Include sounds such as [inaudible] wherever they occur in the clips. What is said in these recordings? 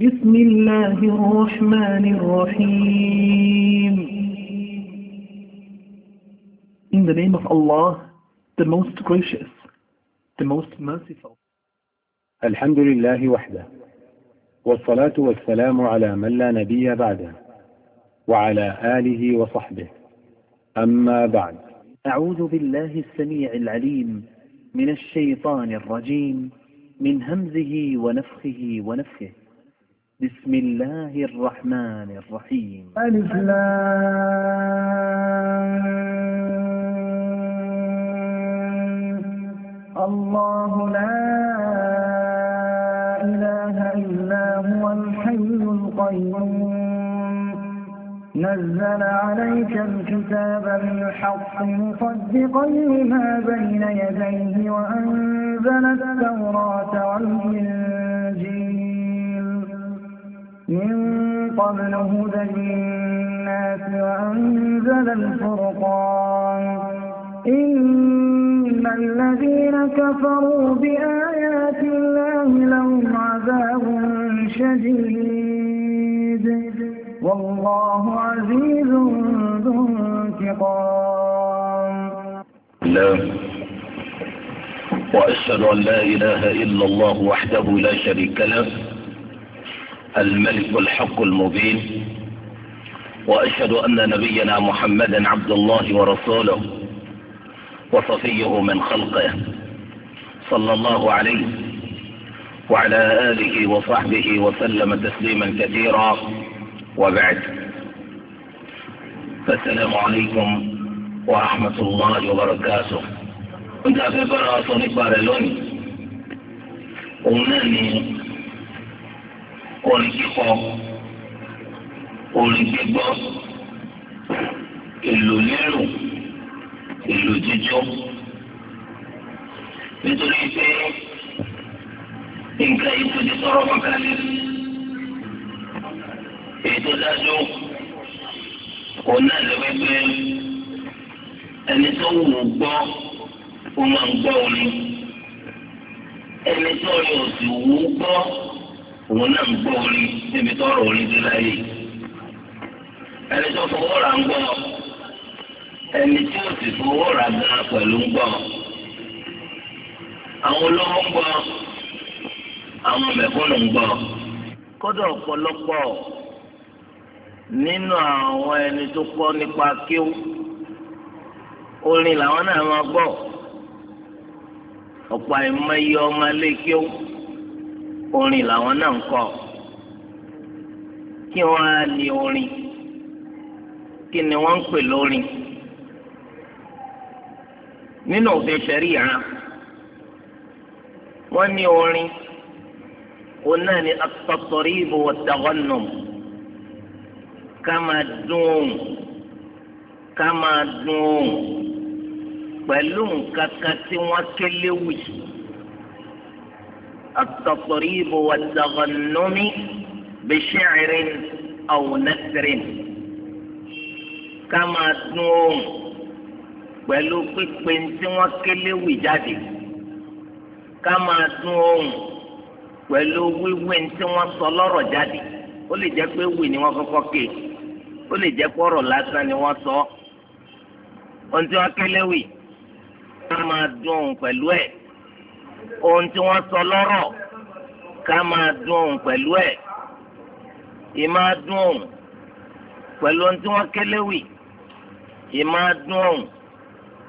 بسم الله الرحمن الرحيم In the name of Allah, the most gracious, the most merciful. الحمد لله وحده والصلاة والسلام على من لا نبي بعده وعلى آله وصحبه أما بعد أعوذ بالله السميع العليم من الشيطان الرجيم من همزه ونفخه ونفخه بسم الله الرحمن الرحيم ألف الله لا إله إلا هو الحي القيوم نزل عليك الكتاب بالحق مصدقا لما بين يديه وأنزل التوراة والإنسان من قبل هدى للناس وأنزل الفرقان إن الذين كفروا بآيات الله لهم عذاب شديد والله عزيز ذو انتقام وأشهد أن لا إله إلا الله وحده لا شريك له الملك الحق المبين وأشهد أن نبينا محمدا عبد الله ورسوله وصفيه من خلقه صلى الله عليه وعلى آله وصحبه وسلم تسليما كثيرا وبعد السلام عليكم ورحمة الله وبركاته كنت أفكر أصنع بارلوني òun orin kíkọ orin gbígbọ́ èlò lérò èlò jíjó nítorí pé nǹkan yìí tó ti sọ̀rọ̀ mọ́kàlẹ́ èyí tó dájú òun náà lè wípé ẹni tó wù ú gbọ́ ó máa ń gbọ́ òun ẹni tó yọ òsì wù ú gbọ́. òun náà ń gbọ́ orin níbi tó orin ti láyé ẹni tó fowó ra ń gbọ́ ẹni tí ó sì fowó ra gan pẹ̀lú ń gbọ́ àwọn olówó ń gbọ́ àwọn mẹ̀kúnnù ń gbọ́ kódà ọ̀pọ̀lọpọ̀ nínú àwọn ẹni tó kọ́ nípa kíw orin làwọn náà máa gbọ́ ọ̀pọ̀ àìmọye ọmọ ilé orin làwọn náà ń kọ kí wọn á ní orin kí ni wọn ń pè lórin nínú òfin ṣẹríya wọn ní orin òun náà ní akpọtọrí ìbò wọtagọnù ká máa dún òun ká máa dún òun pẹ̀lú nǹkan kan tí wọ́n ké léwu yìí. التقريب والتغنم بشعر أو نثر كما تنوم pẹ̀lú pípe tí wọ́n kélé wì jáde ká máa dún ohùn pẹ̀lú wíwí tí wọ́n sọ lọ́rọ̀ jáde ó lè jẹ́ pé wì ni wọ́n kọ́kọ́ ké ó lè jẹ́ pọ́rọ̀ lásán ni wọ́n sọ ohun tí wọ́n kélé wì ká máa dún ohùn pẹ̀lú ẹ̀ ohun tí wọ́n sọ lọ́rọ̀ ká máa dùn òun pẹ̀lú ẹ̀ ìmáa dùn òun pẹ̀lú ohun tí wọ́n kéléwì ìmáa dùn òun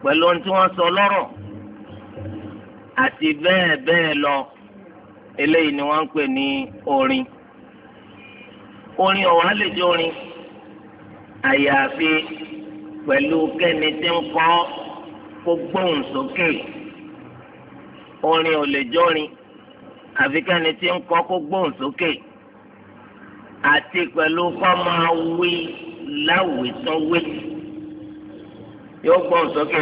pẹ̀lú ohun tí wọ́n sọ lọ́rọ̀ àti bẹ́ẹ̀ bẹ́ẹ̀ lọ eléyìí ni wọ́n ń pè ní orin orin ọ̀wá lè jẹ́ orin àyàfi pẹ̀lú kẹ́ni tí ń kọ kó gbóhùn sókè. Okay orin ò lè jọrin àfi kẹ́ni tí ń kọ kó gbóhùn sókè àti pẹ̀lú fọ́mọ wí láwùsọ̀wé yóò gbóhùn sókè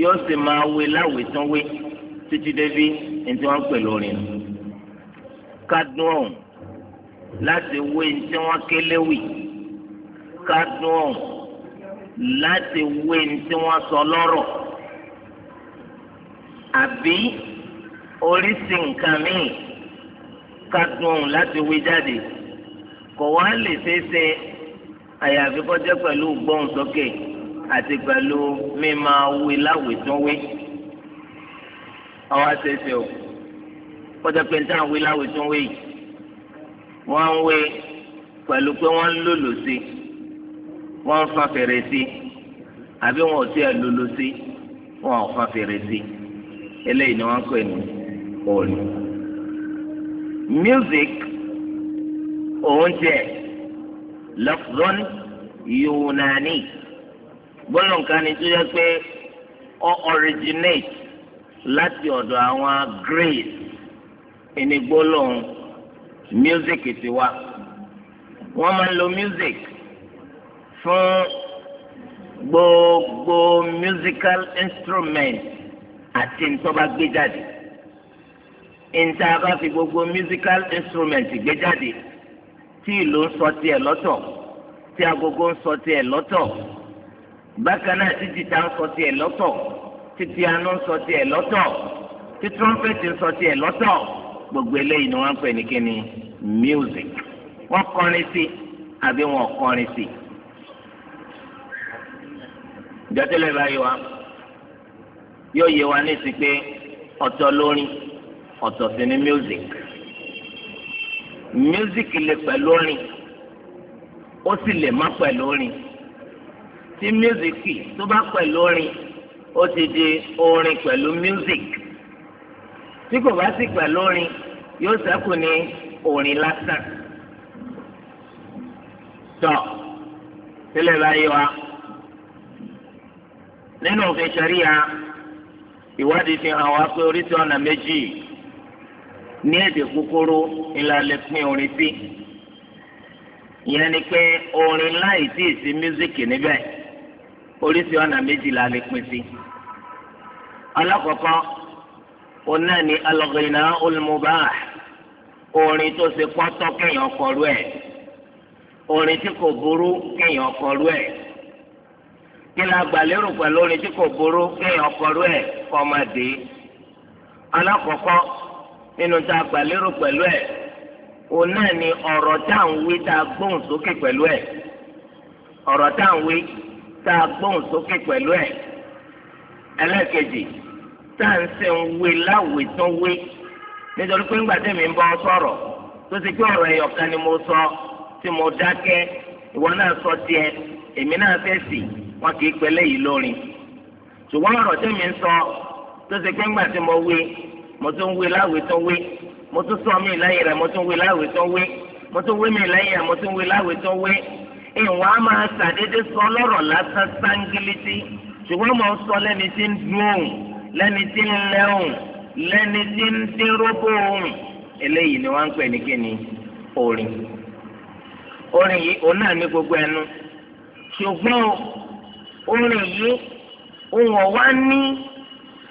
yóò sì máa wí láwùsọ̀wé títí débi ní tí wọ́n pè lórí nù kádùn ọ̀hún láti wí ní tí wọ́n kélé wì kádùn ọ̀hún láti wí ní tí wọ́n sọ lọ́rọ̀ àbí oríṣi nǹkan míì ká dùn láti wí jáde kò wá lè ṣeéṣe àyàfi kọjá pẹ̀lú gbóhùnsókè àti pẹ̀lú mímá wí láwìtúnwí àwa ṣeéṣe o kọjá pé níta wí láwìtúnwí yìí wọ́n ń wí pẹ̀lú pé wọ́n ń lòlò sí wọ́n ń fa fèrè sí àbí wọn ò tiẹ̀ lòlò sí wọn ò fa fèrè sí eléyìí ni wọ́n ń pè ní orin music òun tiẹ̀ lafzon yunani gbọ́dọ̀ nǹkan ni tó yẹ pé ó originate láti ọ̀dọ̀ àwọn Greece ẹni gbólóhùn music ti wá wọ́n máa ń lo music fún gbogbo musical instrument àti ntọ́ba gbé jáde nta bá fi gbogbo musical instrument gbé jáde tí ìlú ń sọ tiẹ̀ lọ́tọ̀ tí agogo ń sọ tiẹ̀ lọ́tọ̀ bákan náà tí jìtá ń sọ tiẹ̀ lọ́tọ̀ tí piano ń sọ tiẹ̀ lọ́tọ̀ tí trumpet ń sọ tiẹ̀ lọ́tọ̀ gbogbo eléyìí ni wọ́n ń pè ní kíni music wọ́n kọrin sí àbí wọn kọrin sí. ìjọ́tẹ́lẹ̀ báyìí wá yóò yẹ wa létí pé ọ̀tọ̀ lórin ọ̀tọ̀ sí ni music music lè pẹ̀lú orin ó sì lè má pẹ̀lú orin tí music tó bá pẹ̀lú orin ó ti di orin pẹ̀lú music tí kò bá sì pẹ̀lú orin yóò ṣẹ́kù ní orin lásán tọ́ sílẹ̀ báyìí wa nínú òfin ṣẹ̀ríya ìwádìí fi hàn wá pé oríṣi ọ̀nà méjì ní èdè kúkúrú ńlá lè pín orin sí ìyẹn ni pé orin láì tí ì sí mísíkì níbẹ̀ oríṣi ọ̀nà méjì la lè pín sí. alákọ̀ọ́kọ́ òun náà ni alọ́gìnà olùmọ̀bá orin tó ṣe pọ́tọ́ kéèyàn kọlu ẹ̀ orin tí kò burú kéèyàn kọlu ẹ̀ kí la gbà lérò pẹ̀lú orin tí kò burú kéèyàn kọrú ẹ̀ kọ́ máa dé alákọ̀ọ́kọ́ nínú tá a gbà lérò pẹ̀lú ẹ̀ òun náà ni ọ̀rọ̀ tá à ń wí tá a gbóhùn sókè pẹ̀lú ẹ̀ ọ̀rọ̀ tá à ń wí tá a gbóhùn sókè pẹ̀lú ẹ̀ ẹlẹ́ẹ̀kejì tá à ń sẹ́ ń wí láwùí tó wí nítorí pé ńgbà tẹ̀mí ń bọ́ sọ̀rọ̀ tó ti pé ọ̀rọ̀ ẹ̀yọ̀kan ni mo sọ tí mo dákẹ́ ìwọ náà sọ tiẹ̀ èmi náà fẹ́ sì wọn kì í pẹ́ lẹ́yìn lórin ṣùgbọ́n ọ̀rọ̀ tẹ́mi ń sọ tó ṣe pé ńgbà tí mo wí mo tún wí láwìí tó wí mo tún sọ mí lẹ́yìn rẹ̀ mo tún wí láwìí tó wí mo tún wí mí lẹ́yìn rẹ̀ mo tún wí láwìí tó wí ìwà máa ṣàdédé sọ lọ́rọ̀ lásán sángilítì ṣùgbọ́n mo sọ lẹ́ni tí ń dún òun lẹ́ni tí ń lẹ́hùn lẹ́ni tí ń dín róbó òun eléyìí ni wọ́n ń pè ní kíni orin orin yìí òun náà ní gbogbo ẹnu ṣùgbọ́n orin yìí ohun ọ̀wá ní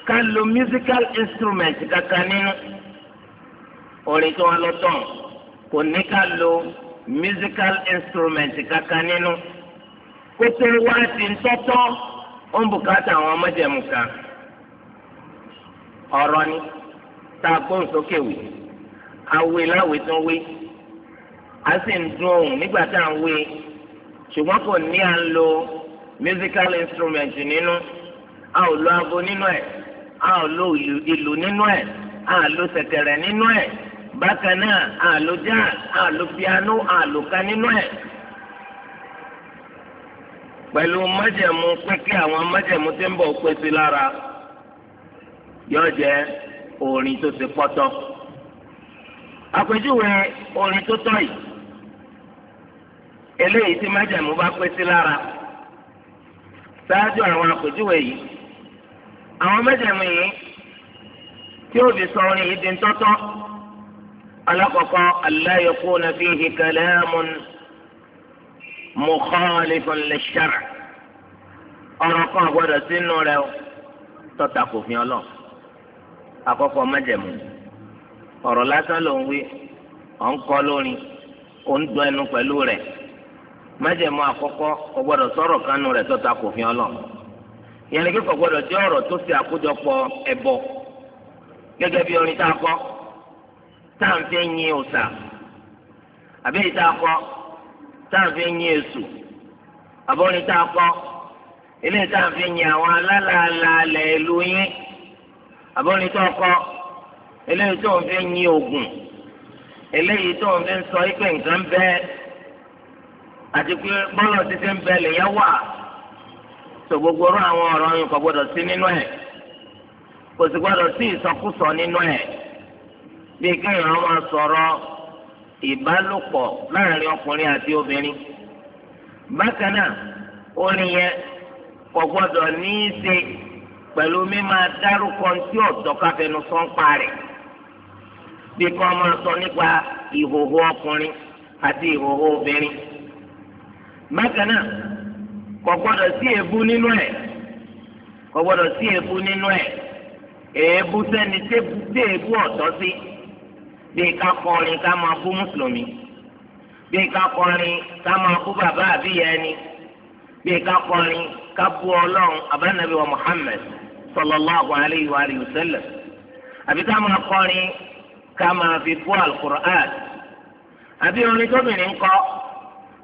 ká lo musical instrument kankan nínú orin tí wọ́n lọ tán kò ní ká lo musical instrument kankan nínú kótó wá ti ń tọ́tọ́ ó ń bùkátà àwọn ọmọdéẹ̀mù kan ọ̀rọ̀ ni tá a gbóhùn sókè wì awé láwé tó ń wé a sì ń dún ohùn nígbà tá à ń wé ṣùgbọ́n kò ní à ń lo musical instrument nínú a ò lo aago nínú ẹ̀ a ò lo ìlù nínú ẹ̀ a ò lo ṣẹ̀kẹ̀rẹ̀ nínú ẹ̀ bákan náà a ò lo jazz a ò lo piano a ò lo ká nínú ẹ̀ pẹ̀lú májẹ̀mú pẹ́kẹ́ àwọn májẹ̀mú tí ń bọ̀ pé sí lára yóò jẹ́ orin tó ti pọ́tọ́. àpèjúwe orin tó tọ́ yìí eléyìí tí májẹ̀mú bá pé lára ṣáájú àwọn àpèjúwe yìí àwọn mẹ́jẹ̀mú yìí tí ó fi sọ orin yìí di ńtọ́tọ́ alákọ̀ọ́kọ́ aláyọ̀kú nàfi ìkàlẹ́mùn mùkọ́lẹ́fọ̀n lẹ́ṣẹ̀rẹ̀ ọ̀rọ̀ kan gbọ́dọ̀ sínú rẹ̀ tọ́ta kò fi ọlọ́ àkọ́kọ́ mẹ́jẹ̀mú ọ̀rọ̀ lásán ló ń wí ọ̀ ń kọ́ lórin ó ń dún ẹnu pẹ̀lú rẹ̀. májẹ̀mú àkọ́kọ́ kò sọ̀rọ̀ kánú rẹ̀ tọ́ta kò fi ọlọ́ yẹn ni gbọ́dọ̀ jẹ́ ọ̀rọ̀ tó ṣe àkójọpọ̀ ẹbọ gẹ́gẹ́ bí orin tá a kọ tá à ń fi yin òòṣà àbí èyí tá a kọ tá à ń fi yin èṣù àbí orin tá a kọ eléyìí tá à ń yin àwọn ìlú yín àbí orin àti pé bọ́lọ̀ títí ń bẹ̀lẹ̀ yẹn wà tó gbogbo rú àwọn ọ̀rọ̀ yìí kò gbọdọ̀ sí nínú ẹ̀ kò sì gbọdọ̀ sí ìsọkúsọ nínú ẹ̀ bí kéèyàn máa sọ̀rọ̀ ìbálòpọ̀ láàrin ọkùnrin àti obìnrin bákan náà orin yẹn kò gbọdọ̀ ní í ṣe pẹ̀lú mímá dárúkọ tí ọ̀dọ́ káfẹ́nu sọ́ńpa rẹ̀ bí kò máa sọ nípa ìhòhò ọkùnrin àti ìhòhò obìnrin bákan náà kò gbọdọ̀ sí èébú nínú ẹ̀ kò gbọdọ̀ sí èébú nínú ẹ̀ èébú sẹ́ni tí èébú ọ̀tọ̀ sí bíi ká kọrin ká máa bú mùsùlùmí bíi ká kọrin ká máa bú bàbá àbíyẹ ẹni bíi ká kọrin ká bú ọlọ́run abánabi wa Muhammad sallallahu alayhi wa alihi wa sallam àbí ká máa kọrin ká máa fi bú alukur'an àbí orin tóbi ní kọ́.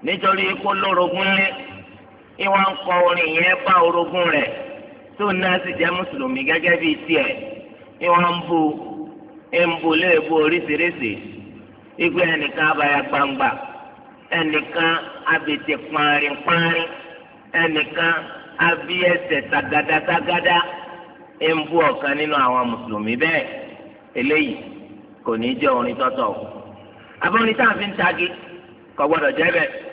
nítorí kó lórogún lé ìwà kọ orin yẹn bá orogún rẹ̀ tó náà sì jẹ́ mùsùlùmí gẹ́gẹ́ tiẹ̀ ń bu ń bu léèbù oríṣiríṣi abaya gbangba ẹnìkan abètè kpanrin ẹnìkan abí ẹsẹ̀ tagada ń bu ọ̀kan nínú àwọn mùsùlùmí bẹ́ẹ̀ eléyìí kò ní jẹ́ orin tọ́tọ̀ o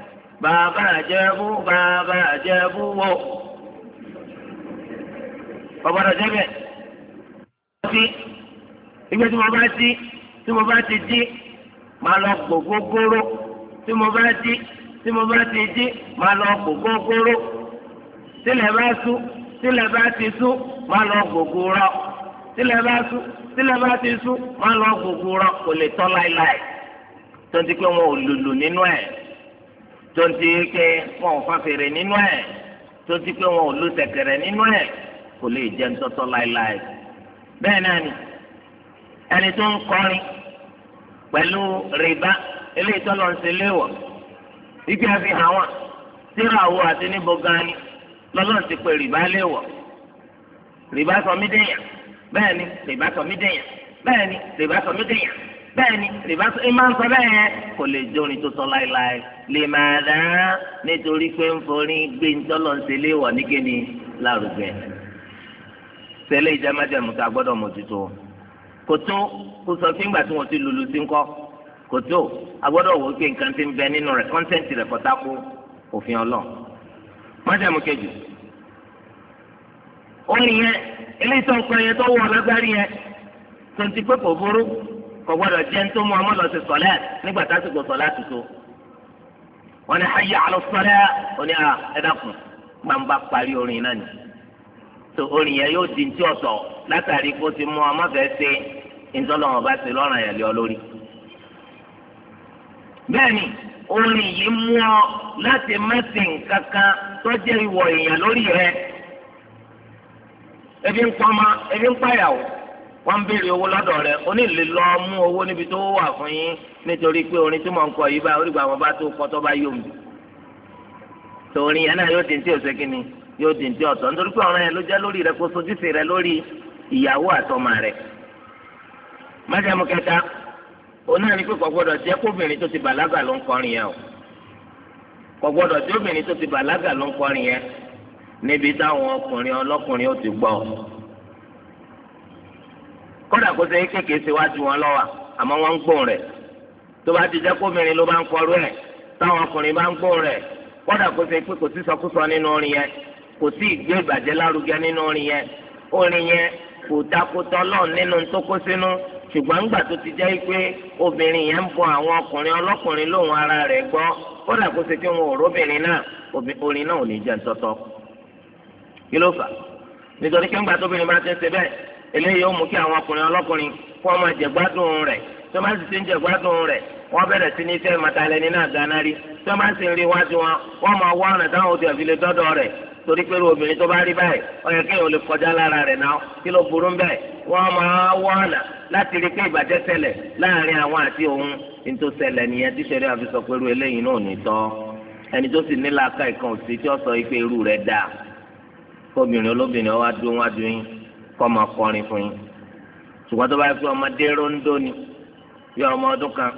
bàbá àjẹbú bàbá àjẹbú wò ọ̀gbọ́dọ̀ jẹ́bẹ̀. ìgbẹ́ tí mo bá ti tí mo bá ti jí máa lọ gbogbogbòrò tí mo bá jí tí mo bá ti jí máa lọ gbogbogbòrò tílẹ̀ bá sú tílẹ̀ bá ti sú máa lọ gbogbogbòrò tílẹ̀ bá sú tílẹ̀ bá ti sú máa lọ gbogbogbòrò kò lè tọ́ láéláé tó ti pé wọn ò lùlù nínú ẹ̀ tó ti pé wọn ò fa fèrè nínú ẹ̀ tó ti pé wọn ò lu ṣẹ̀kẹ̀rẹ̀ nínú ẹ̀ kò lè jẹ́ ntọ́tọ́ láéláé bẹ́ẹ̀ náà ni ẹni tó ń kọrin pẹ̀lú rìbá eléyìí tó lọ ń ṣe léwọ̀ ike àfihàn wọn síra wo àti níbo gani lọ́lọ́run ti pè rìbá léwọ̀ rìbá sọ mí dẹ̀yàn bẹ́ẹ̀ ni rìbá sọ mí dẹ̀yàn bẹ́ẹ̀ ni rìbá sọ mí dẹ̀yàn bẹ́ẹ̀ ni rìbá ìmá ń sọ bẹ́ẹ̀ yẹn kò lè jórin tó sọ láéláé lè máa dá nítorí pé ń forí gbé ńtọ́lọ́ ńṣẹlẹ̀ wọ̀ nígẹ̀ni lárugẹ. sẹ́lẹ̀ ìjámájàmù tá a gbọ́dọ̀ mójútó kò tó kó sọ fún ìgbà tí wọ́n ti lulu sí ńkọ́ kò tó a gbọ́dọ̀ wò ó pé nǹkan ti ń bẹ nínú rẹ̀ kọ́ńtẹ́ǹtì rẹ̀ kọ́tàkù òfin ọlọ́ọ̀ májàmù kejì ó ní kò gbọ́dọ̀ jẹ́ nítorí mu ọmọ lọ sí sọ̀lẹ́ nígbà tá a ti gbọ́ sọ̀lẹ́ àtúntò wọn ni hayya ala sọ̀lẹ́ oní à ẹ dákun gbàǹbà parí orin náà ni tó orin yẹn yóò di ntí ọ̀tọ̀ látàrí kó ti mú ọmọ fẹ́ ṣe ntọ́lọ́wọ́n bá ṣe lọ́ràn yẹn lé ọ lórí. bẹ́ẹ̀ni orin yìí mú ọ láti mẹ́sìn kankan tó jẹ́ ìwọ̀ èèyàn lórí rẹ ebi ń pọ́nmá ebi ń pàyàwó wọ́n ń béèrè owó lọ́dọ̀ rẹ̀ ó ní lè lọ mú owó níbi tó wà fún yín nítorí pé orin tí mò ń kọ yìí báyìí orí gbàgbọ́n bá tó kọ́ tó bá yóò mi. torí yẹn náà yóò dìntì ọ̀sẹ̀ kìíní yóò dìntì ọ̀tọ̀ nítorí pé ọ̀ràn yẹn ló jẹ́ lórí rẹ̀ kó sojúṣe rẹ̀ lórí ìyàwó àtọmọ rẹ̀. májàmú kẹta òun náà ní pé kò gbọ́dọ̀ jẹ́ kóbìnrin tó ti bàlágà ló ń kọrin yẹn o kò gbọ́dọ̀ jẹ́ obìnrin tó ti bàlágà ló ń kọrin yẹn níbi táwọn ọkùnrin ọlọ́kùnrin ó ti gbọ́ kódà kó sẹ́yìn kéèké síwájú wọn lọ́wọ́ àmọ́ wọ́n ń gbóhùn rẹ̀ tó bá ti jẹ́ kóbìnrin ló bá ń kọrú ẹ̀ táwọn ọkùnrin bá ń gbóhùn rẹ̀ kódà kó sẹ́yìn pé kò sí sọkúsọ nínú orin yẹn kò sí ìgbé ìbàjẹ́ lárugẹ nínú orin yẹn orin yẹn kò dakotọ́ lọ́ọ̀ nínú tó kó sínú ṣùgbọ́n ńgbà tó ti jẹ́ pé obìnrin yẹn ń bọ àwọn ọkùnrin ọlọ́kùnrin lóhùn ara rẹ̀ gbọ́ kódà kó ṣe kí wọn ò róbìnrin náà orin náà ò ní jẹ́ ntọ́tọ́ kí ló fà nítorí kí ńgbà tóbìnrin bá ti ń ṣe bẹ́ẹ̀ eléyìí ó mú kí àwọn ọkùnrin ọlọ́kùnrin kó ọmọ jẹ̀gbádùn rẹ̀ tó bá sì ti ń jẹ̀gbádùn rẹ̀ wọ́n bẹ̀rẹ̀ sí ní fẹ́ mọ̀tàlẹ́ni náà gánà rí tó bá sì ń rí wájú wọn wọ́n máa wá ọ̀nà táwọn òde ọ̀fi lè dọ́dọ̀ rẹ̀ torí pé obìnrin tó bá rí báyìí ọyọ kéèyàn lè kọjá lára rẹ̀ náà kí ló burú ń bẹ̀ wọ́n máa wá ọ̀nà láti rí pé ìbàjẹ́ ṣẹlẹ̀ láàrin àwọn àti òun ní tó ṣẹlẹ̀ nìyẹn tí sẹ́rí àfi sọ pé irú eléyìí náà ní tọ́ ẹni tó sì nílà ká ìkan tí ó sọ pé irú rẹ̀ dáa kóbìnrin olóbìnrin ọ wá dún wá kọ́ máa kọrin fún yín ṣùgbọ́n tó bá yẹ pé ọmọdé róńdó ni bí ọmọ ọdún kan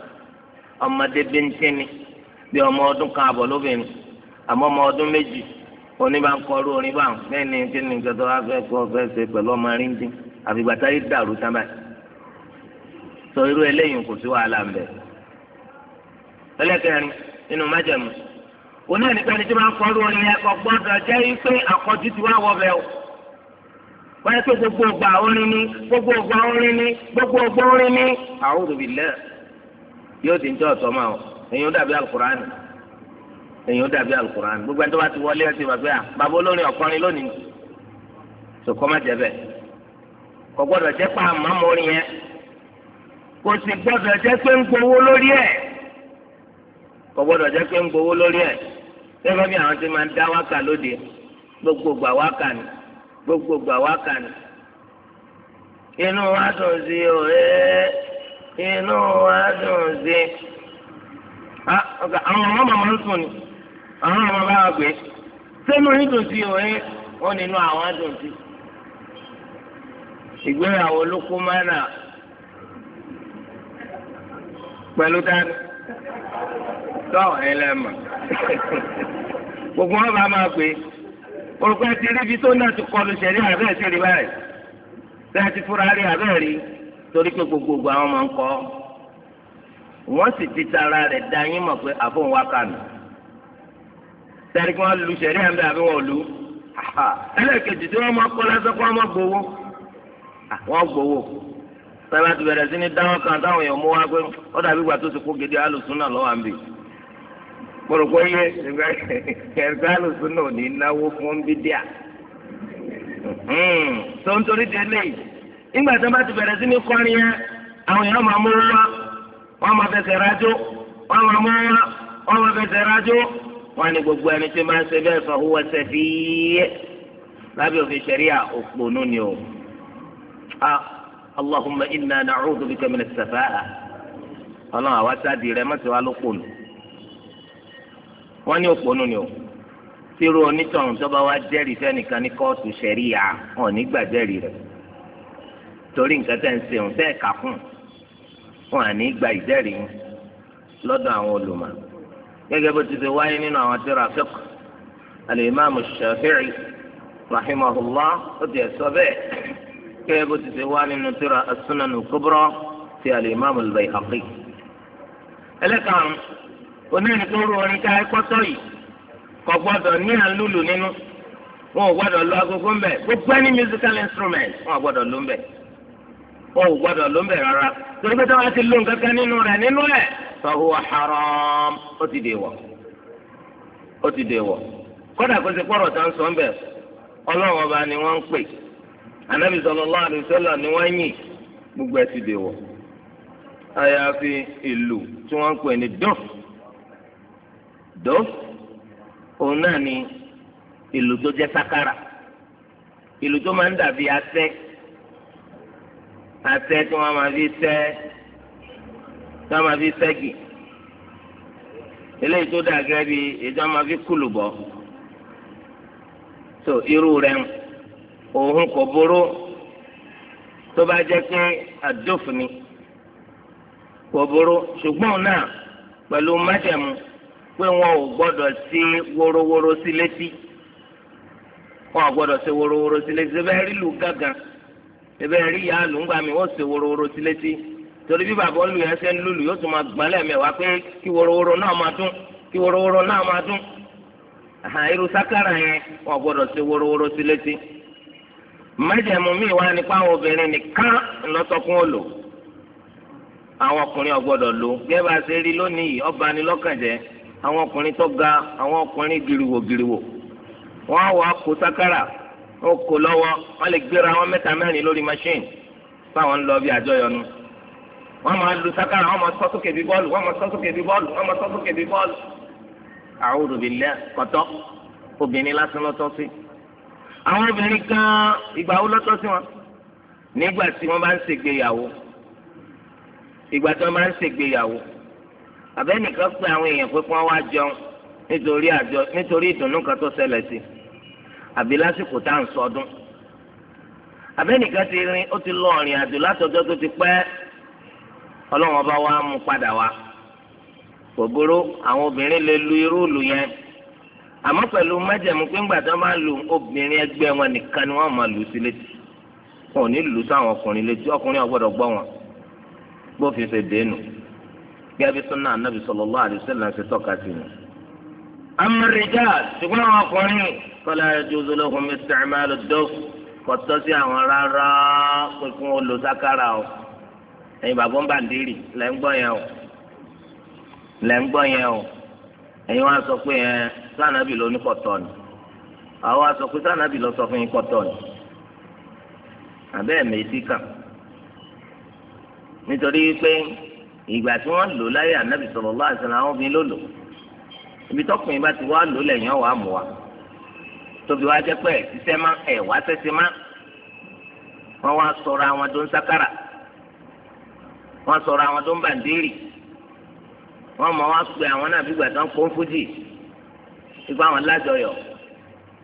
ọmọdé bíntín ni bí ọmọ ọdún kan àbọ̀ lóbìnrin àmọ́ ọmọ ọdún méjì òní bá ń kọrú orin bá ń bẹ́ẹ̀ ni kí ni gbẹdọ̀ wá fẹ́ kọ́ fẹ́ ṣe pẹ̀lú ọmọ ríndín àfìgbà táyé dàrú tán sọ irú eléyìí kò sí wàhálà ń bẹ. ẹlẹ́kẹ̀rin nínú májẹ̀mú òní ẹ̀nìkan ni tí wọ́n á kọrú orin yẹn kọ́ gbọ́dọ̀ jẹ́ pé àkọ́jú ti wá wọ wọ́n yẹ kó gbogbo ọgbà orin ni gbogbo ọgbà orin ni gbogbo ọgbà orin ni a'udhu billah yóò ti ń jọ ọ̀tọ̀ máa èèyàn dàbí alukurani èèyàn dàbí alukurani gbogbo ẹni tó bá ti wọlé ẹsẹ bàbá yà bàbá olórin ọkùnrin lónìí sọkọ má jẹ bẹ́ẹ̀ kò gbọ́dọ̀ jẹ pa àmàmù orin yẹn kò sì gbọ́dọ̀ jẹ pé ń gbowó lórí ẹ kò gbọ́dọ̀ jẹ pé ń gbowó lórí ẹ gẹ́gẹ́ bí àwọn ti máa ń dá wákà lóde gbogbo gbà wákà ni. gbogbo gbà wá kàní. inú wa dùn sí o inú wa dùn sí. àwọn ọmọ màmá sùn ni àwọn ọmọ bá dùn sí o àwọn dùn sí. ìgbéyàwó ló kú pẹ̀lú dání [laughs] gbogbo wọn bá máa orúkọ ẹ ti tó náà ti kọlu sẹ̀rí àbẹ́ ẹ̀ báyìí bẹ́ẹ̀ ti fúra rí àbẹ́ rí torí pé gbogbogbò àwọn máa ń kọ́ wọ́n sì ti tara rẹ̀ da yín mọ̀ pé àfọ̀n wá kànú sẹ́rí kí wọ́n lu sẹ̀rí àbẹ́ àbí wọ́n lu ẹlẹ́kẹ̀jì tí wọ́n máa kọ́ wọ́n máa gbowó wọ́n gbowó ti bẹ̀rẹ̀ sí ní kan táwọn èèyàn mú wá pé ó dàbí gidi alùsùn náà lọ́wọ́ kpọ̀rọ̀kọ́ ihe ẹ̀ka alùsùn náà ní náwó fún tó nígbà tó bá ti bẹ̀rẹ̀ sí ní yẹn àwọn èèyàn máa mú wá wọ́n máa fẹsẹ̀ wọ́n máa mú wá wọ́n máa fẹsẹ̀ wọ́n ní gbogbo ẹni tí máa ń ṣe bẹ́ẹ̀ owó ẹsẹ̀ fi yẹ lábẹ́ òfin ni inna wọ́n ní òpònú ni o tírú onítọ̀hún tó bá wá jẹ́rìí fẹ́nìkan ní kóòtù ṣẹ̀ríyà wọn ò ní gbà jẹ́rìí rẹ̀ torí nǹkan tẹ̀ ń ṣeun tẹ́ ẹ̀ka fún wọn à ní gba ìjẹ́rìí lọ́dọ̀ àwọn olùmọ̀ gẹ́gẹ́ bó ti ṣe wáyé nínú àwọn tírà fiqh al-imam shafi'i rahimahullah ó ti sọ bẹ́ẹ̀ gẹ́gẹ́ bó ti ṣe wá nínú tírà as-sunan al ti al-imam al ẹlẹ́kàrún onírin tó rú orin ká ẹkọtọ yìí kò gbọ́dọ̀ ní àlùlù nínú wọn ò gbọ́dọ̀ lo agogo ńbẹ gbogbo ẹni musical instrument wọn ò gbọ́dọ̀ lo ńbẹ wọn ò gbọ́dọ̀ lo ńbẹ rárá torí pé táwọn ti lo nǹkan kan nínú rẹ̀ nínú ẹ̀ tọhu haram ó ti dè wọ ó ti dè wọ kódà kó ti kpọrọ tán sọ ńbẹ Ọlọ́run ọba ni wọ́n ń pè anabi sallallahu alaihi wasallam ni wọ́n yìn gbogbo ẹ̀ ti dè wọ àyàfi ìlú tí wọ́n ń pè ní dọ́fù dó òun náà ni ìlù tó jẹ́ sákàrà ìlù tó máa ń dàbí asẹ́ asẹ́ tí wọ́n máa fi sẹ́ tí wọ́n máa fi sẹ́gì eléyìí tó dà gẹ́gẹ́ bí èyí tí wọ́n máa fi kùlù bọ̀ so irú rẹ̀ òun kò burú tó bá jẹ́ pé àdófin kò burú ṣùgbọ́n náà pẹ̀lú májẹ̀mú. pé wọn ò gbọdọ ṣe wórówóró sí létí wọn ò gbọ́dọ̀ ṣe wórówóró sí létí ṣẹbẹ rí lù gángan ṣẹbẹ rí ìyá àlùǹgbà mi wọn si wórówóró sí létí torí bí bàbá olùyẹ ṣe ń lùlù yóò tún máa gbali lẹ́ẹ̀mẹ́wàá pé kí wórówóró náà máa dún kí wórówóró náà máa dún irú sákàrà yẹn wọn ò wórówóró sí létí mẹjẹmú mi wá nípa àwọn obìnrin nìkan òlò àwọn ọkùnrin lò a ṣe rí lónìí àwọn ọkùnrin tó ga àwọn ọkùnrin giriwo giriwo wọn á wà kó sákàrà wọn kò lọ́wọ́ wọn lè gbéra wọn mẹ́ta mẹ́rin lórí machine fáwọn ń lọ bí àjọyọnu wọn máa lu sákàrà wọn máa sọ sókè bí bọ́ọ̀lù wọn máa sọ sókè bí bọ́ọ̀lù wọn máa sọ sókè bí bọ́ọ̀lù. a'udhu billahi kọ̀tọ́ obìnrin lásán lọ́tọ́ sí àwọn obìnrin gan ìgbà wo lọ́tọ́ sí wọn nígbà tí wọ́n bá ń ṣègbéyàwó ìgbà tí wọ́n bá ń ṣègbéyàwó àbẹ́nìkan pé àwọn èèyàn pé kí wọ́n wá jẹun nítorí àjọ nítorí ìdùnnú kan tó ṣẹlẹ̀ sí àbí lásìkò tá à ń sọdún àbẹ́nìkan ti rin ó ti lọ ọ̀rìn àjò látọjọ́ tó ti pẹ́ ọlọ́run ọba wa mú padà wá kò burú àwọn obìnrin lè lu irú ìlù yẹn àmọ́ pẹ̀lú májẹ̀mú pé ńgbà tó máa lu obìnrin ẹgbẹ́ wọn nìkan ni wọ́n máa lù sí létí wọn ò ní lù sáwọn ọkùnrin létí ọkùnrin ò gbọ́dọ̀ wọn bó fi ṣe dénú gẹ́gẹ́ bí sunna anabi sallallahu alaihi wasallam ṣe tọ́ka sí ni. amẹrika ṣùgbọ́n àwọn ọkùnrin kọ́lá ẹjọ́ lóhùn mi sẹ́ẹ̀mà lọ́dọ́ kọ́tọ́ sí àwọn rárá pé kí wọ́n lo sákàrà o ẹ̀yin bàbá ń bà ń dérì lẹ́ ń gbọ́ yẹn o lẹ́ ń gbọ́ yẹn o ẹ̀yin wá sọ pé ẹ sànàbì ló ní kọ̀tọ́ ni àwọn wá sọ pé sànàbì ló sọ fún yín kọ̀tọ́ ni àbẹ́ẹ̀ mẹ́sì kàn nítorí pé. ìgbà tí wọ́n lò láyé ànábì sallallahu alaihi wasallam àwọn obìnrin ló lò ibi tọkùnrin bá ti wá lò lẹ́yìn ọ̀wà wa tóbi wá jẹ́ pé ẹ̀sísẹ́ má ẹ̀ wá má wọ́n wá sọ̀rọ̀ àwọn tó ń sákàrà wọ́n sọ̀rọ̀ àwọn tó ń bàǹdérì wọ́n mọ̀ wá pé àwọn náà bí gbàtàn kó ń fújì ipá wọn lájọyọ̀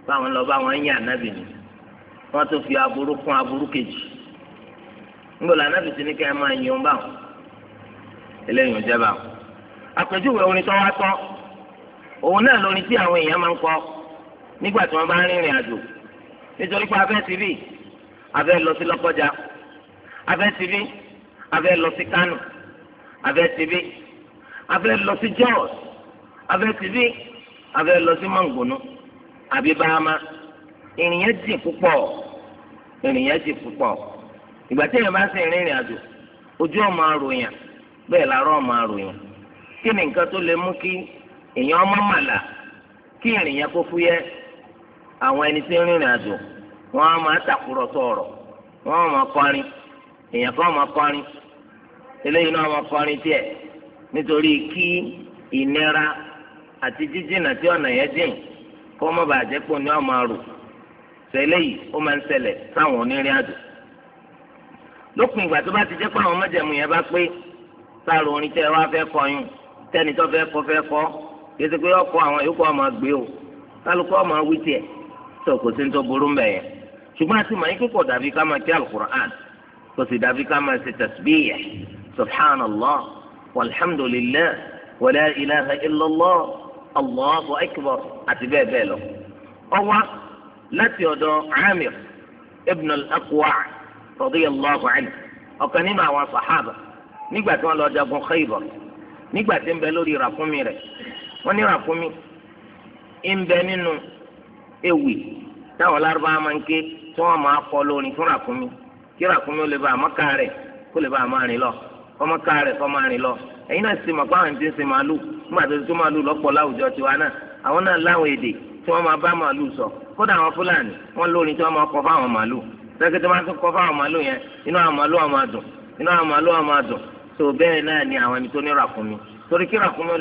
ipá wọn lọ bá wọn ń yàn ni tó fi aburú kún aburú kejì eléyìí ń jẹba àpèjúwe orin tó wá tọ́ òun náà lórin tí àwọn èèyàn máa ń kọ nígbà tí wọ́n bá ń rìnrìn àjò nítorí pé afẹ́ tv afẹ́ lọ sí lọ́kọ́jà afẹ́ tv afẹ́ lọ sí kánò afẹ́ tv afẹ́ lọ sí jos afẹ́ tv afẹ́ lọ sí mọ̀ngònú àbí báhámà ìrìnyẹn jìn púpọ̀ ìrìnyẹn jìn púpọ̀ ìgbà tí èèyàn bá ń sìn rìnrìn àjò ojú ọmọ àròyìn bẹ́ẹ̀ làárọ̀ ọmọ àròyìn kí ni nǹkan tó lè mú kí èèyàn ọmọ màlà kí ìrìn yẹn kó fúyẹ́ àwọn ẹni tí ń rìnrìn àjò wọn á máa tàkúrọ̀sọ ọ̀rọ̀ wọn á máa kọrin èèyàn kan máa kọrin eléyìí náà máa kọrin tiẹ̀ nítorí kí ìnira àti jíjìnà tí ọ̀nà yẹn kó má bàa jẹ́ pò ní ọmọ àrò ó máa ń ṣẹlẹ̀ sáwọn onírìn àjò lópin ìgbà tó bá ti jẹ́ pé àwọn yẹn bá pé sáàrù orin tẹ́ wá fẹ́ kọyún tẹ́ni tó fẹ́ kọ fẹ́ kọ yẹtí pé ọkọ àwọn yòókù ọmọ gbé o kálukú ọmọ wí tiẹ̀ tó kò sí ní tó burú mbẹ yẹn ṣùgbọ́n àti màá yín kíkọ̀ dàbí ká máa ti alukur'an kò sì dàbí ká máa ti tasbíyà subhanallah walhamdulillah wala ilaha illallah allahu akbar àti bẹ́ẹ̀ bẹ́ẹ̀ lọ. ọwá láti ọ̀dọ̀ amir ibn al-akwa radiyallahu anhu ọ̀kan nínú àwọn sàhábà nígbà tí wọ́n lọ jagun Khaybar nígbà tí ń bẹ lórí ràkúnmí rẹ̀ wọ́n ní ràkúnmí ń bẹ nínú ewì táwọn lárúbáwá máa ń ké tí wọ́n máa kọ lórin fún ràkúnmí kí ràkúnmí ó lè bá àmọ́ká rẹ̀ kó lè bá àmọ́ rìn lọ kọ́mọ́ká rẹ̀ kọ́mọ́ rìn lọ ẹ̀yin náà sì mọ̀ pé àwọn ti ń sin màálù nígbà tó ti tó màálù lọ́pọ̀ láwùjọ tiwa náà àwọn náà láwọn èdè tí wọ́n máa bá màálù sọ kódà àwọn fúlàní wọ́n lórin tí wọ́n máa kọ fáwọn àwọn màálù tó bẹ́ẹ̀ náà ni àwọn ẹni tó ní ràkúnmí torí kí ràkúnmí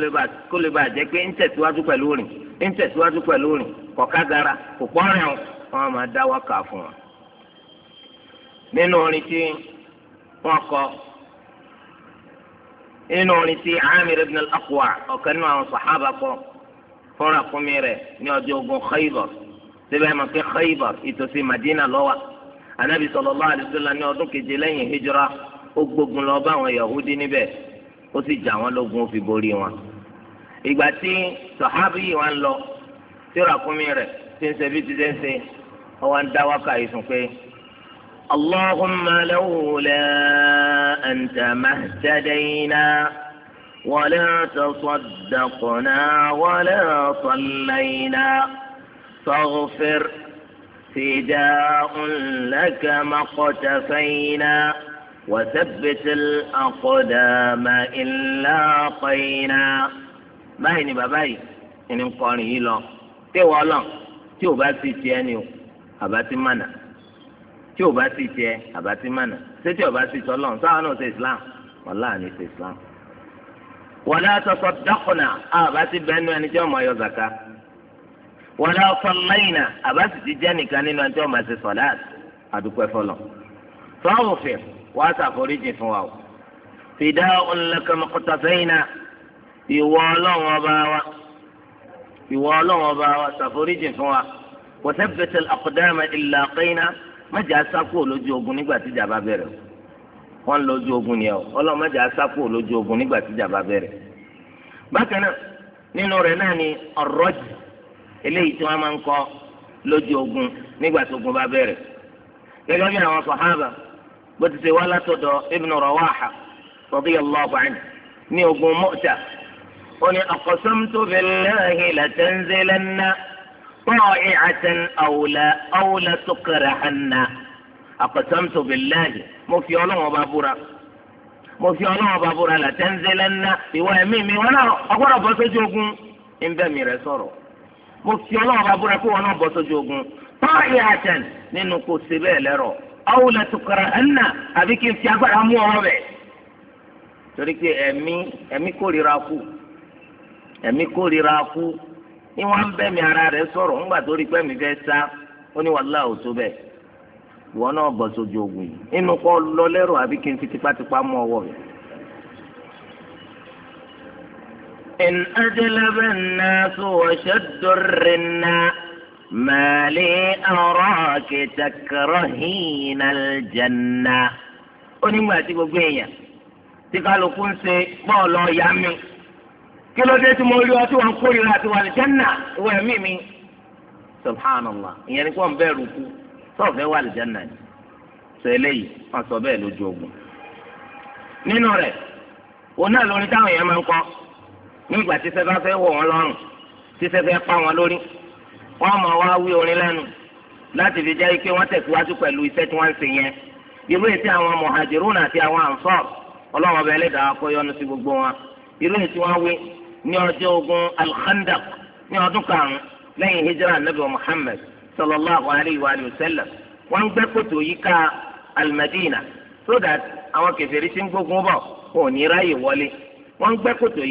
kó lè bàa jẹ́ pé ń tẹ̀síwájú pẹ̀lú rìn ń tẹ̀síwájú pẹ̀lú rìn kọ̀ọ̀ká gara kò pọ́nrẹ́ wọn wọn máa dá wákà fún wọn. nínú orin tí wọ́n kọ nínú orin tí Amir ibn al-Aqwa ọ̀kan nínú àwọn sàhábà kọ fún ràkúnmí rẹ̀ ní ọjọ́ ogun Khaybar síbẹ̀ máa fi Khaybar ìtòsí Madina lọ́wọ́ Ànábì sallallahu alaihi ní ọdún keje lẹ́yìn hijira ó gbógun lọ bá àwọn yahudi níbẹ̀ ó sì jà wọ́n lógun ó fi borí wọn. ìgbà tí sọ̀hábì yìí wá ń lọ tí ràkúnmí rẹ̀ ti ń ṣe bí ti ṣe ń ṣe ọwọ́ ń dá wákà yìí sùn pé اللهم لولا أنت ما اهتدينا ولا تصدقنا ولا صلينا فاغفر فداء لك وثبت الأقدام إلا طينا báyìí ni bàbá yìí ẹni ń kọrin yìí lọ tí wọ́n lọ tí ò bá sì tiẹ̀ ni o àbá ti mànà tí ò bá sì tiẹ̀ àbá ti mànà ṣé tí ò bá sì tọ́lọ̀ sáwọn náà ṣe Islam wàhálà ni ṣe Islam. wàlá tọ́sọ dákùnà àbá ti bẹ́nu ẹni tí wọ́n máa yọ zaka wàlá sọláìnà àbá sì ti jẹ́ nìkan nínú ẹni tí wọ́n máa ṣe sọ̀láàt àdúpẹ́ fọlọ́ sọ́ọ̀fẹ̀ wàá ṣàforíjì fún wa o. fìdá ọ̀nlẹ̀kẹ̀mọ̀kọ̀tà fẹ́yìnà ìwọ ọlọ́run ọba wa ìwọ ọlọ́run ọba wa ṣàforíjì fún wa wọ́tẹ́ bẹ̀tẹ̀ àkọ́dáàmà ìlà kẹ́yìnà mẹ́jẹ̀ asákò lójú ogun nígbà tí ìjà bá bẹ̀rẹ̀ wọ́n lójú ogun yẹn o ọlọ́run mẹ́jẹ̀ asákò lójú ogun nígbà tí ìjà bẹ̀rẹ̀ bákan náà nínú rẹ̀ náà ni ọ̀rọ̀jì eléyìí tí wọ́n máa ń kọ lójú ogun nígbà tí ogun bá bẹ̀rẹ̀ gẹ́gẹ́ bí àwọn sọ̀hábà bó ti ṣe wá látọ̀dọ̀ ibn rawaha radiyallahu anhu ní ogun mọ́tà ó ní aqsamtu billahi latanzilanna ta'i'atan awla awla tukrahanna aqsamtu billahi mo fi ọlọ́wọ́n bá búra mo fi ọlọ́wọ́n bá búra latanzilanna ìwọ ẹ̀mí mi wọn náà ọgbọ́dọ̀ bọ́ sójú ogun ń bẹ́ mi rẹ̀ sọ̀rọ̀ mo fi ọlọ́wọ́n bá búra kó wọn náà bọ́ sójú ogun ta'i'atan nínú kò sí bẹ́ẹ̀ lẹ́rọ̀ awolẹ̀ tukara ẹ̀nà àbí kí n fi agbára mú ọ̀rọ̀ rẹ̀ torí pé ẹ̀mí ẹ̀mí korira kú ẹ̀mí kórìíra kú ni wọ́n ń bẹ̀mí ara rẹ̀ sọ̀rọ̀ ńgbà tó rí pé mi fẹ́ sá ó ní wàhálà ò bẹ́ẹ̀ ìwọ náà bọ̀ sójú ogun yìí inú kọ́ lọ lẹ́rọ àbí kí n fi tipátipá ما لي أراك تكرهين الجنة onígbà tí gbogbo èèyàn tí kálukú ń ṣe bọ́ọ̀lù ọ̀yà mi kí ló dé tí mo rí ọ tí wọ́n kórìíra àti wà ní jẹ́nà ìwọ ẹ̀mí mi subhanallah ìyẹn ni wọ́n bẹ̀rù kú sọ̀fẹ́ wà ní jẹ́nà ni sọ eléyìí wọ́n sọ bẹ́ẹ̀ lójú ogun nínú rẹ̀ òun náà lórí táwọn èèyàn máa ń kọ́ nígbà tí sẹ́fẹ́ fẹ́ wọ̀ wọ́n lọ́rùn tí sẹ́fẹ́ pa wọn lórí wọ́n máa wá wí orin lẹ́nu láti fi jẹ́ pé wọ́n tẹ̀síwájú pẹ̀lú iṣẹ́ tí wọ́n ń ṣe yẹn irú ètí àwọn mọ̀hàjírùn àti àwọn ànsọ́r ọlọ́wọ́n ọba ẹlẹ́dàá kó yọ́nú sí gbogbo wọn irú ètí wọ́n wí ní ọjọ́ ogun al-Khandaq ní ọdún karùn-ún lẹ́yìn hijra anabi muhammed sallallahu alayhi wa sallam wọ́n ń gbẹ́ yíká al-Madina so that àwọn kèfèrí tí ń gbógun bọ̀ kò ní ráyè wọlé wọ́n ń gbẹ́ kòtò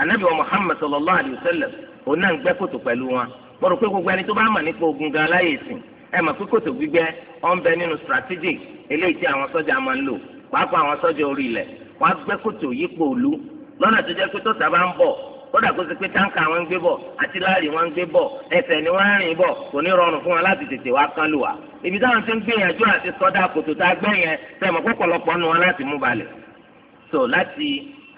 anabi muhammed sallallahu alayhi wa sallam òun náà ń gbẹ́ pẹ̀lú wọn mo rò pé gbogbo ẹni tó bá mọ̀ nípa ogun gan láyè sìn ẹ mọ̀ pé kòtò gbígbẹ́ ọ̀ ń bẹ nínú strategic eléyìí tí àwọn sọ́jà máa ń lò pàápàá àwọn sọ́jà orí ilẹ̀ wọ́n á gbẹ́ kòtò yípo òlu lọ́nà tó jẹ́ pé tọ́ta bá ń bọ̀ kódà kó ṣe pé táǹkà wọn ń gbé bọ̀ àti láàrin wọn ń gbé bọ̀ ẹsẹ̀ ni wọ́n ń rìn bọ̀ kò ní rọrùn fún wọn láti tètè wá kán lù wá. ibi táwọn ti ń gbìyànjú àti sọdá kòtò tá a gbẹ́ yẹn tẹ̀mọ̀ pọ̀pọ̀lọpọ̀ nu wọn láti mú balẹ̀. so láti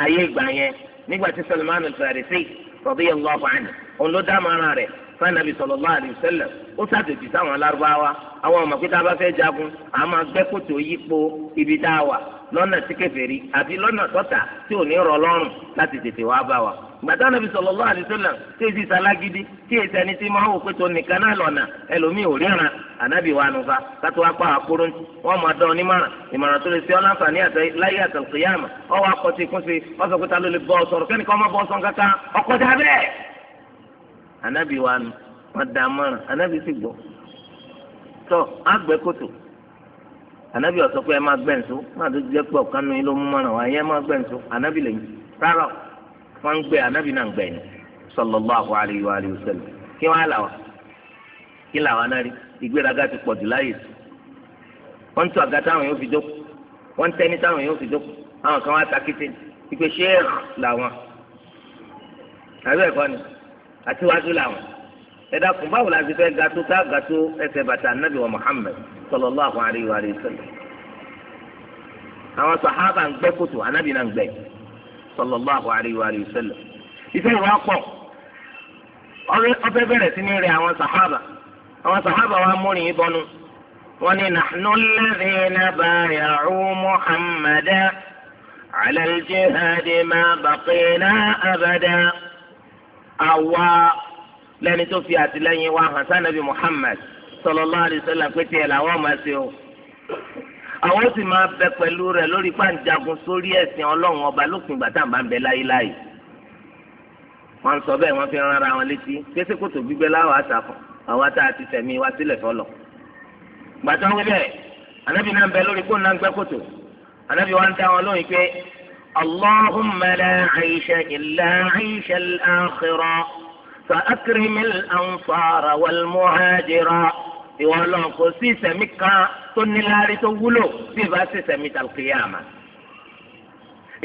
ayé ìgbà yẹn nígbà tí Salman al-Farisi radiyallahu anhu òun ló dá mọ́ra rẹ̀ fanabi sallallahu alaihi wasallam ó ṣàtẹ̀jù sáwọn alárúbáwá àwọn ọmọ pété abáfẹ́ jagun a máa gbẹ́ kòtò yípo ibi tá a wà lọ́nà tí kèfèrí àbí lọ́nà tọ́ta tí ò ní rọ̀ lọ́rùn láti tètè wá bá wa gbàtà nàbì sallallahu alaihi wasallam tí èsì sàlágídí tí èsì ẹni tí máa wò pé tó nìkan náà lọ́nà ẹlòmíì ò ríran ànábì wa nùfà kátó wá pa àkóró ntú wọn máa dán onímọ̀ràn ìmọ̀ràn tó lè ṣe ọ́ láǹfààní àtẹ láyé àtàlùkìyàmà ọ wá kọ́ kún sí ọ ló lè bọ́ ọ kẹ́nìkan ọmọ bọ́ ọ kankan ọkọ̀ dà anabi wa nu wọn da mọràn anabi sì gbọ́ tọ agbẹ kòtò anabi ọsọ pé ẹ máa gbẹ nsọ má tó jẹ pé ọkàn nu yín ló mú mọràn wá yẹn máa gbẹ nsọ anabi lè rárá wọn gbẹ anabi náà gbẹ ni sallallahu alayhi wa alihi wa sallam kí wọn á là wá kí làwọn náà rí ìgbéraga ti pọ̀ jù láyè sí wọ́n ń tún àga táwọn yóò fi jókòó wọ́n ń táwọn yóò fi jókòó àwọn kan wá takété ìpè làwọn àbẹ́ ẹ̀kọ́ ni àti wájú làwọn ẹ dákun báwo la ti fẹ́ ga tó ká ga tó ẹsẹ̀ bàtà nàbì wa muhammed Muhammad sallallahu àríwá wa sọlọ àwọn sàhábà ń gbẹ́ kòtò ànábì náà ń gbẹ́ sọlọ sallallahu àríwá wa sọlọ ìfẹ́ ìwà pọ̀ sí ní rẹ àwọn bẹ̀rẹ̀ sí ní rẹ̀ àwọn sàhábà àwọn sàhábà wa múrin ìbọnú wọn ni nahnu alladhina bay'u Muhammadan ala al máa bàtẹ́ náà abada. Awa lẹ́ni tó fi àtìlẹ́yìn wa hàn sànàbí Muhammad sallallahu alaihi wasallam pé tiẹ̀ làwọn máa ṣe o àwọn sì máa bẹ pẹ̀lú rẹ̀ lórí pàǹjagun sórí ẹ̀sìn ọlọ́run ọba lópin ìgbà tá ń bẹ láyéláyé wọ́n sọ bẹ́ẹ̀ wọ́n fi rán wọn létí pèsè kòtò gbígbẹ láwọn àtàkùn àwọn ata àti tẹmí wa sílẹ̀ fọlọ gbàtọ wí bẹ́ẹ̀ anabi náà ń bẹ lórí kó náà ń gbẹ́ kòtò anabi wa ń dá wọn lóyún pé اللهم لا عيش إلا عيش الآخرة فأكرم الأنصار والمهاجرة ìwọlọ́n kò sí ìsẹ̀mí kan tó في tó wúlò القيامة ìbá sí ìsẹ̀mí tàlùkìyàmà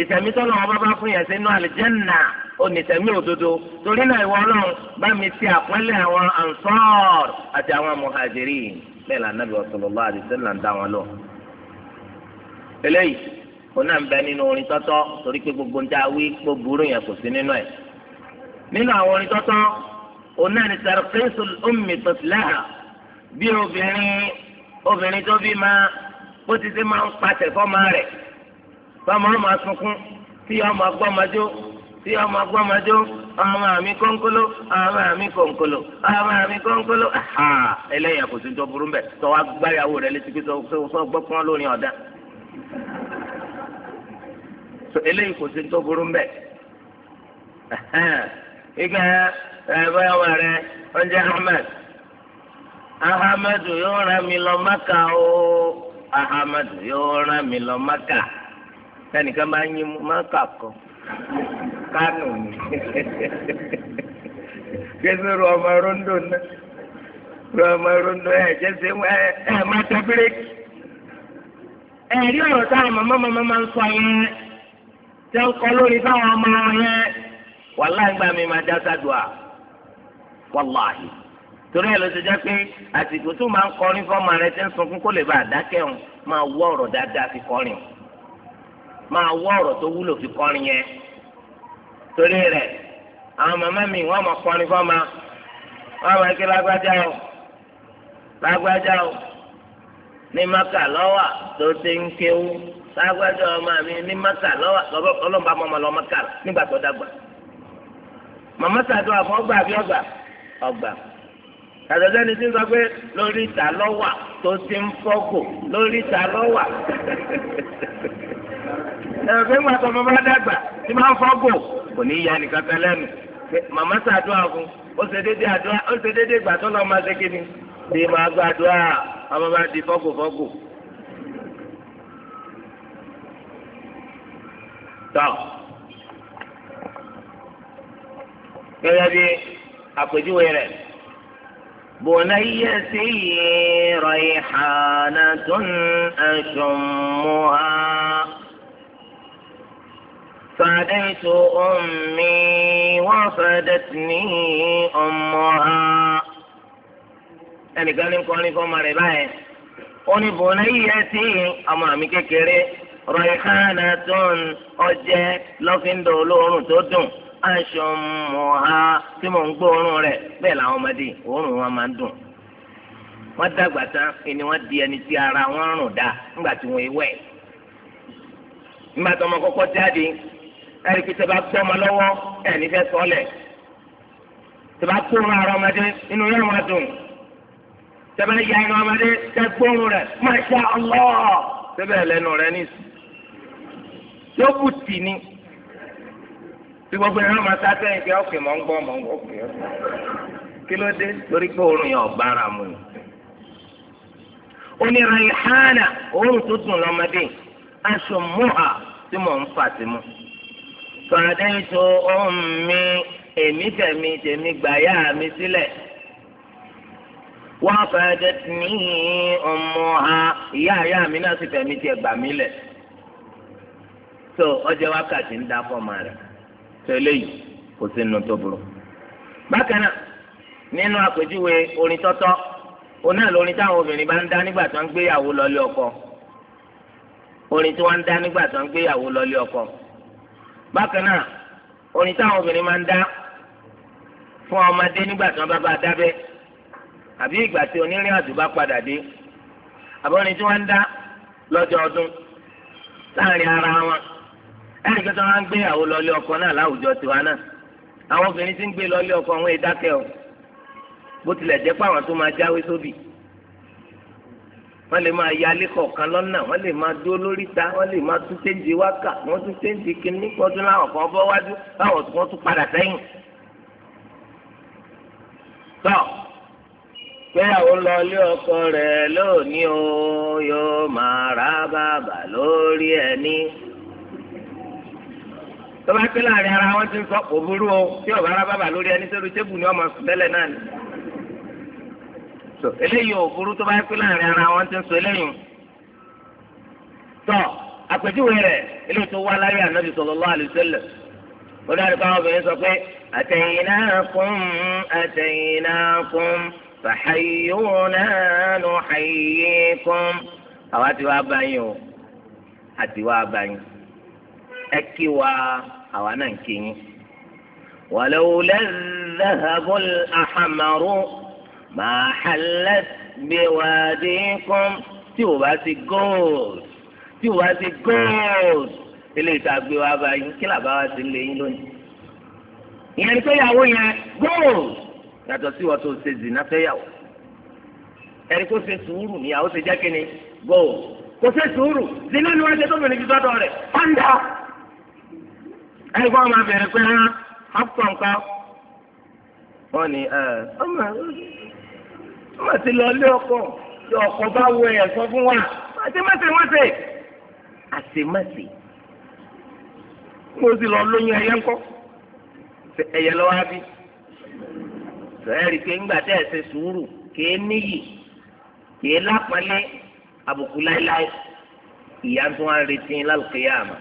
ìsẹ̀mí tó lọ́wọ́ bá bá fún yẹn sínú àlìjẹ́nà onísẹ̀mí òdodo torí náà ìwọlọ́n bá mi ti àpọ́nlé àwọn ansọ́ọ̀r àti àwọn muhajirin bẹ́ẹ̀ lànà bí wọ́n sọ̀rọ̀ lọ́wọ́ àdìsẹ́ ń dá wọn lọ. eléyìí òun náà ń bẹ nínú orin tọ́tọ́ torí pé gbogbo ń dáwí gbogbo orin yẹn kò sí nínú ẹ̀ nínú àwọn orin tọ́tọ́ òun ni sàrfẹ́sù ọ̀mì tòsíláhà bí obìnrin obìnrin tó bí máa bó ti ṣe máa ń pàṣẹ fọ́mọ rẹ̀ fọ́mọ ọmọ sunkún tí ọmọ agbọ́mọdé tí ọmọ agbọ́mọdé ọmọ àmì kọ́ńkọ́ló ọmọ àmì kọ́ńkọ́ló ọmọ àmì kọ́ńkọ́ló ẹlẹ́yìn àkóso tó burú mbẹ́ tọ́wọ́ agbáyàwó rẹ̀ létí pé sọ gbọ́pọ́n lórí ọ̀dà eléyìí kò sí tó burú mbẹ ike ẹ báyà wà rẹ ọjọ ahmed ahmed yóò rán mi lọ maka o ahmed yóò rán mi lọ maka sẹnìkan bá yín maka kọ kánò ni kẹsì rọ ọmọ rondo náà rọ ọmọ rondo ẹ jẹsẹ ẹ ẹ tẹ bírèkì ẹ rí táwọn màmá màmá máa ń sọ yẹn. tẹ ń kọ lórí fáwọn ọmọ yẹn wàláì gbà mí máa já sádùá wàláì torí ẹ ló ti jẹ́ pé àsìkò tó máa ń kọrin fọmọ rẹ ti ń sunkún kó lè bá àdákẹ́ máa wọ ọ̀rọ̀ dáadáa fi kọrin máa wọ ọ̀rọ̀ tó wúlò fi kọrin yẹn torí mi máa kọrin fọmọ máa ké lágbájá o lágbájá o ní maka lọ́wọ́ tó ti ń kéwú. lágbájá ọmọ mi ní maka lọ́lọ́mọba mọ́mọ́ lọ maka nígbà tó dàgbà màmá sàdúrà fún ọgbà àbí ọgbà ọgbà àtẹ̀sẹ́ ni sọ pé lórí ìta lọ́wà tó ti ń fọ́gò lórí ìta lọ́wà. dàgbà tí máa ń kò ní ya nìkan lẹ́nu. màmá ó ṣe déédéé àdúrà ó ṣe déédéé ìgbà tó lọ́ọ́ máa ṣe bí di tọ́ gẹ́gẹ́ bí àpèjúwe rẹ̀ bùnàyẹ sí rọ̀ ìhànà tó ń ẹ̀sùn mú ha. فديت أمي وفدتني أمها ẹnìkan ní kọrin fún ọmọ rẹ̀ báyìí ó ní bòónáyé sí ọmọ mi kékeré rayhanatun ọjẹ́ lọ́fíńdà olóòórùn tó dùn aṣọ mọ̀ha tí mò ń gbọ́ òórùn rẹ̀ bẹ́ẹ̀ làwọn ọmọdé òórùn wọn máa ń dùn. wọ́n dàgbà tán ni wọ́n di ẹni tí ara wọn rùn dá nígbà tí wọ́n ewé. nígbà tó ọmọ kọ́kọ́ jáde ẹ̀rí pé tẹ́ bá gbọ́ ọmọ lọ́wọ́ ẹ̀ fẹ́ sọ́lẹ̀. tẹ́ bá kó ara ọmọdé inú rẹ̀ wọn dùn. tẹ́ bá ya inú ọmọdé tẹ́ gbóòórùn rẹ̀ Masha Allah tẹ́ yóò kù tì ní tí gbogbo ẹ̀rọ máa ta sẹ́yìn pé ọ̀kẹ́ mọ̀ ń gbọ́ mọ̀ ń gbọ́ pé ọ̀kẹ́ kí ló dé torí pé oorun yẹn ọ̀bára mu ni. onírà ìhánà oorun tó dùn lọ́mọdé aṣọ mọ́ha tí mò ń fà sí mu. fàdé tó ohun mi èmi tẹ̀mí tèmi gbà yá mi sílẹ̀. wọ́n fẹ́ dẹ́tí ní ọmọ ha ìyá ìyá mi náà sì tẹ̀mí tiẹ̀ gbà mí lẹ̀. tó ọjọ́ wákàtí ń dá fọ́ọ̀mù rẹ̀ tó eléyìí kò sí nínú tó burú. bákan náà nínú àpèjúwe orin tọ́tọ́ oní àlórin táwọn obìnrin bá ń dá nígbà tó ń gbéyàwó lọ́lé ọkọ orin tí wọ́n ń dá nígbà tó ń gbéyàwó lọ́lé ọkọ bákan náà orin táwọn obìnrin máa ń dá fún ọmọdé nígbà tí wọ́n bá bá dábẹ́ àbí ìgbà tí onírìn àjò bá padà dé àbọ̀rin tí wọ́n ń dá lọ́jọ́ ọdún láàrin ara wọn. ẹnì kẹta wọn gbé ìyàwó lọlé ọkọ náà láwùjọ tiwa náà àwọn obìnrin tí ń gbé lọlé ọkọ wọn è dákẹ́ o bó tilẹ̀ jẹ́ pé àwọn tó máa jáwé sóbì wọ́n lè máa ya alẹ́ kọ̀ọ̀kan lọ́nà wọ́n lè máa dúró lórí ta wọ́n lè máa tún téńjì wákà wọ́n tún téńjì kínní kan tún láwọn kan bọ́ wájú báwọn tí wọ́n tún padà sẹ́yìn. tọ́ gbéyàwó lọ ilé ọkọ rẹ̀ lónìí o yóò máa rà bàbà lórí ẹni. tọ́ba pé láàrin ara wọn ti ń sọ òbúrú o tí ọ̀bá ara bàbà lórí ẹni tó lu tébù ni ọmọ sùn náà ni. eléyìí òbúrú tọ́ba pé láàrin ara wọn ti sọ eléyìí. tọ́ àpèjúwe rẹ̀ eléyìí tó wá láyé ó dárí káwọn obìnrin sọ pé àwa ti wá o ẹ kí wa. àwa náà ń kéyìn. wàlẹ́wò lẹ́zẹ̀hẹ́bùl àhàmàrú màá hàlẹ́ bí wàdínkùn tí o bá ti gold tí o bá ti gold eléyìí tá a gbé wa báyìí kí làbá wa ti lè yín lónìí. ìyẹn ni pé yẹn gold yàtọ̀ sí wọ́n tó ṣe zìnnà fẹ́yàwó ẹni kó ṣe sùúrù níyàwó ṣe jẹ́ kí gold kò ṣe sùúrù zìnnà ni wọ́n ṣe tó mìíràn ju tọ́tọ̀ rẹ̀ pàǹdà ẹni kọ́ máa bẹ̀rẹ̀ pé hán ọ̀pọ̀ nǹkan. wọ́n ní ọmọ ọmọ ti lọ lé ọkọ tí ọkọ bá wọ ẹ̀ sọ fún wa àtẹ̀mọ́tẹ̀ mọ́tẹ̀ àtẹ̀mọ́tẹ̀ mo sì lọ lóyún ẹyẹ ńkọ́ ẹyẹ lọ́wọ́ á bí sọ̀rọ̀ pé ńgbà tẹ́ ẹ̀ ṣe sùúrù kèé níyì kèé lápẹ́lẹ́ àbùkù láéláé ìyá tó wá ń retí lálùkẹ́yà àmọ́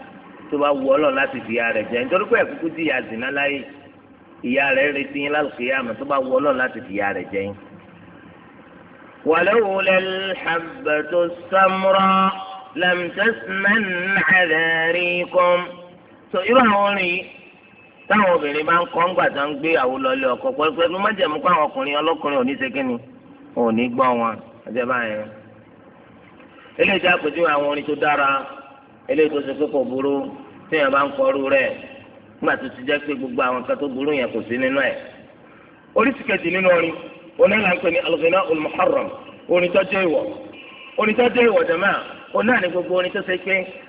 tó bá wù ọlọ́run láti fi ìyá rẹ̀ jẹ nítorí pé ẹ̀kúkú tí ìyá zìnà láyé ìyá rẹ̀ retí yín lálùkù yá àmọ́ tó bá wù ọlọ́run láti fi ìyá rẹ̀ jẹ yín. wàlẹ́wò lẹ́lẹ́hàbẹ̀tò sámúrà lẹ́mtẹ́sìmẹ́n àdàrí kan. tó irú àwọn orin yìí táwọn obìnrin bá ń kọ́ ńgbà tó ń gbé àwọn lọlé ọkọ pẹ́ẹ́pẹ́ ló má jẹ̀mú pé àwọn ọkùnrin ọlọ́kùnrin ò ṣe kíni ò gbọ́ wọn ọjọ́ báyẹn. eléyìí eléyìí tó ṣe pé kò burú téèyàn bá ń kọrú rẹ̀ nígbà tó ti jẹ́ pé gbogbo àwọn kan tó burú yẹn kò sí nínú ẹ̀. oríṣi kejì nínú orin onílà ń pè ní alghina ìwọ̀ orin ìwọ̀ jẹ̀mọ́ onáà gbogbo orin pé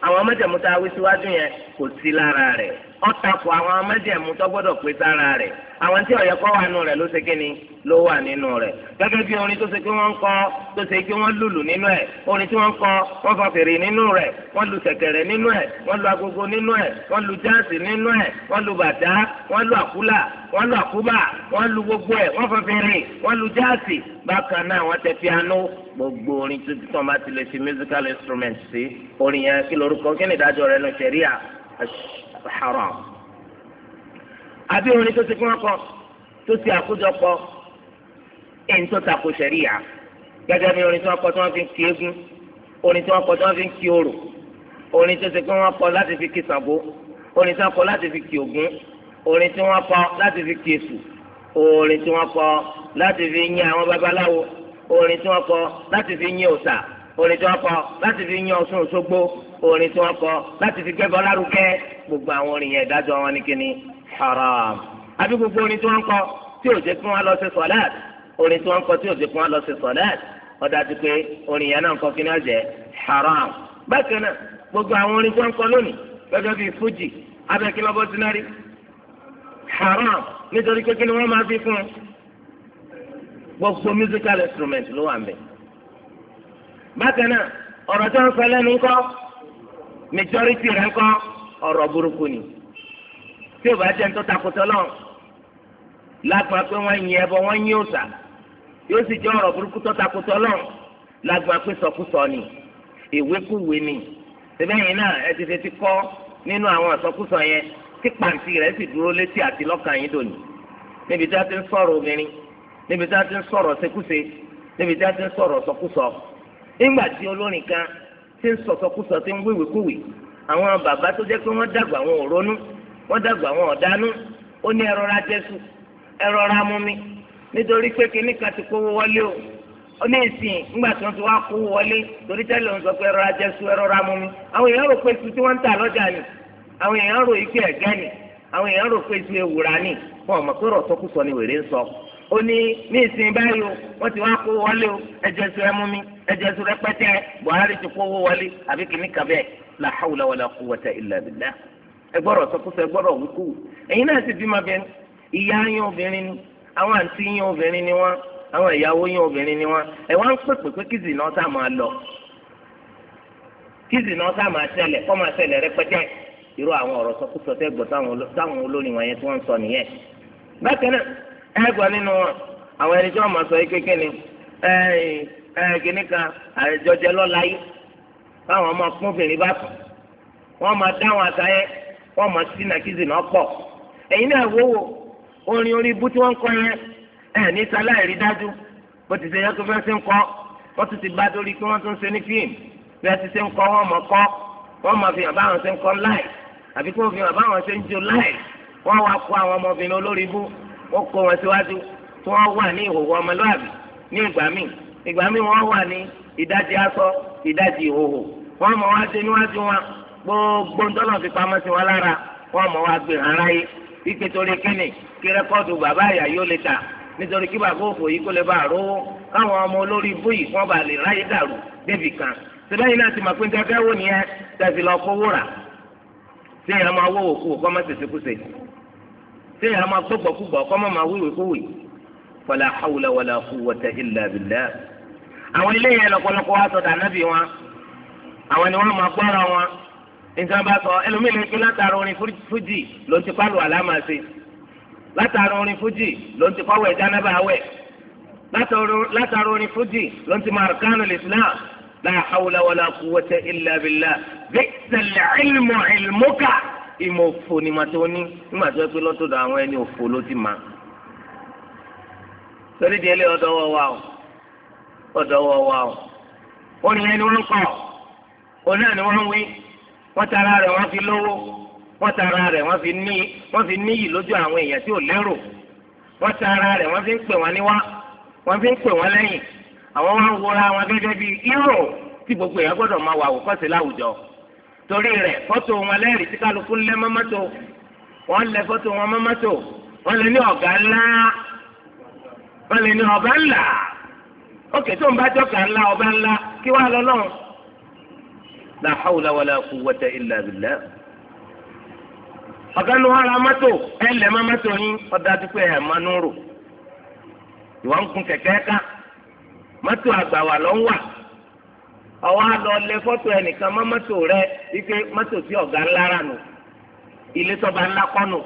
àwọn mẹ́jẹ̀mú tá a wí síwájú yẹn kò sí lára rẹ̀ ọtakọ àwọn amẹjẹmú tó gbọ́dọ̀ pé sára rẹ̀ àwọn tí ọyọ kọ wà nù rẹ̀ ló ṣe kíni ló wà nínú rẹ̀ gẹ́gẹ́ bí orin tó ṣe kí wọn kọ tó ṣe kí wọn lùlù nínú ẹ̀ orin tí wọn kọ wọn fa fèrè nínú rẹ̀ wọn lu ṣẹ̀kẹ̀rẹ̀ nínú ẹ̀ wọn lu agogo nínú ẹ̀ wọn lu jáàsì nínú ẹ̀ wọn lu bàtà wọn lu àkúlà wọn lu àkúbà wọn lu gbogbo ẹ̀ wọn fa fèrè wọn lu jáàsì bákan náà wọn tẹ piano gbogbo orin tó ti tán bá ti lè musical instrument sí orin yẹn kí lorúkọ kí ni ìdájọ́ rẹ̀ nù ṣẹríà haram àbí orin tó ti kí wọ́n kọ tó ti àkójọpọ̀ èyí tó takò sẹ̀ríyà gẹ́gẹ́ bí orin tí wọ́n kọ tí wọ́n fi ń kí eégún orin tí wọ́n kọ tí wọ́n fi ń kí orò orin tó ti kí wọ́n kọ láti fi kí Ṣàngó orin tí wọ́n kọ láti fi kí Ògún orin tí wọ́n kọ láti fi kí Èṣù orin tí wọ́n kọ láti fi yìn àwọn babaláwo orin tí wọ́n kọ láti fi yìn òòṣà orin tí wọ́n kọ láti fi yìn Ọ̀ṣun Òṣogbo orin tí wọ́n kọ láti fi gbẹ́bọ lárugẹ gbogbo àwọn orin yẹn ìdájọ́ wọn ní kíni haram àbí gbogbo orin tí wọ́n kọ tí ò jẹ́ kí wọ́n lọ sí sọ̀láàt orin tí wọ́n kọ tí ò jẹ́ kí wọ́n lọ sí sọ̀láàt ó dájú pé orin yẹn náà ń kọ kí náà jẹ́ haram bákan náà gbogbo àwọn orin tí wọ́n kọ lónìí gẹ́gẹ́ bíi fújì abẹ́kílọ́bọ̀ sinari haram nítorí pé kí ni wọ́n máa fi fún un gbogbo musical instrument ló wà ń bẹ̀ bákan náà ọ̀rọ̀ tí wọ́n sọ lẹ́nu ńkọ́ majority rẹ̀ kọ́ ọ̀rọ̀ burúkú ni tí o bá jẹ́ nítorí takùtọ̀ náà lágbà pé wọ́n yin ẹbọ wọ́n yin òòṣà yóò sì jẹ́ ọ̀rọ̀ burúkú tó takùtọ̀ náà lágbà pé sọkúsọ ni ìwékúwé ni sẹ́bẹ̀yìn náà ẹ ti ṣe ti kọ́ nínú àwọn àsọkúsọ yẹn tí pàǹtí rẹ̀ sì dúró létí àti lọ́kàn yín dòní níbi tí a ti ń sọ̀rọ̀ obìnrin níbi tí a ti ń sọ̀rọ̀ ṣekúṣe níbi tí a ti ń sọ̀rọ̀ sọkúsọ nígbà tí olórin kan tí ń sọ̀sọ̀kúsọ tí ń wíwèkúwè àwọn bàbá tó jẹ́ pé wọ́n dàgbà wọn ò ronú wọ́n dàgbà wọn ò dánú ó ní ẹ̀rọ ra jẹ́sù ẹ̀rọ ra mú mi nítorí pé kinní kan ti kówó wọlé o ó ní ìsìn ńgbà tó ń ti wá kówó wọlé torí tẹ́lẹ̀ ń sọ pé ẹ̀rọ ra jẹ́sù ẹ̀rọ ra mú mi àwọn èèyàn rò pé iṣu tí wọ́n ń tà lọ́jà ni àwọn èèyàn rò ike ẹ̀gẹ́ ni àwọn èèyàn rò pé iṣu ewùrà ni wọn ò ó ní ní ìsìn báyìí o wọ́n ti wá kó wọlé o ẹ̀jẹ̀ sọ ẹ mú mi ẹ̀jẹ̀ sọ rẹpẹtẹ Buhari ti kó owó wọlé àbí kìíní kàbẹ́ la hawla wala quwwata illa billah ẹ gbọ́dọ̀ sọkúsọ ẹ gbọ́dọ̀ wúkú ẹ̀yin náà sì bímọ bẹ́ẹ̀ ìyá yín obìnrin ni àwọn àǹtí yín obìnrin ni wọ́n àwọn ìyàwó yín obìnrin ni wọ́n ẹ̀ wọ́n ń pèpè pé kìzì náà tá máa lọ kìzì náà tá máa ṣẹlẹ̀ kọ́ máa ṣẹlẹ̀ rẹpẹtẹ irú àwọn ọ̀rọ̀ sọkúsọ tẹ́ táwọn olórin wọn yẹn tí wọ́n ń sọ nìyẹn bákan náà ẹgbẹ́ nínú àwọn ẹni tí wọ́n máa sọ yìí kékeré ẹ kìíní kan àjọjẹ lọ́la yìí báwọn ọmọ kúnfìrín bá tún wọ́n máa dáhùn àṣà yẹn wọ́n máa sí nàkìzì náà pọ̀ ẹ̀yin náà wò wò orin orí ibú tí wọ́n ń kọ yẹn ẹ̀ ní sáláì rí dájú bó ti ṣe yẹ kó fẹ́ ṣe ń kọ́ wọ́n tún ti bá dórí pé wọ́n tún ṣe ní fíìmù bí wọ́n ti ṣe ń kọ́ wọ́n mọ̀ kọ́ wọ́n máa fi hàn báwọn ṣe ń kọ́ láì àbí kó fi hàn báwọn ṣe ń jó láì wọ́n wá kó àwọn ọmọbìnrin olórí ibú wọ́n kó wọn síwájú tí wọ́n wà ní ìhòòhò ọmọlúwàbí ní ìgbà míì ìgbà míì wọ́n wà ní ìdajì aṣọ ìdajì ìhòòhò wọ́n mọ̀ wá dé níwájú wọn gbogbo ńdọ́nà fi pamọ́ sí wọn lára wọ́n mọ̀ wá gbé hàn ráyé wípé torí kíni kí rẹ́kọ́ọ̀dù bàbá àyà yóò lè tà nítorí kí bàbá òfò yìí kó lè bá àrò káwọn ọmọ olórí ibú yìí wọ́n bá lè ráyé dàrú débì kan síbẹ̀yìn náà ti mọ̀ pé ń tẹ́fẹ́ wò nìyẹn tẹ̀sí lọ fowó rà sí ìyàmọ̀ owó òkú kọ́mọ́sẹ̀sẹ̀ kùsẹ̀ sẹ́yìn a máa gbọ́gbọ́ kúgbọ́ kọ́ máa máa wíwèé kówè fala hawla wala quwwata illa billah. àwọn ilé yẹn lọ́pọ̀lọpọ̀ wá sọ̀dọ̀ ànábì wọn àwọn ni wọ́n máa gbọ́ra wọn nígbà bá sọ ẹlòmíì lè látara orin fújì ló ti pálọ̀ àlámàṣe látara orin fújì ló ti pọ́wọ́ jánábà wẹ̀ látara orin fújì ló ti máa kánú l'islam la hawla wala quwwata illa billah bi'sa al ìmọ̀ òfò ni ma tó ní nígbà tó yẹ pé lọ́tọ̀dọ̀ àwọn ẹni òfò ló ti mà. torí di ẹlẹ́yìn ọ̀dọ́wọ́ wa o ọ̀dọ́wọ́ wa o orin ẹni òun náà ni wọ́n wí wọ́n tara rẹ̀ wọ́n fi lówó wọ́n tara rẹ̀ wọ́n fi ní wọ́n fi níyì wọn wọra wọn gẹ́gẹ́ bíi tí gbogbo èèyàn gbọ́dọ̀ máa wà torí rẹ̀ fọ́tò wọn lẹ́rìí tí kálukú lé mọ́mọ́tò wọ́n lé fọ́tò wọn mọ́mọ́tò wọ́n lè ní ọ̀gá ńlá wọ́n lè ní ọba ńlá ókè tó ń bá jọ́ka ńlá ọba ńlá kí wàá lọ lọ́hùn. la hawla wala quwwata illa billah. ọ̀gá ni wọ́n ra mọ́tò ẹ̀ yín ọ̀dà dúpẹ́ ẹ̀ mọ́ núrò ìwọ́n ń gun kẹ̀kẹ́ ká mọ́tò àgbà wà lọ́ ń wà ọwọ́ àlọ́ lẹ fọ́tò ẹnìkan mọ́ mọ́tò rẹ wípé mọ́tò tí ọ̀gá ńlá rà nù ilé tọ́ba ńlá kọ́ nù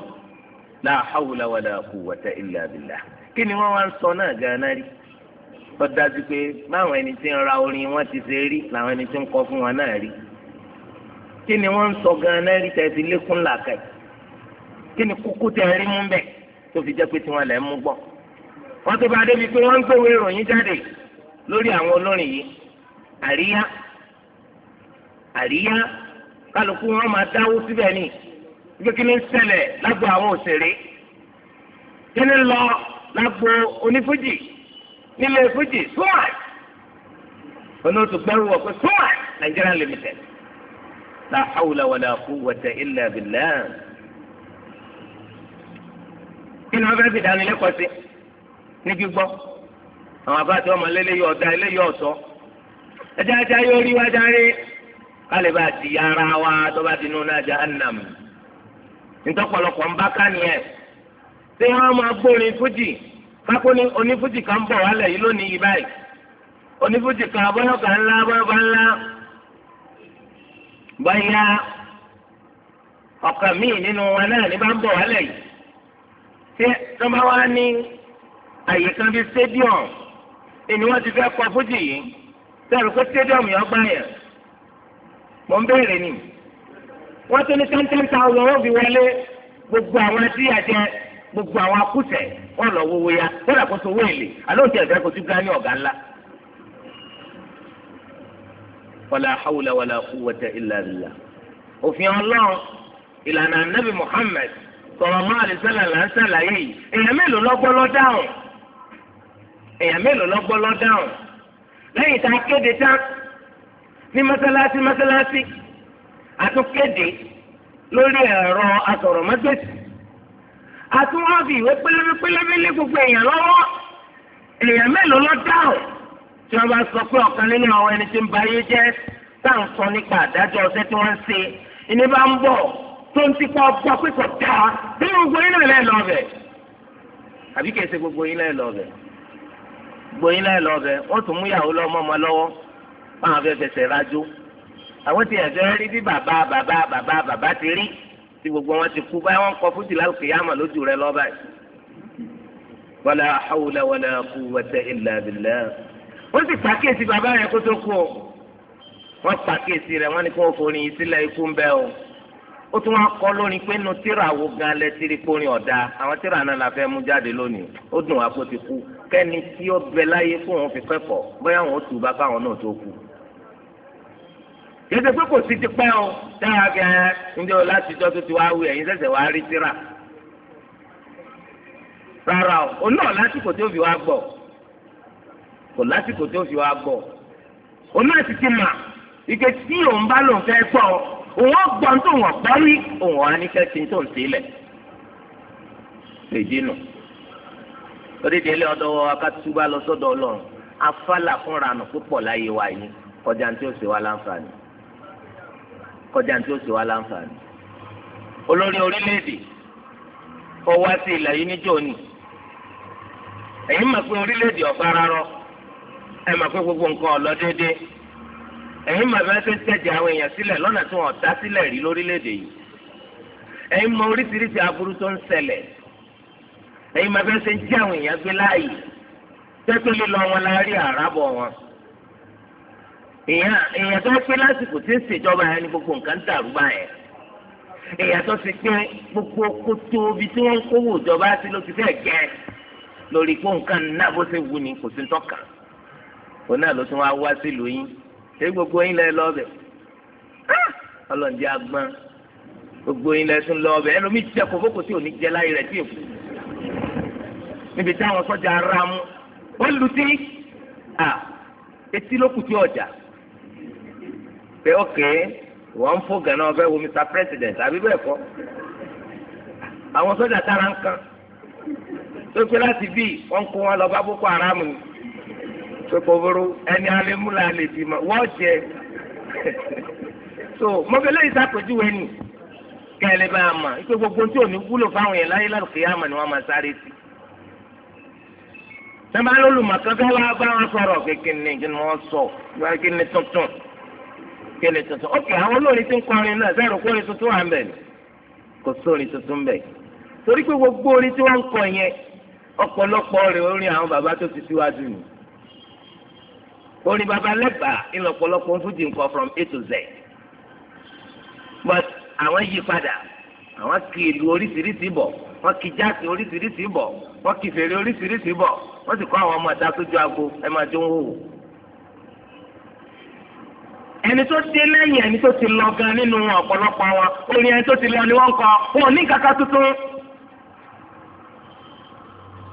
la hawla wala quwwata illa billah kí ni wọ́n wá ń sọ náà gan-an rí ó dájú pé báwọn ẹni tí ń ra orin wọn ti ṣe rí làwọn ẹni tí ń kọ fún wọn náà rí kí ni wọ́n ń sọ gan-an rí tẹ̀sí lékún làkàì kí ni kúkú tẹ̀ rí mú bẹ́ẹ̀ tó fi jẹ́ pé tiwọn lẹ́ mú gbọ́ wọ́n tó bá débi pé wọ́n ń gbé ìwé jáde lórí àwọn olórin yìí àríyá àríyá kálukú wọn máa dáwó síbẹ̀ ni ibi kí ni ń ṣẹlẹ̀ lágbo àwọn òṣèré kí ni ń lọ lágbo onífújì nílé fújì súnmọ́ẹ̀ onótù gbẹ́rù wọ̀ pé súnmọ́ẹ̀ Nigeria limited la hawla wala quwwata illa billah kí ni wọ́n fẹ́ fi dánilẹ́kọ̀ọ́ sí ní gbígbọ́ àwọn abáàtì ọmọ lélẹ́yìí ọ̀dà eléyìí ọ̀sọ́. ẹjẹ ajá yóò rí wá járe kálí bá ti yára tó bá ti nù jahannam ntọ́pọ̀lọpọ̀ ń bá ká tí wọ́n máa gbórin fújì kákó ní onífújì kan bọ̀ wálẹ̀ yìí lónìí yìí báyìí onífújì kan abọ́yọ̀kà ńlá abọ́yọ̀kà ńlá bọ́yá ọ̀kan míì nínú wọn náà ní bá ń bọ̀ wálẹ̀ yìí ní sẹ́rù pé stadium yẹn gbá yẹn mọ̀ ń béèrè ni wọ́n tún ní ten ten thousand wọ́n fi wọlé gbogbo àwọn ẹtí àjẹ gbogbo àwọn akúṣẹ̀ wọ́n lọ wọ́wọ́ ya wọ́n làkóso owó èlé àlóòtú ẹ̀fẹ́ kò tún gbá ní ọ̀gá ńlá. wala hawla wala quwwata illa billah òfin ọlọ́run ìlànà anabi muhammed sallallahu alaihi wasallam là yìí èèyàn mélòó lọ́gbọ́ lọ́dáhùn èèyàn mélòó lọ́gbọ́ lọ́dáhùn lẹ́yìn tá a kéde tán ní mọ́sálásí mọ́sálásí a tún kéde lórí ẹ̀rọ asọ̀rọ̀mágbèsì a tún wá fi ìwé pélébé pélébé lé gbogbo èèyàn lọ́wọ́ èèyàn mélòó ló dáhùn tí wọ́n bá sọ pé ọ̀kan nínú àwọn ẹni tí ń ba ayé jẹ́ tá à ń sọ nípa àdájọ́ ọ̀sẹ̀ tí wọ́n ń ṣe ìní bá ń bọ̀ tó ń tipa ọgbà pípọ̀ dáa bí gbogbo yín náà lẹ́ẹ̀ lọ́ọ̀bẹ̀ àbí kẹ̀sẹ̀ gbogbo gbóyin láì lọ bẹ wọ́n tún mú ìyàwó lọ mọ́mọ́ lọ́wọ́ fáwọn afẹ́ fẹsẹ̀ rájò àwọn tí ẹ̀fẹ́ rí bí bàbá bàbá bàbá bàbá ti rí tí gbogbo wọn ti kú báyìí wọ́n kọ fújì lálùkì yàmà lójú rẹ lọ́ba yìí. wala hawla wala quwwata illa billah wọ́n sì pàkíyèsí bàbá rẹ̀ kó tó kú o wọ́n pàkíyèsí rẹ̀ wọ́n ní kó forin sílẹ̀ ikú ń bẹ́ o ó tún wá kọ́ lórin pé nu tíra wo gan lẹ́tírí pórin ọ̀dà àwọn tíra náà la fẹ́ mú jáde lónìí ó dùn wá kó ti kú kẹ́ni tí ó bẹ láyé fún wọn fi kẹ́kọ̀ọ́ bóyá wọn ó tù bá káwọn náà tó kù. yẹ́sẹ̀ pé kò sí ti pẹ́ o dára gẹ́ẹ́ ǹjẹ́ o láti jọ́ tó ti wá wí ẹ̀yin sẹ̀sẹ̀ wá rí síra. rárá o òun náà lásìkò tó fi wá gbọ́ kò lásìkò tó fi wá gbọ́ òun náà ti ti mà ike tí òun bá lòun fẹ́ gbọ́ òun ó gbọ́ tó wọ̀n pẹ́rí òun á ní kẹ́sìn tó ń sílẹ̀ lè dínà. oríṣi ilé ọ̀dọ̀ wa ká túbà lọ sọ́dọ̀ Ọlọ́run afálà fúnra nù wa yìí kọjá ntị ó ṣe wá láǹfààní kọjá tí ó ṣe wá láǹfààní olórí orílẹ̀-èdè ilẹ̀ yìí níjọ́ ni pé orílẹ̀-èdè rọ pé gbogbo nǹkan ọ̀lọ́ déédéé bẹ́ẹ̀ tẹ̀jẹ̀ àwọn èèyàn sílẹ̀ lọ́nà tí wọ́n sílẹ̀ rí lórílẹ̀-èdè yìí ẹ̀yin máa fẹ́ ṣe ń jí àwọn èèyàn gbé láàyè tẹ́tọ́ lílọ wọn la rí àràbọ̀ wọn. èèyàn tó pé lásìkò tí ń ṣèjọba yẹn ni gbogbo nǹkan ń dàrú báyẹn. èèyàn tó ti pé gbogbo kótó ibi tí wọ́n ń kówó ìjọba sí ló ti fẹ́ gẹ́ lórí pé nǹkan náà bó ṣe wù ní kò sí tọ́ka. òun náà ló tún wá wá sílùú yín ṣé gbogbo yín lẹ lọ́ọ̀bẹ̀ ọlọ́ọ̀dì agbọ́n gbogbo yín lẹ tún lọ́ọ̀bẹ̀ ẹlòmíì níbi táwọn sọ́jà ara mu wọ́n lu sí à etí ló kù sí ọjà pé ọ̀kẹ́ wọ́n ń fò gànà ọ̀fẹ́ wo Mr. President àbí bẹ́ẹ̀ kọ́ àwọn sọ́jà tára ń kan tó pé láti bí wọ́n kó wọn lọ bá Boko Haram ni pé kòboro ẹni alẹ́ múlá lè bímọ wọ́n jẹ so mọ́bẹ́lẹ́ yìí sàpèjúwe nì kẹ́lẹ́ bá a mọ̀ ipe gbogbo tí ò ní wúlò fáwọn yẹn láyé lálùkìyàmọ̀ ni wọ́n máa sáré sí sẹ́mbà lólùmọ̀kan fẹ́ wá bá wọn sọ̀rọ̀ kékeré ní kí ni wọ́n sọ wọ́n kí ni tuntun kí ni tuntun ókè àwọn olórin tí ń kọrin náà sẹ́rù kó orin tuntun wà ń bẹ̀ kò sórin tuntun bẹ̀ torí pé gbogbo orin tí wọ́n ń kọ yẹn ọ̀pọ̀lọpọ̀ rẹ̀ orin àwọn bàbá tó ti síwájú nù orin bàbá lẹ́bàá ìlọ ọ̀pọ̀lọpọ̀ fújì ń kọ from A to Z but àwọn yí padà àwọn kì ìlú oríṣiríṣi bọ̀ bọ̀ wọ́n kì fèrè oríṣiríṣi wọ́n sì kọ́ àwọn ọmọ àtàkùjọ ago ẹ máa jó ń ẹni tó ti lẹ́yìn ẹni tó ti lọ gan nínú ọ̀pọ̀lọpọ̀ wa orin ẹni tó ti lọ ni wọ́n ń wọn ò ní kàkà tuntun.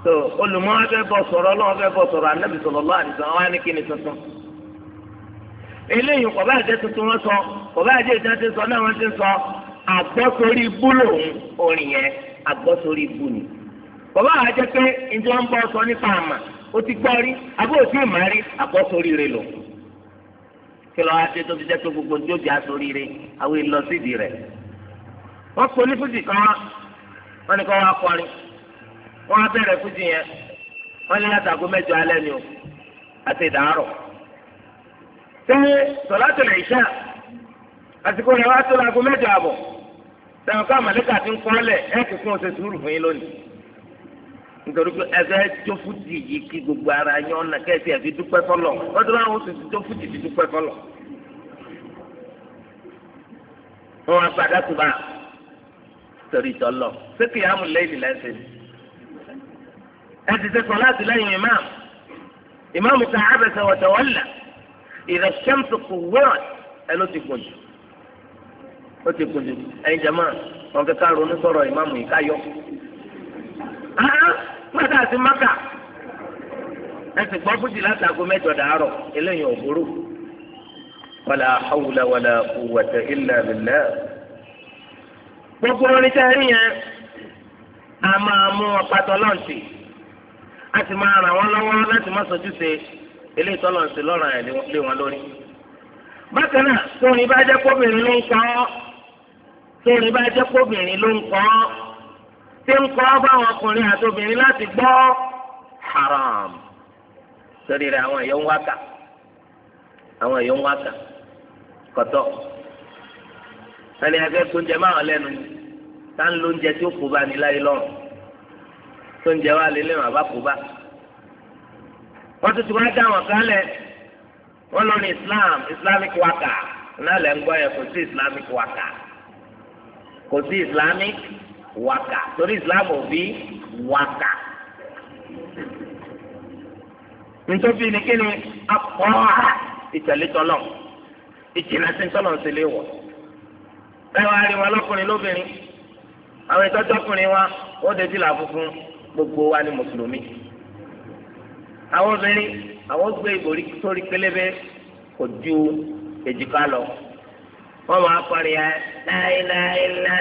tó olùmọ̀ fẹ́ sọ̀rọ̀ ọlọ́wọ́ fẹ́ sọ̀rọ̀ anábì sọ̀rọ̀ lọ́wọ́ wọn ní eléyìí kò bá tuntun wọ́n sọ àgbọ́sórí bàbá àwọn pé njẹ́ ń bọ́ sọ nípa àmà ó ti gbọ́ rí abó òsì ìmọ̀ rí àpọ̀ sóríire lò kí lọ́wọ́ á tó fi jẹ́ pé gbogbo ní òbí àsóríire àwọn èèlọ sídi rẹ̀ wọ́n pe onífúsì kan wọ́n ní kọ́ wá kọrin wọ́n yẹn wọ́n ní mẹ́jọ alẹ́ ni o àti ìdárọ̀ àsìkò rẹ̀ wá tó mẹ́jọ nítorí pé ẹfẹ jófútì yìí kí gbogbo ara yẹn ọ̀nà kẹsì ẹ̀fí dúpẹ́ fọlọ̀ ọdún náà wọ́n ti jófútì fi dúpẹ́ fọlọ̀. wọ́n wá padà tó bá torí tọ́lọ̀ sékì yàmù lẹ́yìn lẹ́sẹ̀ ni. ẹ ti sẹ́kọ̀ láti lẹ́yìn ìmáàmù ìmáàmù ká abẹ́sẹ̀ wọ̀tẹ̀wọ́lá ìrẹ̀ sẹ́mtò kò wẹ́rọ̀ ẹ ló ti gbòjò ó ti gbòjò ẹ̀yin jẹ̀mọ́ wọn kẹ́kẹ́ ronú sọ̀rọ̀ ìmáàmù yìí ká yọ gbàdá sí maka ẹsìn gbọ́ fújì láti aago mẹ́jọ dàárọ̀ eléyìí ò burú wàlà hawla wàlà quwwata illa billah gbogbo orin tẹ́ rí yẹn a máa mú ọpatọ lọ́ọ̀sì a sì máa ràn wọ́n lọ́wọ́ láti má sojú ṣe eléyìí tọ́ lọ́ọ̀sì lọ́ràn ẹ̀ lé wọn lórí bákan náà tóun ibà jẹ́ kóbìnrin ló ń kọ́ tóun ibà jẹ́ kóbìnrin ló ń kọ́ tí ń kọ́ báwọn ọkùnrin àti obìnrin láti gbọ́ haram torí rẹ̀ àwọn èèyàn ń wákà àwọn èèyàn ń wákà kọ̀tọ̀ ẹni akẹ́kọ̀ọ́ tó ń jẹ máa lẹ́nu tá ń lo oúnjẹ tí ó kó bá ní láyé lọ́rùn tó ń jẹ wá lé lẹ́wọ̀n àbá kó bá wọ́n tún wá dá wọn kálẹ̀ wọ́n lọ ní Islam Islamic wákà náà lẹ́ ń gbọ́ yẹn kò sí Islamic wákà kò sí Islamic wákà torí islam ò bí wákà. nítorí ni kí ni akọ́ra ìtẹ̀lé tọ́lọ̀ ìjìnlẹ̀ sí tọ́lọ̀ ń ṣẹlẹ̀ wọ̀. bẹ́ẹ̀ wá rí wọn lọ́kùnrin lóbìnrin àwọn ìtọ́jọ́kùnrin wa ó dé sí làbùkún gbogbo wa ni mùsùlùmí. àwọn obìnrin àwọn gbé ìbòrí sórí pélébé kò ju èjìká lọ. wọ́n máa kọrin yẹn láìláìláìlá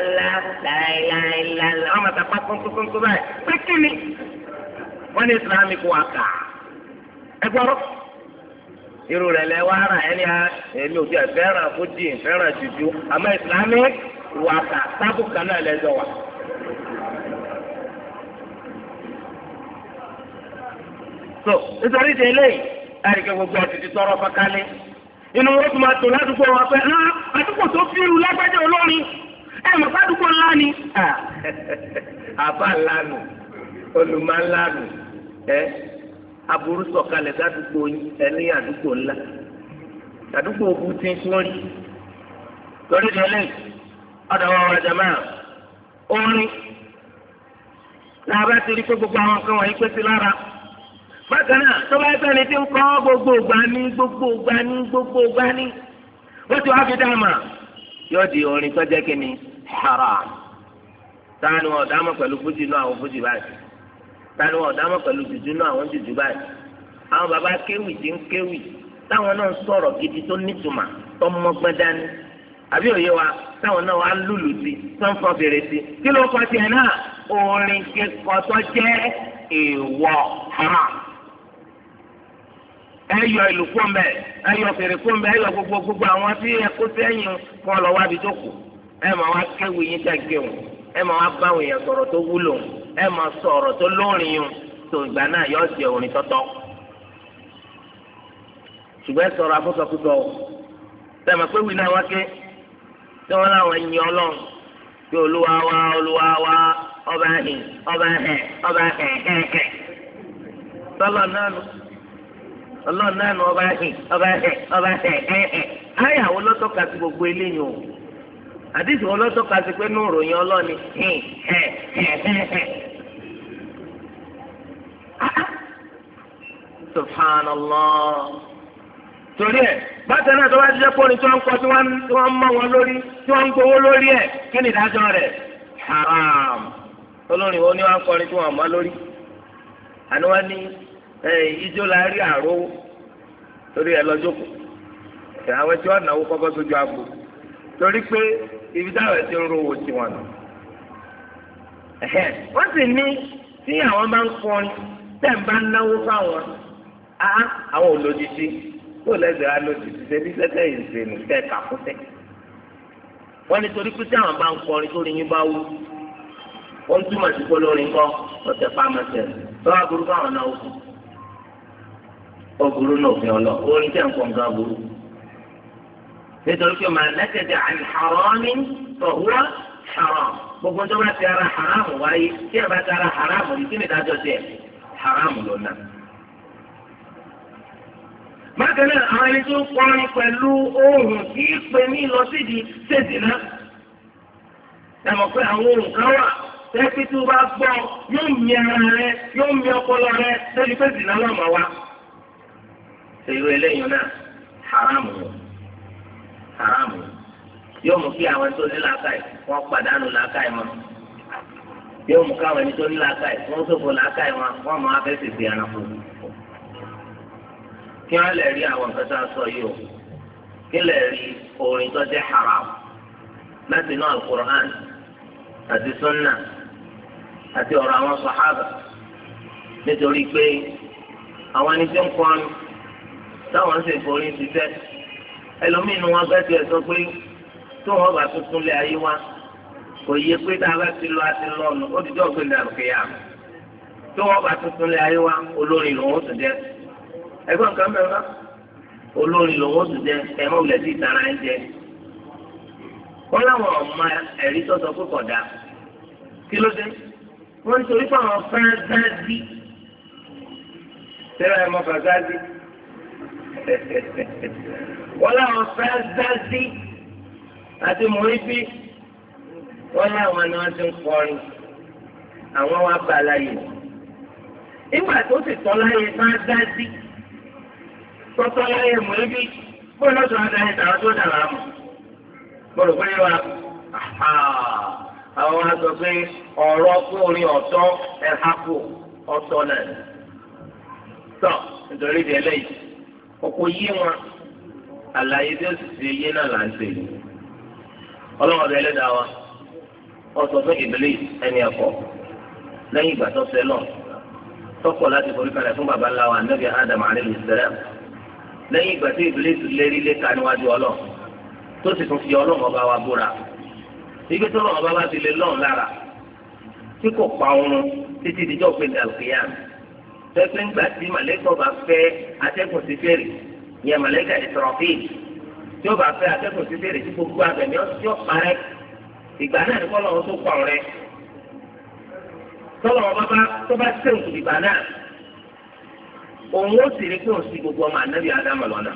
láìláìláìlá wọ́n máa tàpá kónkónkónkó báyìí pé kí ni wọ́n ní islamic waka ẹ gbọ́rọ́ irú rẹ̀ lẹ wá rà ẹni ẹni òbí ẹ fẹ́ràn fújì fẹ́ràn jùjú àmọ́ islamic waka sábù kan náà lẹ́jọ́ wa. so nítorí yìí láti kẹ́ gbogbo ẹ̀ ti di tọrọ inú wọn tún máa tò ládùúgbò wọn pé tó fi irú olórin ẹ mọ̀ ńlá ni. àbá ńlánu olùmọ̀ ńlánu ẹ aburú sọ̀kalẹ̀ sádùúgbò ẹni àdúgbò ńlá àdúgbò òkú ti ń sọ́ọ́rì lórí ìdílé ọ̀dọ̀ wọn wọ̀nyí orin làbá ti rí pé gbogbo àwọn kan wọ̀nyí pé sí bákan náà tó bá ẹgbẹ́ ni tí ń kọ́ gbogbo ògbà ní gbogbo ògbà ní gbogbo ògbà ní wọ́n ti wá fi dáàmà yóò di orin tó jẹ́ kínní haram táwọn ọ̀dàmọ̀ pẹ̀lú fújì náà àwọn fújì báyìí táwọn ọ̀dàmọ̀ pẹ̀lú jùjú náà àwọn jùjú báyìí àwọn baba kéwì ti ń kéwì táwọn náà sọ̀rọ̀ gidi tó nítumà tó mọ́gbọ́n dání àbí òye wa táwọn náà wà lùlù sí tó ń fọ fèrè sí kí ló kọ tiẹ̀ náà orin kíkọ tó jẹ́ èèwọ̀ haram. ẹyọ ìlú kó mbẹ ẹyọ fèrè kó mbẹ ẹyọ gbogbo gbogbo àwọn tí ẹkó sẹ́yìn kọ lọ wá bi ẹ máa wá kéwì yín dàgbé o ẹ máa wá bá òyìn tó wúlò o ẹ máa sọ tó lórin o tó ìgbà náà yọ ọsẹ tọtọ ṣùgbọ́n sọ̀rọ̀ o ọlọ́run náà nù ọba ẹ̀ ọba ẹ̀ ọba ẹ̀ ẹ̀ ẹ̀ ayàwó lọ́tọ́ka sí gbogbo eléyìí o àdìsí wọn lọ́tọ́ka sí pé nùrò yẹn ọlọ́ni ẹ̀ ẹ̀ ẹ̀ ẹ̀ ah, ah. subhanallah torí ẹ bákan náà tó bá jẹ́ pọ́ni tí wọ́n ń kọ́ tí wọ́n ń mọ wọn lórí tí wọ́n ń gbowó lórí ẹ̀ kí ni ìdájọ́ rẹ̀ haram olórin ni wọ́n ń kọrin tí wọ́n mọ lórí àni wọ́n ní. ijó la rí àró torí ẹ lọ jókòó àwọn ẹtí wọn náwó kọ́kọ́ sójú torí pé ibi táwọn ẹtí ń rówó tí wọn nù. wọ́n sì ní tí àwọn bá ń kọrin tẹ̀ bá náwó fáwọn àwọn olójijì tó lẹ́sẹ̀ á lójijì ṣebí sẹ́sẹ̀ ìṣèlú tẹ̀ kàkútẹ̀. wọ́n ní torí pé tí àwọn bá ń kọrin tó rí yín bá wú wọ́n túmọ̀ sí ọ̀tẹ̀ pàmẹ́sẹ̀ ó burú lófin ọlọ orin tẹ̀ ń kọ́ nǹkan burú. nítorí pé màá lẹ́kẹ̀dẹ̀ àmì haramí tọ̀húrọ̀ haram gbogbo tó bá ti ara haram wáyé tí a bá ti ara haram yìí kí ni ìdájọ́ tiẹ̀ haram ló ná. bákan náà àwọn ẹni tó kọrin pẹ̀lú ohun kì í pe ní lọ sídìí ṣèṣì náà. ẹ mọ̀ pé àwọn ohun kan wà tẹ́kítù bá gbọ́ yóò mi ara rẹ yóò mi ọpọlọ rẹ lórí pé zìnnà lọ́mọ wa irú eléyìí náà haramu haramu yóò mú kí àwọn tó ní làákàyè wọn pàdánù làákàyè wọn yóò mú káwọn ẹni tó ní làákàyè wọn ṣòfò làákàyè wọn wọn mọ afẹsẹ ti ẹranko kí wọn lè rí àwọn nǹkan tó ń sọ yìí o kí lè rí orin tó jẹ haram láti inú alukur'an àti sunna àti ọ̀rọ̀ àwọn sàhábà nítorí pé àwọn ẹni tó ń kọrin táwọn ń ṣe ìforí ṣiṣẹ́ ẹlòmíín ni wọ́n fẹ́ tiẹ̀ sọ pé tó wọ́n bá tuntun lé ayé wa kò yẹ pé tá a bá ti lọ a ti lọ ọ̀nà ó ti jọ́ pé dàrú kéya tó wọ́n bá tuntun lé ayé wa olórí lòun ó tún jẹ́ ẹgbẹ́ nǹkan mẹ́rin náà olórí lòun ó tún jẹ́ ẹ̀rọ ìlẹ̀ tí ìtara ń jẹ wọ́n láwọn ọmọ ẹ̀rí sọ́sọ pé kódà kí ló dé wọ́n nítorí fáwọn fẹ́ẹ́ gáàdì tẹ́lẹ̀ mọ́ wọ́n láwọn sáńsáńsí àti mọ̀lẹ́bí wọ́n láwọn ni wọ́n ti ń kọrin àwọn wa bá láyè nígbà tó sì tọ́ láyè sáńsáńsí tọ́tọ́ láyè mọ̀lẹ́bí bó lọ́sọ̀ adáyé tàwọn tó dàrá mọ̀ bọ́lọ̀ pé wa àwọn wa sọ pé ọ̀rọ̀ kó orin ọ̀tọ́ ẹ̀ hápò ọ̀tọ́ náà tọ́ nítorí ìdí ẹlẹ́yìí. kọ́kọ́ yi wọn àlàyé bí ó sì ṣe yé náà là ń ṣe yìí ọlọ́wọ́n bẹ ẹlẹ́dàá wa wọ́n fún Iblis ẹni ẹ̀kọ́ lẹ́yìn ìgbà tó fẹ́ lọ tọkọ láti forí kalẹ̀ fún baba ńlá wa Ànábì Adam alayhi salam lẹ́yìn ìgbà tí lérí lé ka níwájú ọlọ́ tó sì tún fi bá wa búra ibi tó bá wa ti lé lọ́ọ̀ lára tí kò pa oorun títí dijọ́ pé pẹ́pẹ́ ńgbà tí màlẹ́kọ̀ bá fẹ́ atẹ́kùn sí fèrè ìyẹn màlẹ́kà Israfil tí ó bá fẹ́ atẹ́kùn sí fèrè tí gbogbo abẹ̀mí ọtí ọ̀parẹ́ ìgbà náà ní kọ́lọ́ tó kọ̀ rẹ tọ́lọ̀ ọba bá tó bá sẹ́wọ̀n ìgbà náà òun ó sì rí pé òun sì gbogbo ọmọ ànábì Ádámù lọ́nà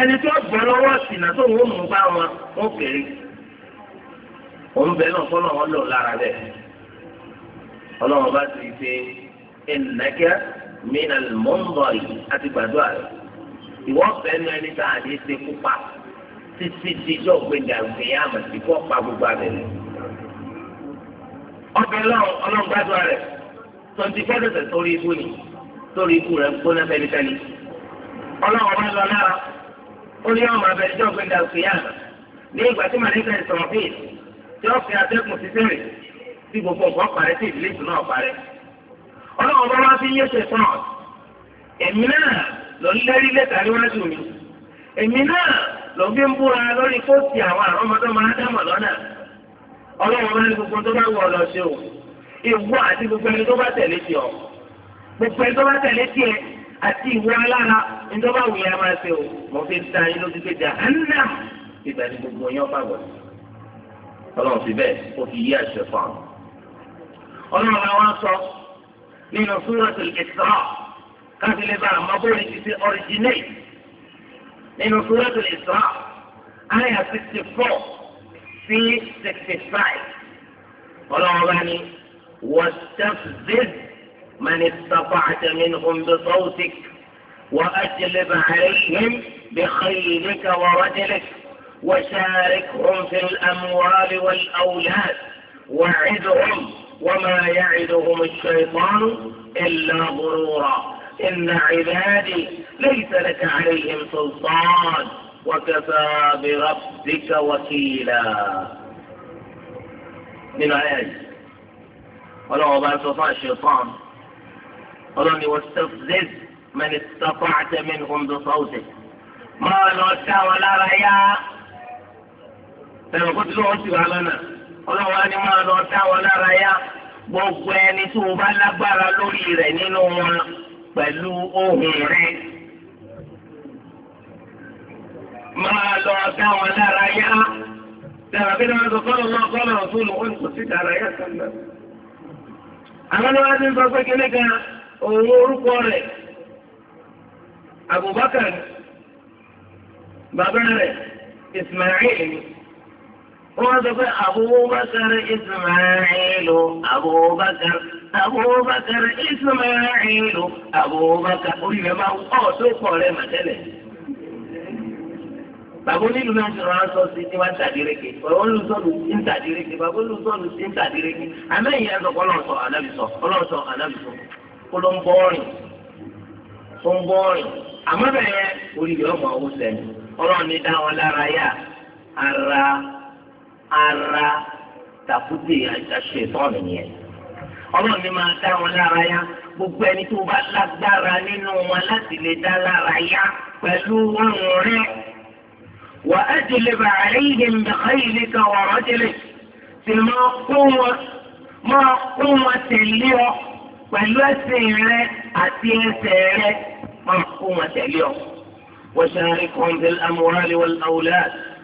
ẹni tí ó gbọ́ lọ́wọ́ sínà tó ń mú bá wọn ó kéré òun bẹ́ẹ̀ náà kọ́lọ́ wọn lò lára bẹ́ẹ̀ ọlọ́wọ́n bá ti ṣe innaka minal munzari àti gbàdúrà rẹ̀ ìwọ fẹ́nu ẹni tá a lè ṣe kópa títí di ìjọ gbẹdà gbìyàmù tí kò pa gbogbo abẹ rẹ̀. ọbẹ̀ ọlọ́run gbàdúrà rẹ̀ tó ti fẹ́ tẹ̀sẹ̀ sórí ikú ni sórí ikú rẹ̀ gbóná fẹ́lifẹ́li. ọlọ́run bá lọ lára ó ní ọmọ abẹ ìjọ gbẹdà gbìyàmù ní ìgbà tí màlẹ́kà ìsọ̀rọ̀ fèèsì tí ó fi atẹ́kùn sí sẹ́rẹ̀ tí gbogbo nǹkan parẹ́ tí ọlọ́run bá wá sí yẹ́sẹ̀ fún ọ èmi náà lọ ń lérí lẹ́tà níwájú mi èmi náà lọ gbé ń búra lórí fóòtì àwọn àrọ́mọdé máa ń dámọ̀ lọ́nà ọlọ́run bá ní gbogbo tó bá wù ọ lọ sí o ìwọ àti gbogbo ẹni tó bá tẹ̀lé sí ọ gbogbo ẹni tó bá tẹ̀lé sí àti ìwọ alára ní tó bá wù máa ṣe o mo fi ń ta yín lójú pé jahannam ìgbà ni gbogbo yẹn bá wọ̀ ọlọ́run fi bẹ́ẹ̀ ó fi yí àṣẹ fún ọ ọlọ́run bá wá nínú súrọ̀tù Isra káfí lè bá àmọ́bóni ti ṣe ọ̀rìjìnẹ́tì nínú súrọ̀tù Isra àyà sixty four sí sixty five ọlọ́run bá ní wọ́stẹ́fìd mani sọ́kọ́ àtẹ̀mínú ọ̀nbẹ sọ́wọ́tìk وأجلب عليهم بخيلك ورجلك وشاركهم في الأموال والأولاد وعدهم وما يعدهم الشيطان إلا غرورا إن عبادي ليس لك عليهم سلطان وكفى بربك وكيلا من آيات ولو ما استطاع الشيطان اني واستفزز من استطعت منهم بصوتك ما لو ولا رياء فلو قلت له أنت على ọlọ́wọ́ á ní máa lọ dá wọn lára yá gbogbo ẹni tó o bá lágbára lórí rẹ̀ nínú wọn pẹ̀lú ohùn rẹ̀ máa lọ dá wọn lára yá dára bí wọn sọ fọlọ náà fọlọ tó lò wọn kò sí dára yá sọlọ. àwọn ni wọn ti sọ pé kíní kan òun orúkọ rẹ̀ Abubakar bàbá rẹ̀ Ismail wọ́n sọ pé abubakar ismailu abubakar abubakar ismailu abubakar olùyẹ̀bá ọ̀ tó pọ̀ rẹ̀ màtẹ́lẹ̀. bàbá onílù náà sọ̀rọ̀ á sọ sí tiwa ntàdíreke bàbá olùsọ̀lù sí ntàdíreke bàbá olùsọ̀lù sí ntàdíreke àmẹ́yìn ẹ̀sọ̀ kọ́lọ́sọ̀ ànábìsọ̀ kọ́lọ́sọ̀ ànábìsọ̀ kó ló ń bọ́ọ̀rìn tó ń bọ́ọ̀rìn àmọ́ bẹ̀rẹ̀ ara tàkùtì àṣetọ́nù yẹn ọlọ́run ni máa dá wọn lára yá gbogbo ẹni tó bá lágbára nínú wọn láti lè dá lára yá pẹ̀lú ọrùn rẹ wà á jẹlẹ bàárẹ̀ yìí ń bẹ̀rẹ̀ ilé kan wà á jẹlẹ sì máa kó wọn máa kó wọn tẹ̀lé ọ pẹ̀lú ẹsẹ̀ rẹ àti ẹsẹ̀ rẹ máa kó wọn tẹ̀lé ọ. وشاركهم في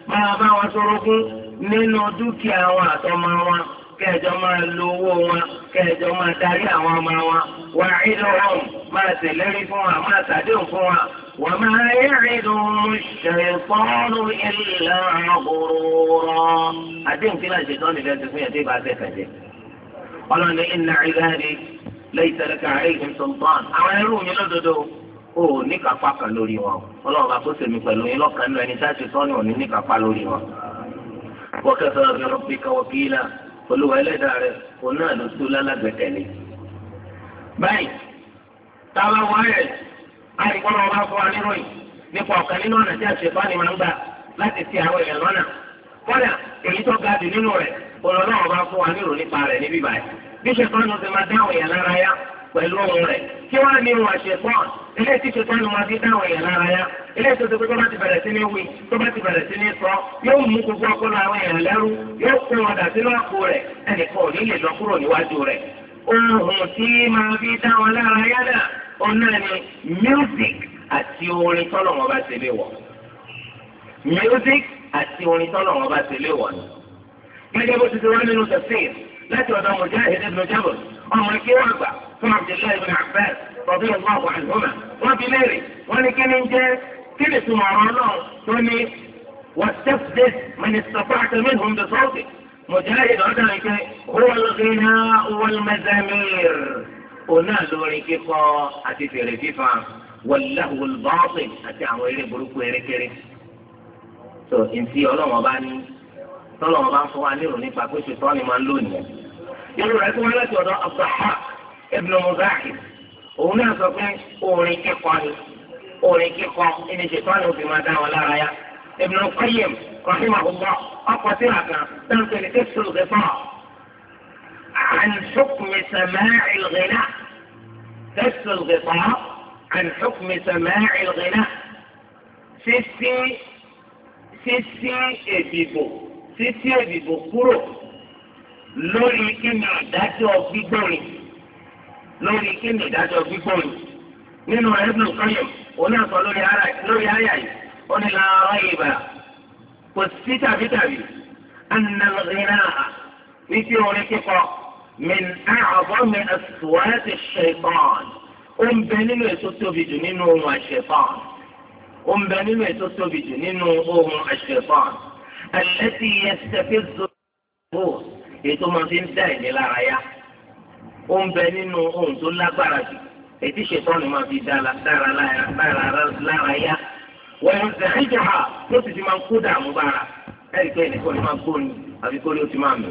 máa bá wọn sọ̀rọ̀ fún. nínú dúkìá wọn àtọmọ wọn kẹjọ máa lo owó wọn kẹjọ máa darí àwọn ọmọ wọn wà á ìlú ọhún máa tẹlẹrí fún wa máa tàdéhùn fún wa wà máa yẹrìndó ṣèpọ́nù ìlà òróró. àdéhùn tí náà ṣètò ọ̀nìfẹ́ ti fún yẹn tí ìbá tẹ̀ fẹ̀jẹ̀. ọlọ́ni iná ìdáre lẹ́yìn tẹ̀lẹ́kà àìyàn sọ̀tàn àwọn ẹrú mi lódodo ó ní kápá kan lórí wọn ọlọ́run bá kó sèmi pẹ̀lú yín lọ́kàn wọ́kẹ́sọ̀ ọ̀bẹ rọ́bì káwọ́ kíílà olúwa ẹlẹ́dàá rẹ̀ òun náà ló tó lálágbẹ̀tẹ̀ ni. báyìí táwa wọ́n rẹ̀ àìkọ́nà ọba fún wa nínú yìí nípa ọ̀kan nínú ọ̀nà tí àṣepá ni máa ń gbà láti ti àwọn èèyàn lọ́nà kọ́dà èyí tó ga jù nínú rẹ̀ òun náà ọba fún nípa rẹ̀ níbí báyìí bí ṣe kọ́nà ti máa dáhùn èèyàn lára yá pẹ̀lú ohun rẹ̀ kí wọ́n ní ìwà ṣẹ̀fọ́n ilé tí ṣe tọ́nu máa fi dáhùn èèyàn lára yá ilé tó ṣe pé tó bá ti bẹ̀rẹ̀ sí ní wí tó bá ti bẹ̀rẹ̀ sí ní sọ yóò mú gbogbo ọpọlọ àwọn èèyàn lẹ́rú yóò kó wọn dà sínú àpò rẹ̀ ẹnìkan ò ní lè lọ kúrò níwájú rẹ̀ ohun tí máa fi dáhùn lára yá dà òun náà ni music àti orin tọ́lọ̀ wọn bá ṣe lé music àti orin tọ́lọ̀ wọn bá ṣe lé gẹ́gẹ́ bó ti ṣe wá nínú tẹ̀síì láti ọ̀dọ̀ mọ̀jáde ẹ̀dẹ́gbẹ̀jábọ̀ ọmọ ìkéwàgbà ثم عبد الله بن عباس رضي الله عنهما وبذلك ولكن جاء كبس معرانا ثم واستفزز من استطعت منهم بصوتك مجاهد عدنك هو الغناء والمزامير ونالوا ركفا أتفي ركفا واللهو الباطل أتعوى إلي بروكو إريكري so ntí ọlọ́wọ́n bá ní tọ́lọ́wọ́n bá ń fọwọ́ nílò nípa pé ṣètọ́ ni máa ń lò nìyẹn. irú rẹ̀ tó ابن مزاحم òun náà sọ pé orin kíkọ ni orin kíkọ ẹni ṣètọ́ni òfin máa dá wọn lára yá Ibn Qayyim rahimahullah ọkọ̀ sí àgbà náà tó ní tẹ́sí òkè fún ọ. عن حكم سماع الغناء كس الغطاء عن حكم سماع الغناء sísí sísí èbìbò sísí èbìbò kúrò lórí kí ni ìdájọ́ lórí kí ni ìdájọ́ gbígbóòlù nínú ẹ̀bùn kọ́yọ̀ onáàtọ̀ lórí àyà yìí ó ní lára ìbà kò sí tàbí tàbí anàlẹ́nà wípé orin kíkọ min àbọ̀ mi àtúwárẹ́tì ṣẹ̀tàn ó ń bẹ nínú ètò tóbi jù nínú ohun àṣẹ̀tàn ó ń bẹ nínú ètò tóbi jù nínú ohun àṣẹ̀tàn àṣẹ̀tì yẹn ṣẹ̀fẹ̀ zoro ètò máa fi ń dá ìnilára yá ó ń bẹ nínú ohun tó lágbára jù ètí ṣètọ́nù máa fi dára dára lára yá wọ́n ń zẹ̀ ẹ̀jẹ̀ hà ló sì ti máa ń kó dààmú bára ẹ̀rí pé ẹnìkan ni máa ń gbóni àbí kórè ó ti máa mì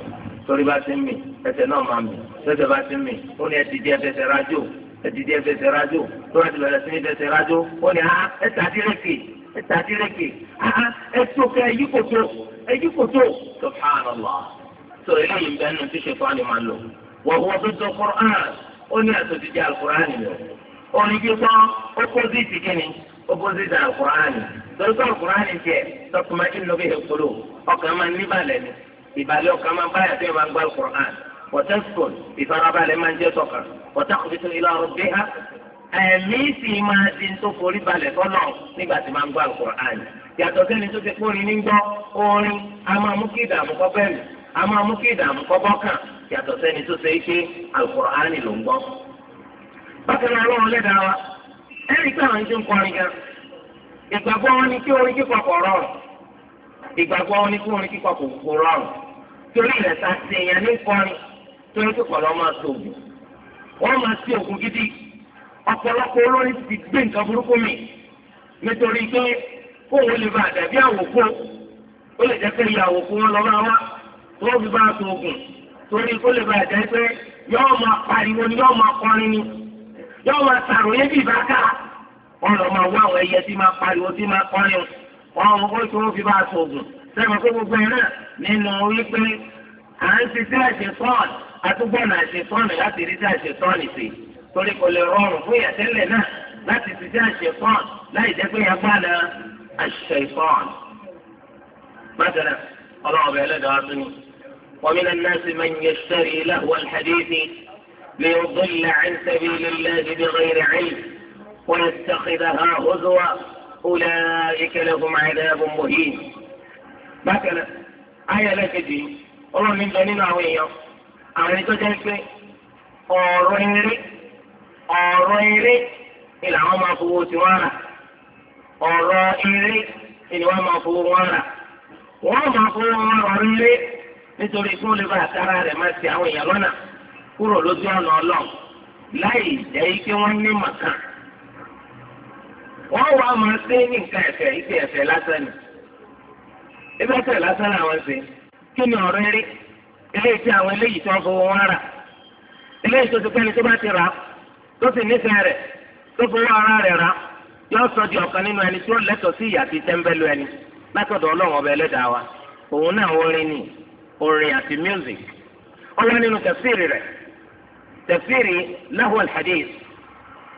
torí bá ti ń mì ẹsẹ̀ náà máa mì lọ́sẹ̀ bá ti ń mì ó ní ẹtì díẹ̀ fẹsẹ̀ rájò ẹtì díẹ̀ fẹsẹ̀ rájò tó bá ti bẹ̀rẹ̀ ní fẹsẹ̀ rájò ó ní ẹtà dírẹ́kì ẹtà dírẹ́kì ẹtò kẹ ẹyí kòtò ẹyí kòtò subhanallah tó eléyìí bẹ́ẹ̀ wọ̀wọ́ tó tó kọ́ran ó ní àtòjìjà àkùránì lọ. orin kíkọ́ opposite kìíní opposite àkùránì lọ́sọ̀ àkùránì tiẹ̀ tọkùnmá ìlú bí èkúrò ọkàn máa níbàlẹ̀ ni ìbàlẹ̀ ọkàn máa báyà tó yẹ máa gbọ́ àkùránì wọ́tẹ́sùn ìfarabalẹ̀ máa ń jẹ́ tọkàn wọ́tẹ́kùnfẹ́sọ ìlà ọ̀rọ̀bíhá ẹ̀mí sì máa di tó forí balẹ̀ tọ́nà nígbà tí máa ń gbọ́ àlùkùránì yàtọ̀ sẹ́ni tó ti kórin ní gbọ́ orin a máa mú kí ìdààmú kọ́ bẹ́ẹ̀ yàtọ̀ sẹ́ni tó ṣe é pé alukur'ani ló ń gbọ́. bákan náà lọ́wọ́ lẹ́dàá wa ẹ̀rí pé àwọn ìṣe ń kọrin gan. ìgbàgbọ́ wọn ni kí orin kíkọ kò rọrùn. ìgbàgbọ́ wọn ni kí orin kíkọ kò kò rọrùn. torí ilẹ̀ ta ti èèyàn ní kọrin torí kíkọ lọ́ máa so ògùn. wọ́n máa sí ògùn gidi. ọ̀pọ̀lọpọ̀ olórin ti gbé nǹkan burúkú mi. nítorí pé kóun lè bá àdàbí àwòkó ó lè jẹ́ torí kó lè bàa jẹ́ pé yọ́ọ́ máa pariwo ni yọ́ọ́ máa kọrin ni yọ́ọ́ máa sàròyé bí ìbáká wọn lọ máa wá àwọn ẹyẹ tí máa pariwo tí máa kọrin wọn wọn kó tí wọn fi bá a sọ̀gùn sẹ́wọ̀n kó gbogbo ẹ̀ náà nínú wípé à ń ṣiṣẹ́ àṣetọ́ọ̀nù àtúgbọ̀nà àṣetọ́ọ̀nù láti rí sí àṣetọ́ọ̀nù sí torí kò lè rọrùn fún ìyàtẹ́lẹ̀ náà láti ṣiṣẹ́ àṣetọ́ọ̀nù láì jẹ́ pé agbára àṣetọ́ọ̀nù. bákan náà ọlọ́run ọbẹ̀ ẹlẹ́dàá tún ní. ومن الناس من يشتري لهو الحديث ليضل عن سبيل الله بغير علم ويتخذها هزوا أولئك لهم عذاب مهين مثلا آية لا تجي ومن من بنين عوية أولي تجلس أوريري أوريري إلى عمى فوت وانا أوريري إلى عمى فوت وانا وعمى فوت وانا nítorí kó lè bá àtàrà rẹ̀ máa ṣe àwọn èèyàn lọ́nà kúrò lójú ọ̀nà ọlọ́run láì jẹ́ ike wọ́n ní màkàn. wọ́n wá máa ṣe ní nǹkan ẹ̀fẹ̀ ike ẹ̀fẹ̀ lásán ni. ẹgbẹ́sẹ̀ lásán làwọn ṣe kí ni ọ̀rẹ́ rí eléyìí tí àwọn eléyìí tí wọ́n fowó wọn rà eléyìí tó ti pẹ́ni tó bá ti rà tó sì nífẹ̀ẹ́ rẹ̀ tó fowó ara rẹ̀ rà yóò sọ di ọ̀kan nínú ẹni tí ó sí ìyà àti tẹ́ńbẹ́lú ẹni látọ̀dọ̀ ọlọ́run ọba ẹlẹ́dàá wa òun náà wọ́n nìyí orin àti music orin nínú tafsiri rẹ̀ tafsiri lahu alhadith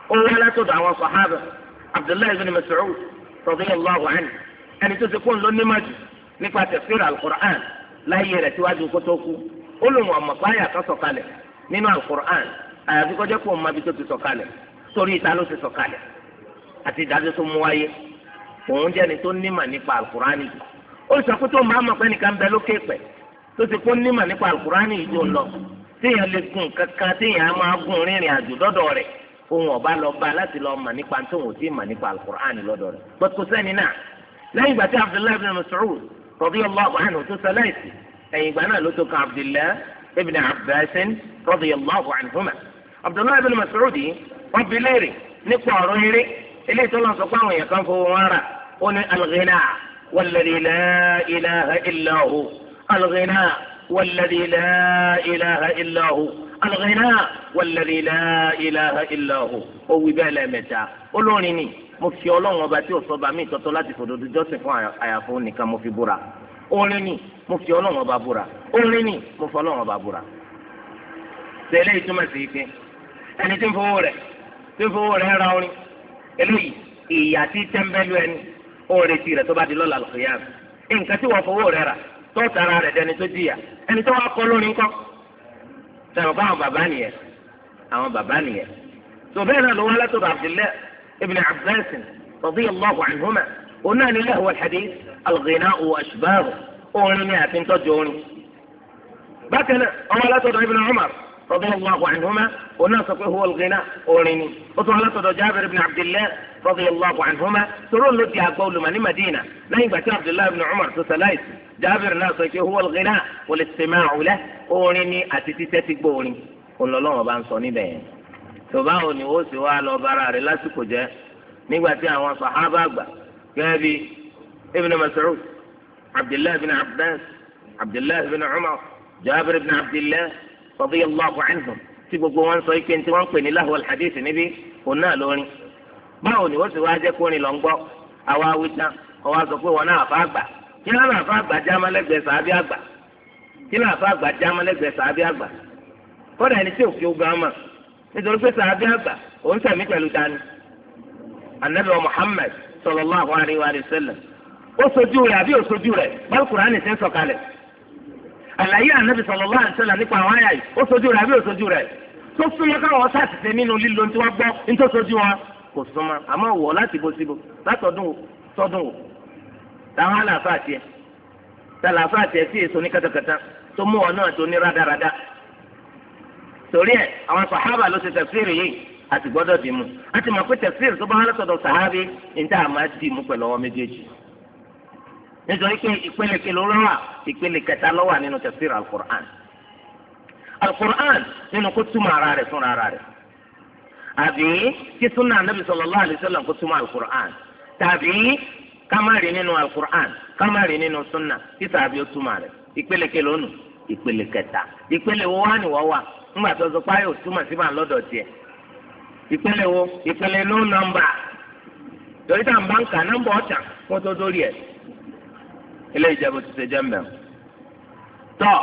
orin alátọ̀dọ̀ àwọn sahaba abdullahi bin mas'ud radiyallahu anhu ẹni tó ti kó ńlọ nímàjù nípa tafsiri alukur'an láyé rẹ̀ tíwájú kó tó kú ó lóun ọmọ báyà kan sọ̀kalẹ̀ nínú alukur'an àyàfi kọjá kó ọmọ abitó ti sọ̀kalẹ̀ torí ìta ló ti sọ̀kalẹ̀ àti ìdájọ́ tó mú wáyé òun jẹ́ni tó tó máa tó ti kó nímọ̀ nípa alukurani yìí tó lọ téèyàn lè gun kankan téèyàn á máa gun rìnrìn àjò lọ́dọ̀ rẹ̀ ohun ọba lọ bá láti lọ mọ̀ nípa tó wọn ò tí ì mọ̀ nípa alukurani lọ́dọ̀ rẹ̀ gbọ́dọ̀ sẹ́ni náà lẹ́yìn ìgbà tí abdullahi ibn mas'ud radiyallahu anhu tó sẹlẹ̀sì ẹ̀yìn ìgbà náà ló tó kan abdullahi ibn abbas radiyallahu anhuma abdullahi ibn mas'ud yìí wọ́n bi léèrè nípa ọ̀rọ̀ eré eléyìí tó lọ sọ pé àwọn èèyàn kan fowó wọn rà ó ní al-ghina wal الغناء والذي لا إله إلا هو الغناء والذي لا إله إلا هو هو بلا متى قولوني ني مفي الله وباتي وصبا مي تطلاتي فدود جوسف وعيافون نكا مفي برا قولوني مفي الله وبابورا قولوني مفي الله وبابورا سيلي تمسيكي ẹni tí ń fowó rẹ̀ tí ń fowó rẹ̀ ra orin eléyìí ìyá tí tẹ́ńbẹ́lú ẹni ó tó sara rẹ̀ dẹni tó di yà ẹni tó wá kọ́ lórí ńkọ́ sẹ́wọ̀n fún àwọn bàbá nìyẹn àwọn bàbá nìyẹn tó bẹ́ẹ̀ náà ló wá látọ̀dọ̀ Abdullahi ibn Abbas radiyallahu anhuma òun náà nílẹ̀ wọ ṣàdé al-ghina'u wa ashbahu òun ní àti ń tọ́jú orin bákan náà ọmọ látọ̀dọ̀ ibn Umar رضي الله عنهما والناس هو الغناء أوريني وطلعت جابر بن عبد الله رضي الله عنهما ترون لدي أقول من مدينة لا يبقى عبد الله بن عمر تسلايس جابر ناس هو الغناء والاستماع له أوريني أتتتتك بوري قل الله بان صوني بين سباو نيوسي والو براري لا سكجة نيبقى عن صحابة أكبر كابي ابن مسعود عبد الله بن عباس عبد الله بن عمر جابر بن عبد الله radiyallahu anhum tí gbogbo wọn sọ ike tí wọn pè ní lahwal hadith níbí òun náà lórin báwo ni wọ́n ti wá jẹ́ kó rìn lọ ń gbọ́ àwa awi tán ọwọ́ a sọ pé wọn náà àfa àgbà kí náà àfa àgbà já mọ́lẹ́gbẹ̀ẹ́ sàábí àgbà kí náà àfa àgbà já mọ́lẹ́gbẹ̀ẹ́ sàábí àgbà kódà ẹni tí òkè ogun ama nítorí pé sàábí àgbà òun sẹ̀mí pẹ̀lú dání anabi muhammad sallallahu alayhi wa sallam ó sojú rẹ̀ àbí ó sojú rẹ̀ báwo kùránì sọ̀kalẹ̀ àlàyé ànábì sallallahu alaihi wasallam nípa àwọn àyà yìí ó sojú rẹ̀ àbí ó sojú rẹ̀ tó súnmọ́ káwọn sàtìsẹ nínú lílo tí wọn gbọ́ nítorí sojú wọn kò súnmọ́ àmọ́ wọ láti bo síbo látọdún o tọdún o táwọn àlàáfáà tiẹ̀ tàlàáfáà tiẹ̀ sí èso ní kẹtẹkẹtẹ tó mú wọn náà tó ní rádaràda torí ẹ̀ àwọn sàhábà ló ṣe tẹfsírì yìí àti gbọ́dọ̀ dìímù àti mọ̀ pé tẹfsírì tó bá wọn lọsọdọ sàhábì ní tá a máa dìímù pẹ̀lú ọwọ́ méjèèjì. nítorí pé ìpele kelo ló wà ìpele kẹta ló wà nínú alukur'an alukur'an nínú kó túmọ̀ ara rẹ̀ fúnra ara rẹ̀ àbí kí sunna anabi sallallahu alayhi kó túmọ̀ alukur'an tàbí kámárì nínú alukur'an kámárì nínú sunna kí tàbí ó túmọ̀ rẹ̀ ìpele nù ìpele kẹta ìpele wo wá ni wọ́n wà ńgbà tó zọpá yóò túmọ̀ sí màá lọ́dọ̀ tiẹ̀ nọmba torí tá à nọmba ilé ìjẹ́bù ti ṣe jẹ́ mbẹ́. tọ́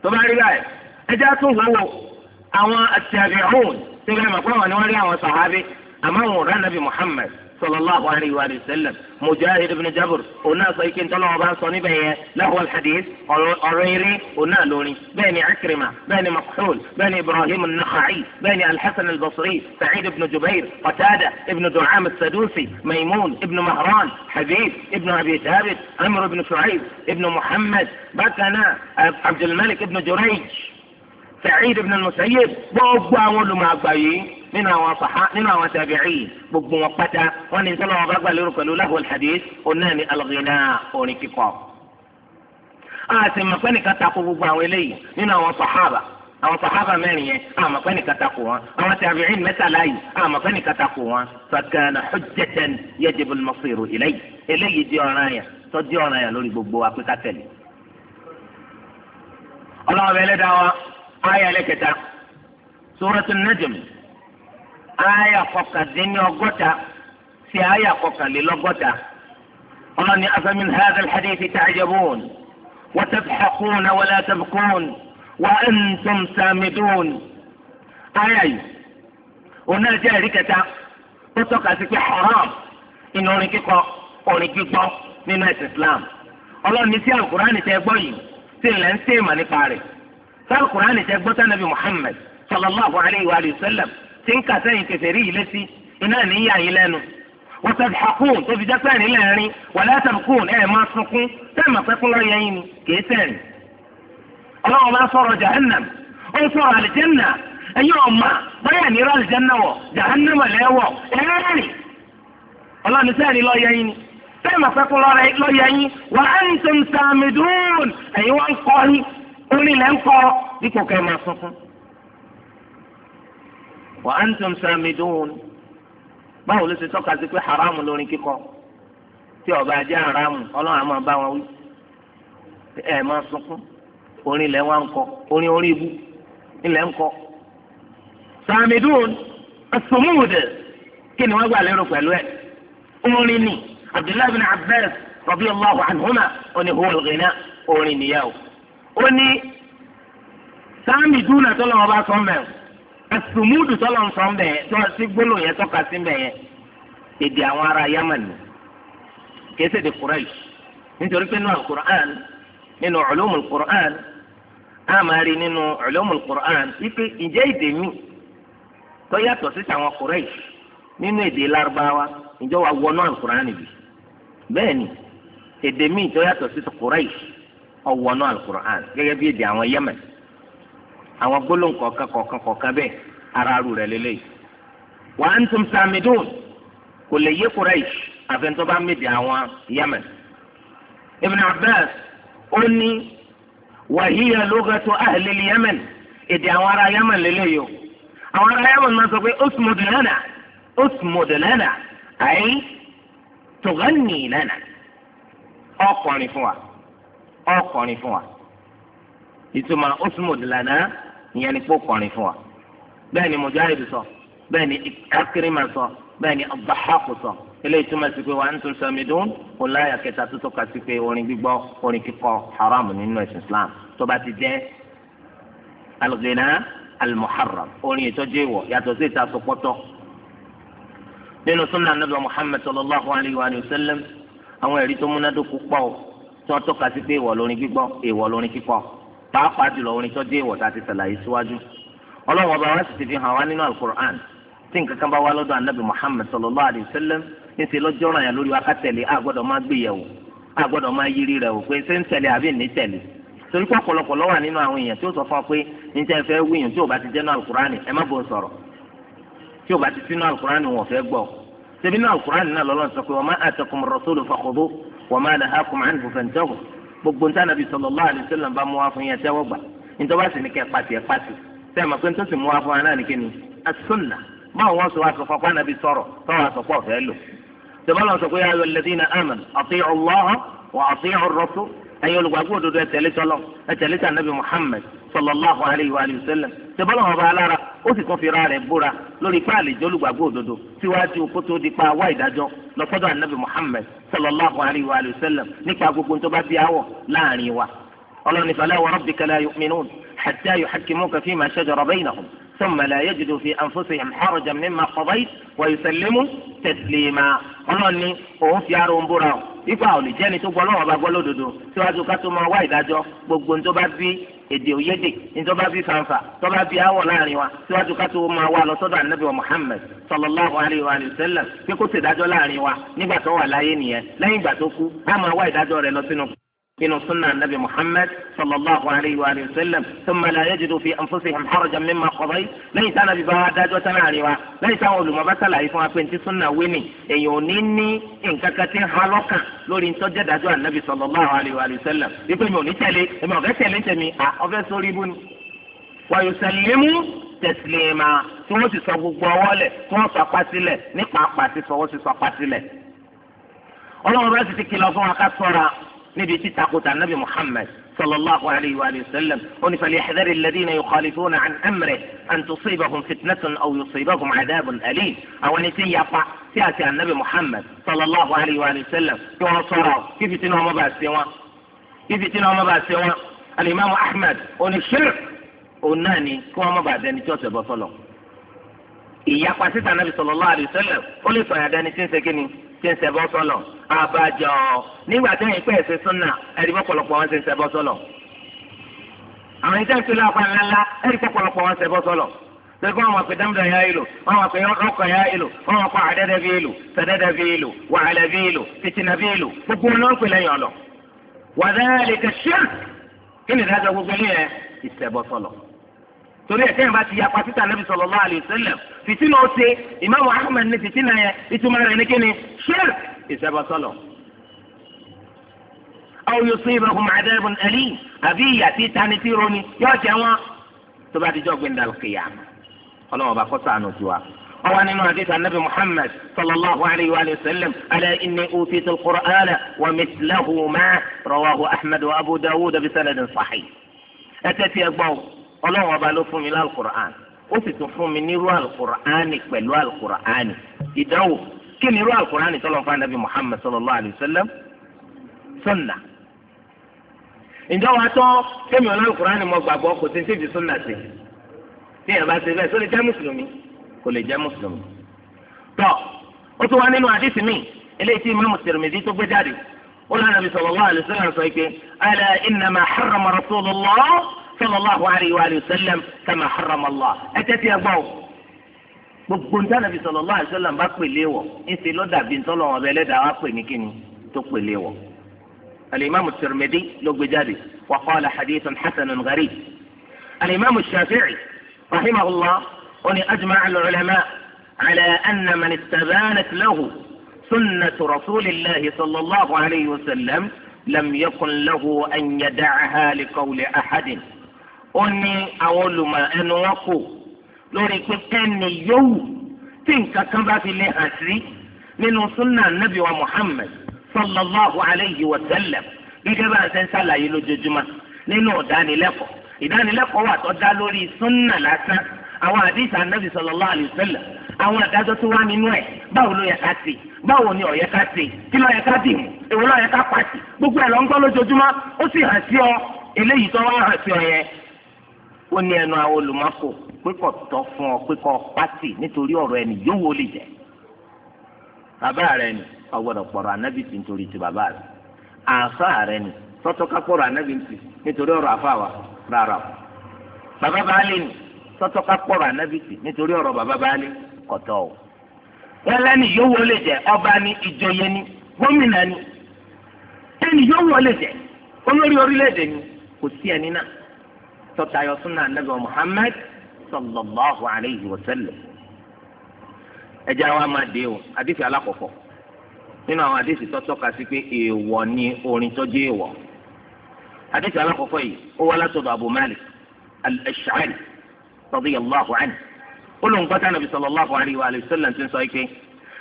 tó bá rí báyìí ẹjẹ́ tún wọ́wọ́ àwọn àti àbẹ̀hún tí wọ́n mọ̀ wọ́n rí àwọn sàhábí àmọ́ wọn rán nàbì Muhammad صلى الله عليه وآله وسلم مجاهد بن جبر هنا سيكين تلو بها صني بيه لهو الحديث أريري هنا لوني بني عكرمة بني مكحول بني إبراهيم النخعي بني الحسن البصري سعيد بن جبير قتادة ابن دعام السدوسي ميمون ابن مهران حبيب ابن أبي ثابت عمرو بن شعيب ابن محمد بكنا عبد الملك ابن جريج سعيد بن المسيب gbogbo ولو ما àgbà nínú àwọn sàhá nínú àwọn tàbí'ì gbogbo wọn pátá wọn ní sọlọ wọn bá gbà lérò pẹ̀lú lahwul hadith onáà ní al-ghina orin kíkọ. a sì mọ̀ pé nìkan takò gbogbo àwọn eléyìí nínú àwọn sàhábà àwọn sàhábà mẹ́rin yẹn a mọ̀ pé nìkan takò wọn àwọn tàbí'ì mẹ́tàlá yìí a mọ̀ pé wọn. fakana hujjatan yajibu al-masiru ilayhi di ọ̀ràn yẹn tó di ọ̀ràn yẹn lórí gbogbo wa pé ọlọ́wọ́ bẹ́ẹ̀ lẹ́dàá wa ayé alẹ́ kẹta suratul najm aya kọkàndínní ọgọ́ta sí aya kọkànlélọ́gọ́ta ọlọ́ni afamin hadha alhadithi ta'jabun wa tadhakun wala tabkun wa antum samidun aya yìí òun náà jẹ́ ẹ̀rí kẹta tó tọ́ka sí pé haram inú orin kíkọ orin gbígbọ́ nínú ẹ̀sìn Islam ọlọ́ni sí alukur'ani tẹ́ gbọ́ yìí tí ń lẹ́ ń sèémà nípa alukur'ani tẹ́ gbọ́ tánàbí Muhammad sallallahu alayhi wa sallam tí ń kà sẹ́yìn kẹfẹ́ rí yìí létí iná níyà yìí lẹ́nu wọ́tẹ́bí hakun tó fi jẹ́pẹ́ ní lẹ́rìn wàlẹ́ àtàkùn ẹ̀ máa sunkún tẹ́ẹ̀mà pẹ́kún lọ yẹn yín ni kìí sẹ́yìn. ọlọ́run bá sọ̀rọ̀ jahannam ó ń sọ̀rọ̀ àlìjẹ́nà ẹ̀yin ọ̀ma báyà ní irọ́ àlìjẹ́nà wọ̀ jahannama lẹ́wọ̀ ẹ̀rẹ́rìn. ọlọ́run sẹ́yìn lọ wa antum samidun báwo ló ṣe tọ́ka sí pé haramu lórin kíkọ tí ó bá jẹ́ haramu ọlọ́run àmọ́ bá wọn wí ẹ̀ máa sunkún orin ilẹ̀ wa ń kọ orin orí ibu ilẹ̀ ń kọ. samidun asumude kí ni wọ́n gbà lérò pẹ̀lú ẹ̀ orin ni abdullahi bin abbas radiyallahu anhuma oní huwal ghina orin nìyàwó. ó ní samidun àtọ́lọ́wọ́ bá sọ mẹ́rin asumudu tọ́lọ̀ ń sọ mbẹ̀ yẹn tí wọ́n ti gbólò yẹn tọ́ka sí mbẹ̀ yẹn èdè àwọn ará Yaman ni kèsè de Quraysh nítorí pé nínú alukur'an nínú ulumul Qur'an àmàrí nínú ulumul Qur'an ipe ìjẹ́ èdè mi tó yàtọ̀ sí tàwọn Quraysh nínú èdè Lárúbáwá ìjọ wa wọnú alukur'an bi bẹ́ẹ̀ èdè mi tó yàtọ̀ sí Quraysh ọ̀wọ́nú alukur'an gẹ́gẹ́ bí èdè àwọn Yaman àwọn gbólóhùn kọ̀ọ̀kan kọ̀ọ̀kan kọ̀ọ̀kan bẹ́ẹ̀ ara rú rẹ̀ lélẹ́yìí. wa antum samidun kò lè yé Quraysh àfẹnutọ́ bá mèdè àwọn Yemen. Ibn Abbas ó ní wa hiya lughatu ahli al-Yemen èdè àwọn ará Yemen lélẹ́yìí o. àwọn ará Yemen máa sọ pé usmud lana usmud lana ay tughanni lana ọkọrin fún wa ọkọrin fún wa ìtumọ̀ usmud lana ìyẹn ni kó kọrin fún wa bẹ́ẹ̀ ni mujahid sọ bẹ́ẹ̀ ni akérèmà sọ bẹ́ẹ̀ ni abdulhaku sọ eléyìí túmọ̀ sí pé wa antum samidun kò láyà kẹta tó tọ́ka sí pé orin gbígbọ́ orin kíkọ haram nínú ẹ̀sìn islam tó bá ti jẹ́ al-ghina orin ìtọ́jú ìwọ̀ yàtọ̀ sí ìta sọpọ́tọ̀ nínú sunnah nabi muhammad sallallahu alayhi wa sallam àwọn ẹ̀rí tó múnádóko pọ̀ tó tọ́ka sí pé ìwọ̀ lórin gbígbọ́ ìwọ̀ lórin kíkọ pàápàá jùlọ orin tó dé ìwọ̀ta ti ṣàlàyé síwájú ọlọ́run ọba wa sì ti fi hàn wá nínú alukur'an tí nǹkan kan bá wá lọ́dọ̀ anabi muhammed sallallahu alayhi wa sallam ní ti lọ́jọ́ ràn yàn lórí wa ká tẹ̀lé a máa gbé yẹ̀wò máa yiri rẹ̀ wò pé ṣé ń tẹ̀lé àbí ní tẹ̀lé torí pé ọ̀pọ̀lọpọ̀ ló nínú àwọn èèyàn tí ó sọ fún ọ pé níta gbogbo ní sànàbí sallallahu alaihi wasallam bá mú wá fún yẹn tẹ́wọ́ gbà nítorí wá sí ní kẹ́ pàṣẹ pàṣẹ sẹ́yìn mọ̀ pé ní tó sì mú wá fún wa náà nìkéni as-sunnah sọ wá sọ fún anabi sọ̀rọ̀ tọ́wọ́ àsọ̀kọ́ ọ̀fẹ́ lò tẹ́wọ́ lọ sọ pé ya ayyuhal ladhina amanu ati'u Allah wa ati'u ẹ̀yin olùgbàgbọ́ òdodo ẹ tẹ̀lé tọlọ ẹ tẹ̀lé tà nàbì Muhammad sallallahu alayhi wa sallam tẹbọlọ ọba alára ó sì tún fira rẹ̀ búra lórí páàlì jẹ olùgbàgbọ́ òdodo síwájú kótó dípa wá ìdájọ́ lọsọ́dọ̀ anabi Muhammad sallallahu alayhi wa sallam nípa gbogbo tó bá bí awọ láàrin wa ọlọ́ni fala wa rabbika la yu'minun hatta yuhakkimuka fima shajara baynahum thumma la yajidu fi anfusihim harajan mimma qadayta wa yusallimu taslima ọlọ́ni òun fi ara òun búra o ipa ò lè jẹ́ni tó gbọ́ lọ́wọ́ bá gbọ́ lódodo síwájú ká tó máa wá ìdájọ́ gbogbo ní tó bá bí èdè òyédè ní tó bá bí fanfa tó bá bí awọ láàrin wa síwájú ká tó máa wá lọ sọ́dọ̀ anabi wa muhammed sallallahu alayhi wa sallam pé kó ṣèdájọ́ láàrin wa nígbà tó wà láyé nìyẹn lẹ́yìn ìgbà tó kú á máa wá ìdájọ́ rẹ̀ lọ sínú. إنه سنة النبي محمد صلى الله عليه وآله وسلم ثم لا يجدوا في أنفسهم حرجا مما قضيت ليس أنا ببهادات وتنعروا ليس أقول ما بس لا يفهم أنت سنة ويني يونيني إن كاكتين حلقا لولي انتو جدد النبي صلى الله عليه وآله وسلم يقول يوني تلي إما غير تلي تمي أغير سوريبون ويسلموا تسليما tí wọ́n sì sọ gbogbo ọwọ́ lẹ̀ tí wọ́n sọ apá sílẹ̀ nípa apá sísọ wọ́n ọlọ́run bá sì ti kìlọ̀ fún wa ká sọ̀ra نبي في تاقوت عن نبي محمد صلى الله عليه وآله وسلم وني فليحذر الذين يخالفون عن أمره أن تصيبهم فتنة أو يصيبهم عذاب أليم أو أن في سياسة عن نبي محمد صلى الله عليه وآله وسلم يوم صورة كيف تنوى مبا سوا كيف تنوى مبا سوا الإمام أحمد وني الشرق وناني كوا مبا داني توتي بصلو إياقوا سيسا النبي صلى الله عليه وسلم وليسوا يا داني tí ń ṣẹbọ sọlọ abájọ nígbà tí wọn pè ẹsẹ súnà ẹrí pọpọlọpọ wọn ti ń ṣẹbọ sọlọ àwọn ìjà ìtura ọkọ ńláńlá ẹrí pọpọlọpọ wọn ṣẹbọ sọlọ sẹ́kọ́ àwọn akpẹ́ dámdà ya ìlò àwọn akpẹ́ ọkọ̀ ya ìlò àwọn akpẹ́ àdẹ́dẹ́ bí ìlò sẹ́dẹ́dẹ́ bí ìlò wàhálẹ́ bí ìlò tìtìnà bí ìlò gbogbo wọn náà pèlè yàn lọ. wàdà lè kẹ́ ṣíà kí ni dájọ́ gbogbo ní ẹ ìṣẹ̀bọ sọlọ. torí ẹ̀tẹ́ ìbá bá ti yapa títà nàbì sallallahu alaihi wasallam fìtínà ó ṣe ìmáàmù ahmed ní fìtínà yẹn ìtumọ̀ rẹ̀ ní kíni ṣẹ́ẹ̀r ìṣẹ́bọ̀sọ́lọ̀. aw yusibahum adabun alim àbí ìyà tí tani tí roni yóò jẹ wọn tó bá dijọ́ ndàlù kìyà ọlọ́wọ́ bá kọ́ sànù tiwa. أو أن حديث النبي محمد صلى الله عليه وآله وسلم ألا إني أوتيت القرآن ومثله ما رواه أحمد وأبو داود بسند صحيح أتت أبو ọlọ́run ọba ló fún mi lálùkùrán ó sì tún fún mi nírú àlùkùrán pẹ̀lú àlùkùrán ìdánwò kí ni irú àlùkùrán tọ́lọ̀ fún anabi Muhammad sallallahu alayhi wa sallam sunna ǹjọ́ wa tọ́ kémi ọlọ́run mọ gbàgbọ́ kò sí sí fi sunna sí tí yẹn bá ṣe bẹ́ẹ̀ sólè jẹ́ mùsùlùmí kò lè jẹ́ mùsùlùmí tọ́ ó tún wá nínú àdìsí mi eléyìí tí Imam Tirmidhi tó gbé jáde ó lọ́nà صلى الله عليه وآله وسلم كما حرم الله أتت يا بو بكون النبي صلى الله عليه وسلم بقي ليه إنسي لو دا بنت الله وبلد أقوي نكيني ليو الإمام الترمذي لو بجاري وقال حديث حسن غريب الإمام الشافعي رحمه الله وني أجمع العلماء على أن من استبانت له سنة رسول الله صلى الله عليه وسلم لم يكن له أن يدعها لقول أحد ó ní àwọn olùmọ̀ ẹnu wọn kò lórí pé kẹ́ni yòówù tí nǹkan kan bá fi lè hàn sí nínú súnà nàbì wa Muhammad sallallahu alayhi wa sallam gẹ́gẹ́ bá a ṣe ń ṣàlàyé lójoojúmọ́ nínú ìdánilẹ́kọ̀ọ́ ìdánilẹ́kọ̀ọ́ wà tó dá lórí súnà lásán àwọn àdìsí ànábì sallallahu alayhi wa sallam àwọn àdájọ́ tó wá nínú ẹ̀ báwo ló yẹ ká ṣe báwo ni ó yẹ ká ṣe kí ló yẹ ká dì mú èwo ló yẹ ká pàṣẹ gbogbo ẹ̀ ló ń gbọ́ lójoojúmọ́ ó sì hàn sí ọ eléyìí tó wá hàn sí ọ yẹn ó ní ẹnu àwọn olùmọ́kò pé kò tọ́ fún ọ pé kò pátì nítorí ọ̀rọ̀ ẹni yóò wò lè jẹ́ bàbá rẹ ni ọgbọ́dọ̀ pọ̀rọ̀ ànábì tì nítorí ti bàbá rẹ àáfà rẹ ni sọ́tọ́ká pọ̀rọ̀ ànábì tì nítorí ọ̀rọ̀ àfà wa rárá o bàbá baálé ni sọ́tọ́ká pọ̀rọ̀ ànábì tì nítorí ọ̀rọ̀ bàbá baálé kọ̀tọ́ o wọn lẹ́ni yóò wò lè ọba ni ìjòyè ni gómìnà ni ẹni yóò wò lè olórí orílẹ̀ ni kò sí ẹni náà تتعي سنة النبي محمد صلى الله عليه وسلم ẹjẹ àwọn amadé o àdìsí alákọ̀ọ́kọ́ nínú àwọn àdìsí tó tọ́ka sí pé èèwọ̀ ni orin tó jẹ́ èèwọ̀ àdìsí alákọ̀ọ́kọ́ yìí ó wá látọ̀dọ̀ Abu Malik al-Ash'ari radiyallahu anhu olùkọ́tà nàbì sallallahu alayhi wa sallam ti sọ pé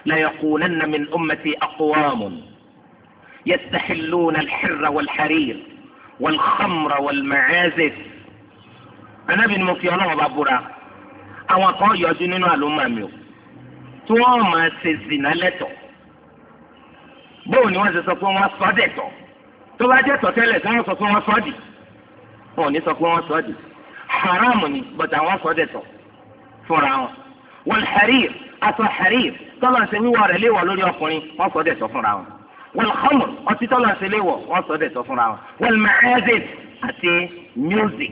la yaqulanna min ummati aqwamun yastahilluna al-hirra wal-harir wal-khamra wal-ma'azif. anábì ni mo fi ọlọ́wọ́ bá búra àwọn kan yọjú nínú àlùmọ́ mi o tí wọ́n máa ṣe zìnà lẹ́tọ̀ bóò ni wọ́n ṣe sọ pé wọ́n sọ dẹ̀ tọ̀ tó bá jẹ́ tọ̀tẹ́lẹ̀ tí wọ́n sọ pé wọ́n sọ dì wọn ò ní sọ pé wọ́n sọ dì haram ni bọ̀tà wọ́n sọ dẹ̀ fúnra wọn wal harir aṣọ harir tọ́lọ̀ ṣe wíwọ rẹ̀ léwọ̀ lórí ọkùnrin wọ́n sọ dẹ̀ fúnra wọn wal khamr ọtí tọ́lọ̀ ṣe léwọ̀ wọ́n sọ dẹ̀ fúnra wọn wal ma'azif àti music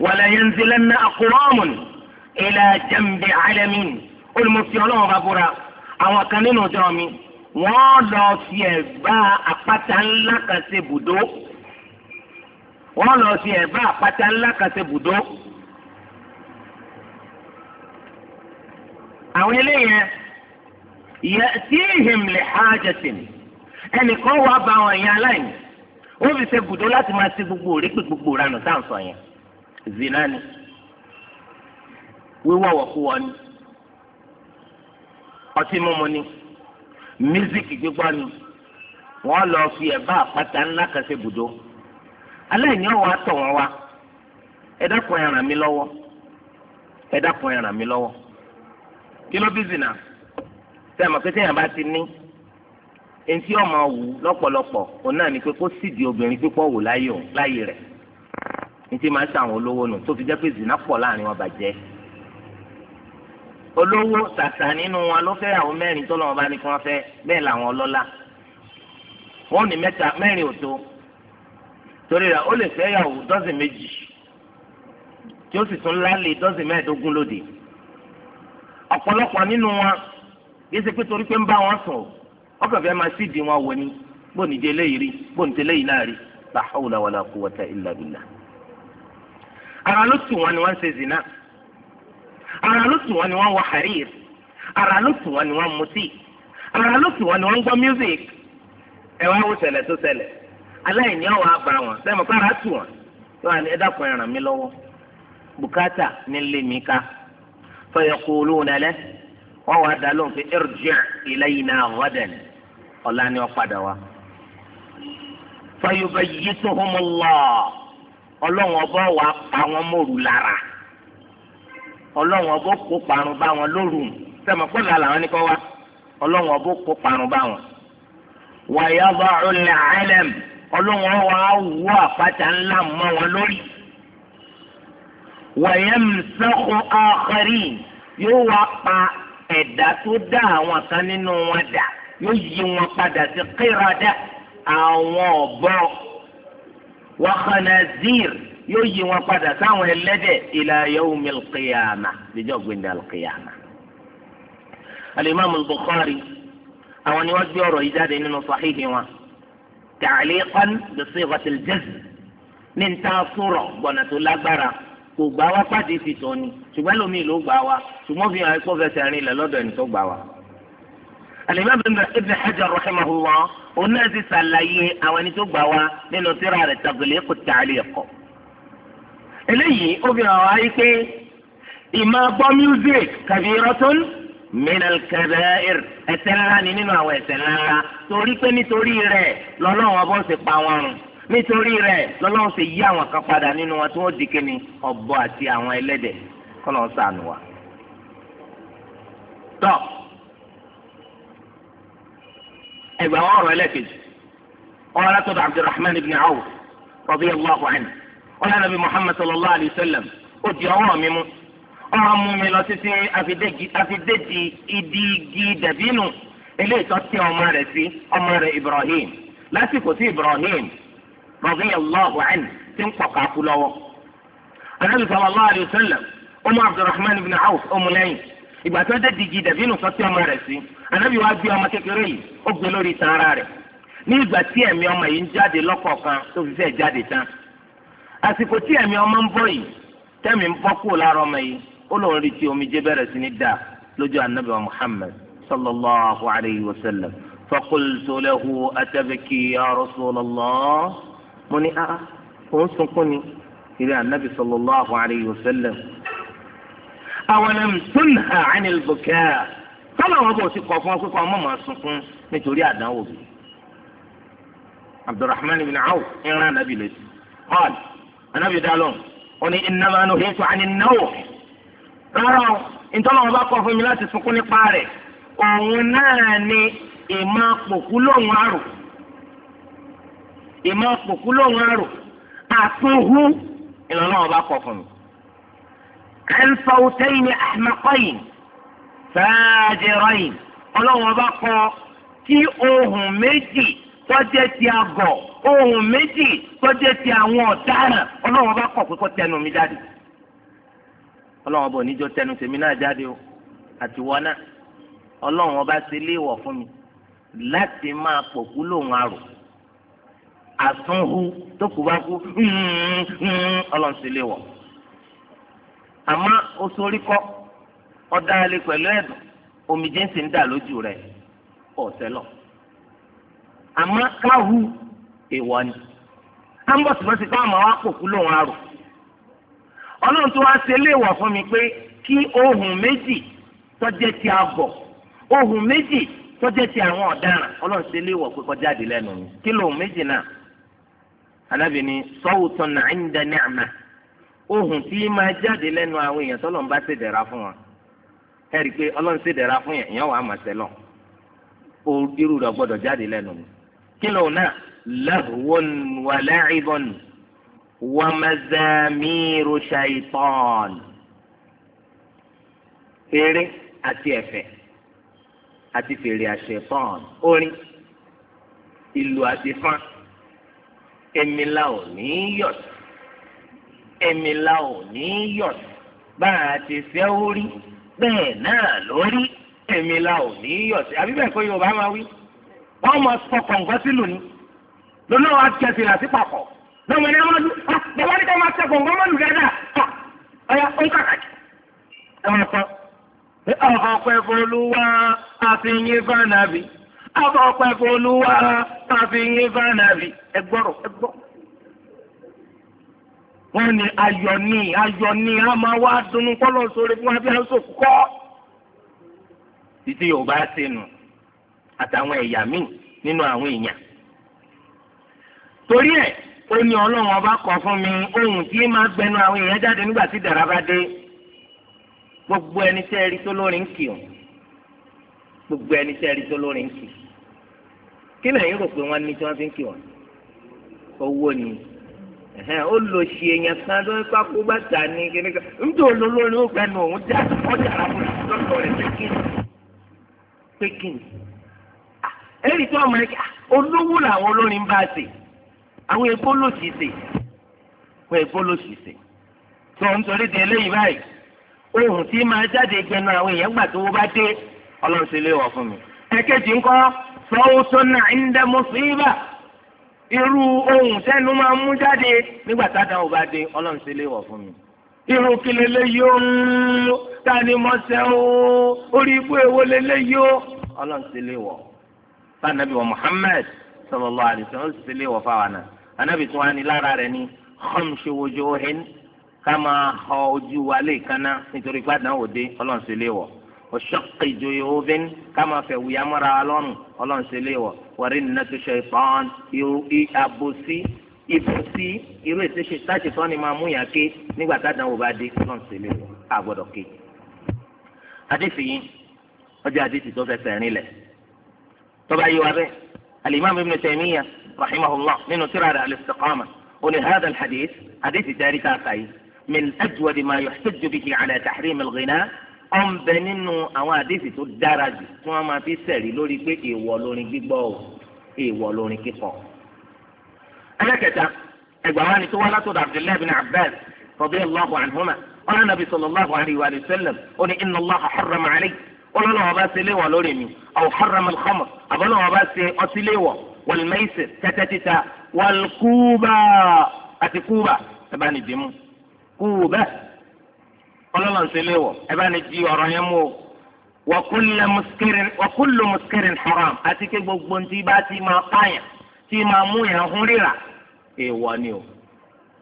ولينزلن أقوام إلى جنب علم المسيرون غبرا أو كانوا جامي wọ́n lọ fi ẹ̀bá àpáta ńlá kan ṣe bùdó wọ́n lọ fi ẹ̀bá àpáta ńlá kan ṣe bùdó. àwọn eléyẹn ya'tihim li hajatin ẹnìkan wàá bá wọn yẹn aláìní ó fi ṣe bùdó láti máa ṣe gbogbo òrékè gbogbo ìranù táǹsọ̀ yẹn zina ni wíwọ̀ wọ̀kúwọ̀ ni ọtí mímu ni mísíkì gbígbọ́ ni wọ́n lọ fi ẹ̀bá àpáta ńlá kan ṣe bùdó aláìní ọ̀wọ́ atọ̀ wọn wa ẹ dákun ẹ ràn mí lọ́wọ́ ẹ dákun ẹ ràn mí lọ́wọ́ kí ló bí zina tẹ́ ẹ̀ mọ̀ pé téèyàn bá ti ní eŋti ọmọ wù lọ́pọ̀lọpọ̀ òun ni pé kó sídìí obìnrin pípọ̀ wò láyé rẹ̀ nítí máa ń ṣàwọn olówó nù tó fi jẹ́ pé zina pọ̀ láàrin wọn bàjẹ́ olówó sàṣà nínú wọn ló fẹ́ àwọn mẹ́rin tó lọ́wọ́ bá ní kí wọ́n fẹ́ bẹ́ẹ̀ làwọn ọlọ́lá wọn ní mẹ́ta mẹ́rin ò tó torí rẹ̀ ó lè fẹ́ yàwó dọ́sìn méjì tí ó sì tún lálẹ́ dọ́sìn mẹ́ẹ̀ẹ́dógún lóde ọ̀pọ̀lọpọ̀ nínú wọn yìí ṣe pé torí pé ń bá wọn sùn ọkàn fẹ́ máa sídìí wọn wò ní délé yìí rí bóun ní náà rí ara ló sùn wọn ni wọ́n ń ṣe zina ara ló sùn wọn ni wọ́n ń wọ harir ara ló sùn wọn ni wọ́n ń mutí ara ló sùn wọn ni wọ́n ń gbọ́ music ẹ wá wò ṣẹlẹ̀ tó ṣẹlẹ̀ aláìní ọ̀wọ́ àbá wọn sẹ́mi kó ara sùn wọn tó wà ní ẹ̀dá kan ràn mí lọ́wọ́ bùkátà nílé mi ká fayaquluna lahu wọ́n wá dá lóhùn pé irji' ilayna ghadan ọ̀la ni wọ́n padà wá fayubayyituhumullah ọlọ́run ọba wà pa wọn mọ́rù lára ọlọ́run ọba kó parun bá wọn lóru sẹ́mi pọ́lá làwọn ní kọ́ wá ọlọ́run ọba kó parun bá wọn. wàyà bá ọlẹ́ àlẹ́m ọlọ́run ọba wọ àpáta ńlá mọ́ wọn lórí. wàyà mùsàkó àkàrí yóò wá pa ẹ̀dá tó dá àwọn kan nínú wọn dà yóò yí wọn padà sí kéradà àwọn ọ̀bọ wa khanazir yóò yí wọn padà sáwọn ẹlẹ́dẹ̀ ila yawmil qiyamah díjọ́ gbẹ̀ndẹ̀ alqiyama. alimami bukhari àwọn ni wọ́n gbé ọ̀rọ̀ yìí jáde nínú sahihi wọn ta'liqan bi sighati al-jazm ní n ta sọ̀rọ̀ gbọ̀nà tó lágbára kò gbà wá pàdé fi tọ́ ni ṣùgbọ́n lómi ló gbà wá ṣùgbọ́n fi hàn kó fẹsẹ̀ rìn lẹ̀ lọ́dọ̀ ẹni tó gbà wá. alimami ibn hajar rahimahullah òun náà sì ṣàlàyé àwọn ẹni tó gbà wá nínú tírà rẹ̀ Tagliq at-Ta'liq eléyìí ó fi hàn wá yí pé ìmọ̀ gbọ́ music kabiratun minal kaba'ir ẹ̀ṣẹ̀ ńlá ni nínú àwọn ẹ̀ṣẹ̀ ńláńlá torí pé nítorí rẹ̀ lọ́lọ́run ọbọ̀ ṣe pa wọn rùn nítorí rẹ̀ lọ́lọ́run ṣe yí àwọn kan padà nínú wọn tí wọ́n di kíni ọ̀bọ àti àwọn ẹlẹ́dẹ̀ kọ́nà sànù wa ẹgbà ọ̀rọ̀ ẹlẹ́kejì ọ̀rọ̀ látọ̀dọ̀ abdulrahman ibn awf radiyallahu anhu ọ̀rọ̀ nàbí muhammad sallallahu alayhi wa sallam ó di ọwọ́ mi mú ọ̀rọ̀ mú mi lọ títí àfidéjì ìdígi dàbínú eléyìí tó tẹ ọmọ rẹ̀ sí ọmọ rẹ̀ ibrahim lásìkò tí ibrahim radiyallahu anhu ti ń pọ̀kà kú lọ́wọ́ anabi sallallahu alayhi wa sallam ọmọ abdulrahman ibn awf ọmọ lẹ́yìn ìgbà tó dé digi dàbínú tó tẹ ọmọ rẹ̀ sí ànábì wa gbé ọmọ kékeré yìí ó gbé lórí sàárà rẹ̀ ní ìgbà tí ẹ̀mí ọmọ yìí ń jáde lọ́kọ̀ọ̀kan tó fi fẹ́ jáde tán àsìkò tí ẹ̀mí ọmọ ń bọ̀ yìí tẹ́mi ń bọ́ kúrò lára ọmọ yìí ó lóun rí tí omijé bẹ̀rẹ̀ sí ní dà lójú ànábì wa Muhammad sallallahu alayhi wa sallam faqultu lahu atabki ya mo ní ah òun sunkún ni ìrẹ́ ànábì sallallahu alayhi wa sallam awalam tunha anil bukaa tọ́lọ̀ wọn bọ̀ sí kọ̀ fún ọ pé kọ́ ọmọ màá sunkún nítorí àdánwò bi abdulrahman ibn awo ìran anabi lè si hall anabi dalon oní innama nuhitu àní náwó rárá o ìtọ́lọ̀ wọn bá kọ̀ fún mi láti sunkún nípa rẹ̀ òun náà ni ìmọ̀ pòkú lóhùn àrò ìmọ̀ pòkú lóhùn àrò àtúnhù ìlànà wọn bá kọ̀ fún mi. kẹ́ńsọ̀ òtẹ́yìn ni àmàkọ́yìn fẹ́ẹ́dẹ̀rẹ́yìn ọlọ́run ọba kan tí ohun méjì kọjá ti àgọ̀ ohun méjì kọjá ti àwọn ọ̀daràn ọlọ́run ọba kọ̀ pé kó tẹnu mi jáde ọlọ́run ọba oníjọ tẹnu tèmi náà jáde o àtiwọ́ náà ọlọ́run ọba ṣe léèwọ̀ fún mi láti máa pòkú lòun àrò àtúnhu tó kù bá kú ọlọ́run ṣe léèwọ̀ àmọ́ o orí kọ́. ọ̀dà alẹ́ pẹ̀lú ẹ̀dùn omijé sì ń dà lójú rẹ̀ ọ̀sẹ̀ lọ. àmọ́ káhu èèwọ̀ ni tábọ̀tìmọ́sí bá àmọ́ wa pòkú lòun arò ọlọ́run tó wá ṣe fún mi pé kí ohun méjì tọ́jẹ́ ti àgọ̀ àwọn ọ̀daràn ọlọ́run ṣe kọjá àdé lẹ́nu mi kí lòun méjì náà ohun tí máa jáde lẹ́nu àwọn èèyàn bá ṣèdẹ̀ra fún wọn ẹ rí i pé ọlọ́run ṣe dẹ̀ra fún yẹn ìyẹn wàá máa sẹ́lọ̀ ó irú rẹ̀ gbọ́dọ̀ jáde lẹ́nu mi kí lóun náà lahwun wa la'ibun wa mazamiru shaitan eré àti ẹ̀fẹ̀ àti fèrè àṣepọ́n orin ìlú àti fán èmi la ò ní yọ̀ èmi la ò ní yọ̀ bá a ti fẹ́ orí bẹ́ẹ̀ náà lórí èmi la ò ní yọ̀ sí àbí bẹ́ẹ̀ kó yorùbá máa wí wọ́n mọ̀ sọ kọ̀ǹgọ́ sílùú ni lónà wa jẹ̀sìn láti papọ̀ lọ́mọ ní amadu ah, bàbá ní ká máa sọ kọ̀ǹgọ́ mọ́lù dáadáa ah, ọ̀ya ó ń kàkàkì ẹ máa sọ. ọ̀pẹ folúwa àfihàn fanabi ọ̀pẹ folúwa àfihàn fanabi ẹ gbọ́rọ̀ ẹ gbọ́rọ̀ wọ́n ní ayọ̀ ni ayọ̀ ni a máa wá dunnú kọ́lọ̀ sórí fún wa bí a sòkò kọ́. títí yorùbá ṣe nù àtàwọn ẹ̀yà míì nínú àwọn èèyàn. torí ẹ̀ ó ní ọlọ́run ọba kọ fún mi ohun tí máa gbẹnu àwọn èèyàn jáde nígbà tí dàrá bá dé gbogbo ẹni tẹ́ ẹ rí tó lórí ń kì ọ́ gbogbo ẹni tẹ́ ẹ rí tó lórí ń kì kí lẹ́yìn rò pé wọ́n ní tí wọ́n fi ń kì ọ́ owó ni. ó lò sí èèyàn kan tó ń pákó bàtà ní kíní kan ń tó lólórí ó gbẹ nù òun dá ọjà àbúrò lọ́dọ̀ rẹ̀ pékìnì pékìnì ah, ẹ̀rí tó ọmọ rẹ̀ ah, olówó làwọn olórin bá ṣe àwọn èèbó ló sì ṣe wọ́n èèbó ló sì ṣe tó ń torí de eléyìí báyìí ohun tí máa jáde gbẹnu àwọn èèyàn gbà tó bá dé ọlọ́run ṣe lé wọ̀ fún mi. sọ́wọ́sọ́nà ń irú ohun sẹ́nu máa mú jáde nígbà tádàn ò bá dé ọlọ́run ṣe léwọ̀ fún mi. irú kí leléyìí ó ń ta ni mo orí ikú èwo leléyìí ó ọlọ́run ṣe léwọ̀. sanabi wa Muhammad sallallahu alaihi wasallam ṣe léwọ̀ fáwọn náà anabi tún wá ní lára rẹ̀ ní khamshu wujuhin ká máa họ ojú wa lè kaná nítorí pé dé ọlọ́run ṣe léwọ̀. وشق جيوب كما في ويامر ألون ألون سليو ورنة شيطان يوئي أبوسي ibùsí irú ètò ṣe táṣì tán ni máa mú yàn ké nígbà táwọn ò bá dé ọlọ́run sì lè wọ́n á gbọ́dọ̀ ké. adéfì yín ọjọ́ adéfì tó fẹsẹ̀ rìn lẹ̀ tọ́ba yìí wá bẹ́ẹ̀ alimami ibn Taymiyyah rahimahullah nínú tírà rẹ̀ al-Istiqama oní hadha al-hadith adéfì tẹ́rí ká kàyí min di ma yuhtajju bihi ala tahrim al-ghina ọ̀nbẹ nínú àwọn àdéhìí tó dára jù tí wọ́n máa fi sẹ̀rí lórí pé èèwọ̀ lórin gbígbọ́ o èèwọ̀ lórin kíkọ. ẹlẹ́kẹta ẹgbàá wa ni tó wá látọ̀dọ̀ abdullahi bin abbas radiyallahu anhuma ọ̀nà nàbì sallallahu alayhi wa sallam ó ní inna allah harrama alayhi ọlọ́lọ́wọ́ bá ṣe léwọ̀ lórí mi aw harrama al-khamr àbọ̀lọ́wọ́ bá ṣe ọtí léwọ̀ wal-maisir tẹ́tẹ́ títa wal-kuba àti kúùbà ẹ bá ní dìímù kúùbà ọlọ́lọ́ ń sẹ́lẹ̀ wọ̀ ẹ bá ní di ọ̀rọ̀ yẹn mú o wa kullu muskirin haram àti pé gbogbo ntí bá ti máa pààyàn tí máa mú yàn hún ríra èèwọ̀ ni o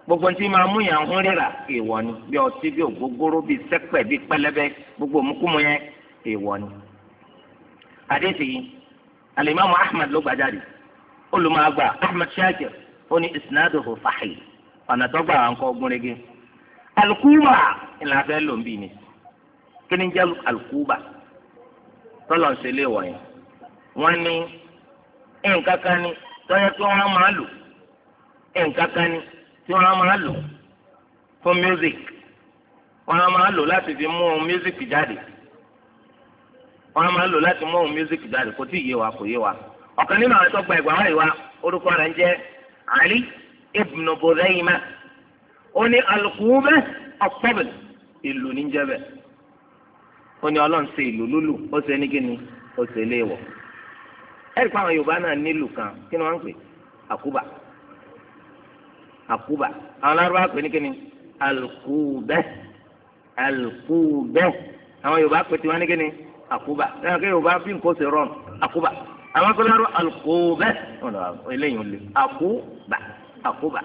gbogbo ntí máa mú yàn hún ríra èèwọ̀ ni bí ọtí bí ògógóró bí sẹ́pẹ̀ bí pẹlẹbẹ gbogbo òmùkúmu yẹn èèwọ̀ ni. àdéhìí alimami ahmed ló gbàjáde olùmọ̀ àgbà ahmed shakir ó ní isnaduhu sahih ọ̀nà tó gbà wọn kọ́ gúnrégé. alukuba ìlànà abẹ́ ló ń bì ní kí ni jẹ́ alukuba tọ́lọ̀ ń ṣẹlẹ̀ wọ̀nyí nkakani ní nǹkan kan ní tọ́jà tí wọ́n máa lò nǹkan kan tí wọ́n máa lò fún music máa lò láti fi mú ohun music jáde wọ́n máa lò láti mú ohun music jáde kò tí ì yé wa kò yé wa ọ̀kan nínú àwọn tó gba ẹ̀gbọ́n wáyé wa orúkọ rẹ̀ ń Ali ó ní alùpùpù ọ̀pọ̀bẹ̀lì ìlú níjẹ́bẹ̀ ó ní ọlọ́run ṣe ìlú lúlù ó ṣe ní kíni ó ṣe lé wọ̀ ẹ̀rí pa àwọn yorùbá náà nílùú kan kí ni wọ́n ń pè àkúbà àkúbà àwọn lárúbá pè ní kíni alùpùpù alùpùpù àwọn yorùbá pè tiwọn ní kíni àkúbà ẹ̀rọ yorùbá bí nǹkan ṣe rọrùn àkúbà àwọn akọ́lárọ̀ alùpùpù eléyìí ò lè àkúbà àkúbà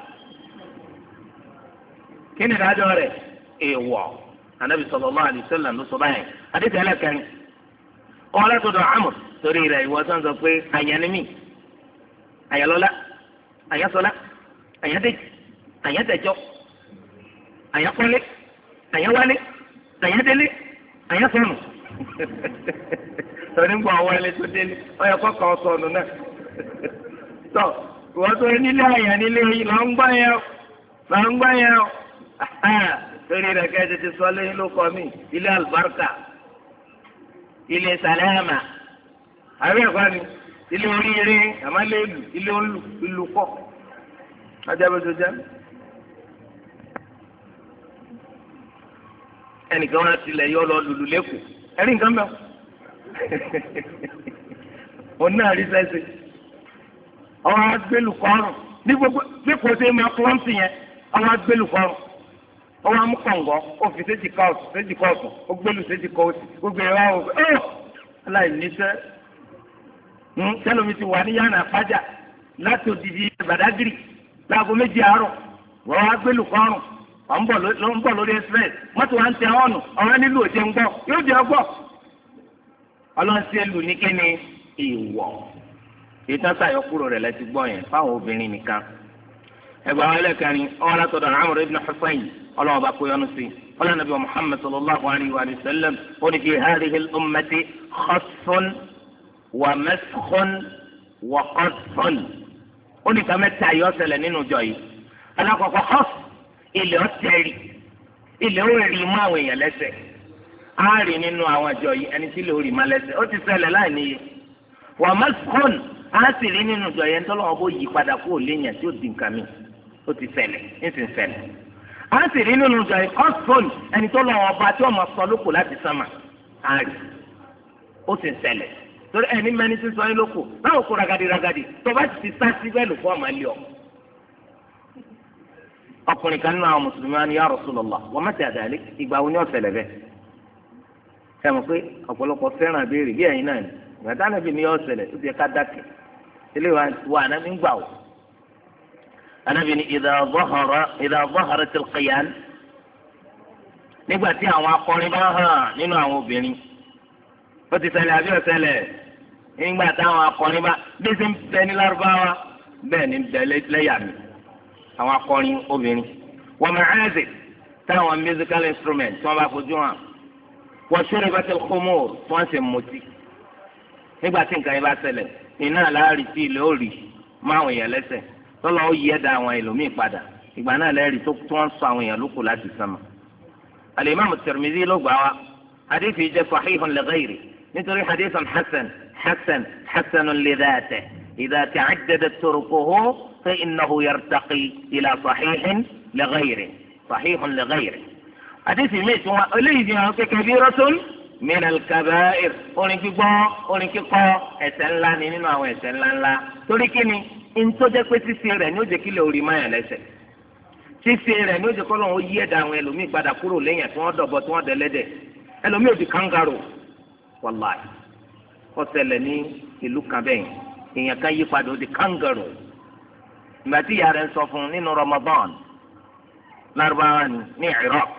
kí ni ìdájọ́ rẹ̀ èèwọ̀ anabi sallallahu alaihi wasallam ló sọ báyìí àdìsí ẹlẹ́kẹrin kọ́ látọ̀dọ̀ Amr torí rẹ̀ ìwọ sọ sọ pé àyànnímì àyàlọ́lá àyàsọ́lá àyàdèjì àyàdẹjọ́ àyàkọ́lé àyàwálé àyàdélé àyàsọ́nù tọ́ni gbọ́ àwọn ẹlẹ́ tó délé ọyọ kọ́kọ́ ọ̀sọ̀nù náà tọ́ ìwọ́n tó nílé àyànnílé yìí là ń gbá yẹn là ń gbá yẹn torí rẹ̀ kẹ́ ẹ tètè sọ lẹ́yìn ló kọ́ mi ilé alùbáríkà ilé sàlẹ́hàmà àbí ẹ̀kọ́ ni ilé oríire àmàlẹ́lù ilé olùkọ́ ajábẹ́sọ jẹ́ ẹnìkan wọn tilẹ̀ yọ lọ lùlù lẹ́kọ̀ọ́ ẹ̀rí nǹkan mẹ́wọ́ [laughs] òun náà rí sẹ́sẹ́ ọmọ agbélùkọ́ ọ̀rùn ní gbogbo bí sí ma pọ́ǹsì yẹn ọmọ agbélùkọ́ ọ̀rùn. ó wá mú kọ̀ǹgọ́ ó fi séjìká ọ̀tún séjìká ọ̀tún ó gbẹ́lu séjìká òsì gbogbo e wá ó fi ti wà ní yàrá àpájà láti òdìdí Badagry láago méjì àárọ̀ wọ́n wá gbẹ́lu kọ́rùn wọ́n ń bọ̀ lórí express mọ́tò wa ń tẹ ọ̀nù ọ̀rẹ́ nílò ń yóò ẹlù ní kíni ìtàn sàyọkúrò yẹn fáwọn obìnrin nìkan ẹlẹ́kẹrin ọlọ́wọ́ bá kó yọnu sí ọlọ́wọ́ nàbí wa muhammed sallallahu alayhi wa sallam ó ní fi hàdìhì ummati xọ́sùn wà mẹ́sùn wà xọ́sùn ó ní ká mẹ́ta yọ ṣẹlẹ̀ nínú jọ yìí alákọ̀ọ́kọ́ xọ́s ilẹ̀ ọ̀tẹ̀rì ilẹ̀ òrì mú àwọn èèyàn lẹ́sẹ̀ á rí nínú àwọn àjọ yìí ẹni tí ilẹ̀ òrì má lẹ́sẹ̀ ó ti ṣẹlẹ̀ láì níye wà mẹ́sùn á nínú jọ yẹn tọ́lọ́wọ́ bó yí padà kó o à ń sì rí nínú ìjọ ìkọ́sùn ẹni tó lọ́wọ́ ọba tí wọ́n máa sọ lóko láti sánmà á rí ó sì ń ṣẹlẹ̀ torí ẹni mẹ́ni tí ń sọ yín lóko báwo kó ragadi ragadi tó bá ti sá sí bẹ́ẹ̀ lóko ọmọ ẹ̀ ọkùnrin kan nínú àwọn mùsùlùmí wa ni ya Rasulullah wọ́n mẹ́tẹ̀ àdáyé ìgbà wo ni ó ṣẹlẹ̀ bẹ́ẹ̀ sẹ́mu pé ọ̀pọ̀lọpọ̀ fẹ́ràn béèrè bí ẹ̀yin náà ni ìgbà táwọn ni ó Ànábì ní idha zahara idha zaharat al-qiyan nígbà tí àwọn akọrin bá hàn nínú àwọn obìnrin ó ti ṣẹlẹ̀ àbí ó ṣẹlẹ̀ nígbà táwọn akọrin bá bí sí ń bẹ ní lárúbáwá bẹ́ẹ̀ ni bẹ lẹ́yà mi àwọn akọrin obìnrin wa ma'azif táwọn musical instrument tí wọ́n bá fojú hàn wọ́n ṣe rẹpẹtẹ kọmọọ tí wọ́n ṣe mọtì nígbà tí nǹkan yẹn bá ṣẹlẹ̀ iná láàrin tí ilé ó rì máa wọ̀nyẹn lẹ́sẹ̀ tọ́lọ́ ó yẹ da àwọn ẹlòmíì padà ìgbà náà lẹ́rìí tó tó ń sọ àwọn èèyàn lóko láti sánmà. alimami Tirmidhi ló gbà wá hadithi jẹ́ sahihun li ghayri nítorí hadithan hasan hasan hasan li dhatihi idha ta'addadat turuquhu fa innahu yartaqi ila sahihin li ghayri sahihun li ghayri. hadithi mi tún wá eléyìí fi hàn kékeré bí rọ́tún min al-kaba'ir orin gbígbọ́ orin kíkọ́ ẹ̀ṣẹ̀ ńlá ni nínú àwọn ẹ̀ṣẹ̀ ńlá ńlá torí kíni ntọ́jẹ́ pé sísìn rẹ̀ ní ó jẹ́ kí lè orí máyà lẹ́sẹ̀ sísìn rẹ̀ ní ó jẹ́ kọ́lọ́ wọn yí ẹ̀dá àwọn ẹlòmíì padà kúrò lẹ́yìn tí wọ́n dọ̀bọ̀ tí wọ́n dẹ̀lẹ́dẹ̀ ẹlòmíì di kangaroo wàláì ọ̀sẹ̀lẹ̀ ní ìlú kan bẹ́ẹ̀ èèyàn kan yí padà ó di kangaroo ìgbà tí ìyá rẹ̀ ń sọ fún nínú Ramadan ni ní Iraq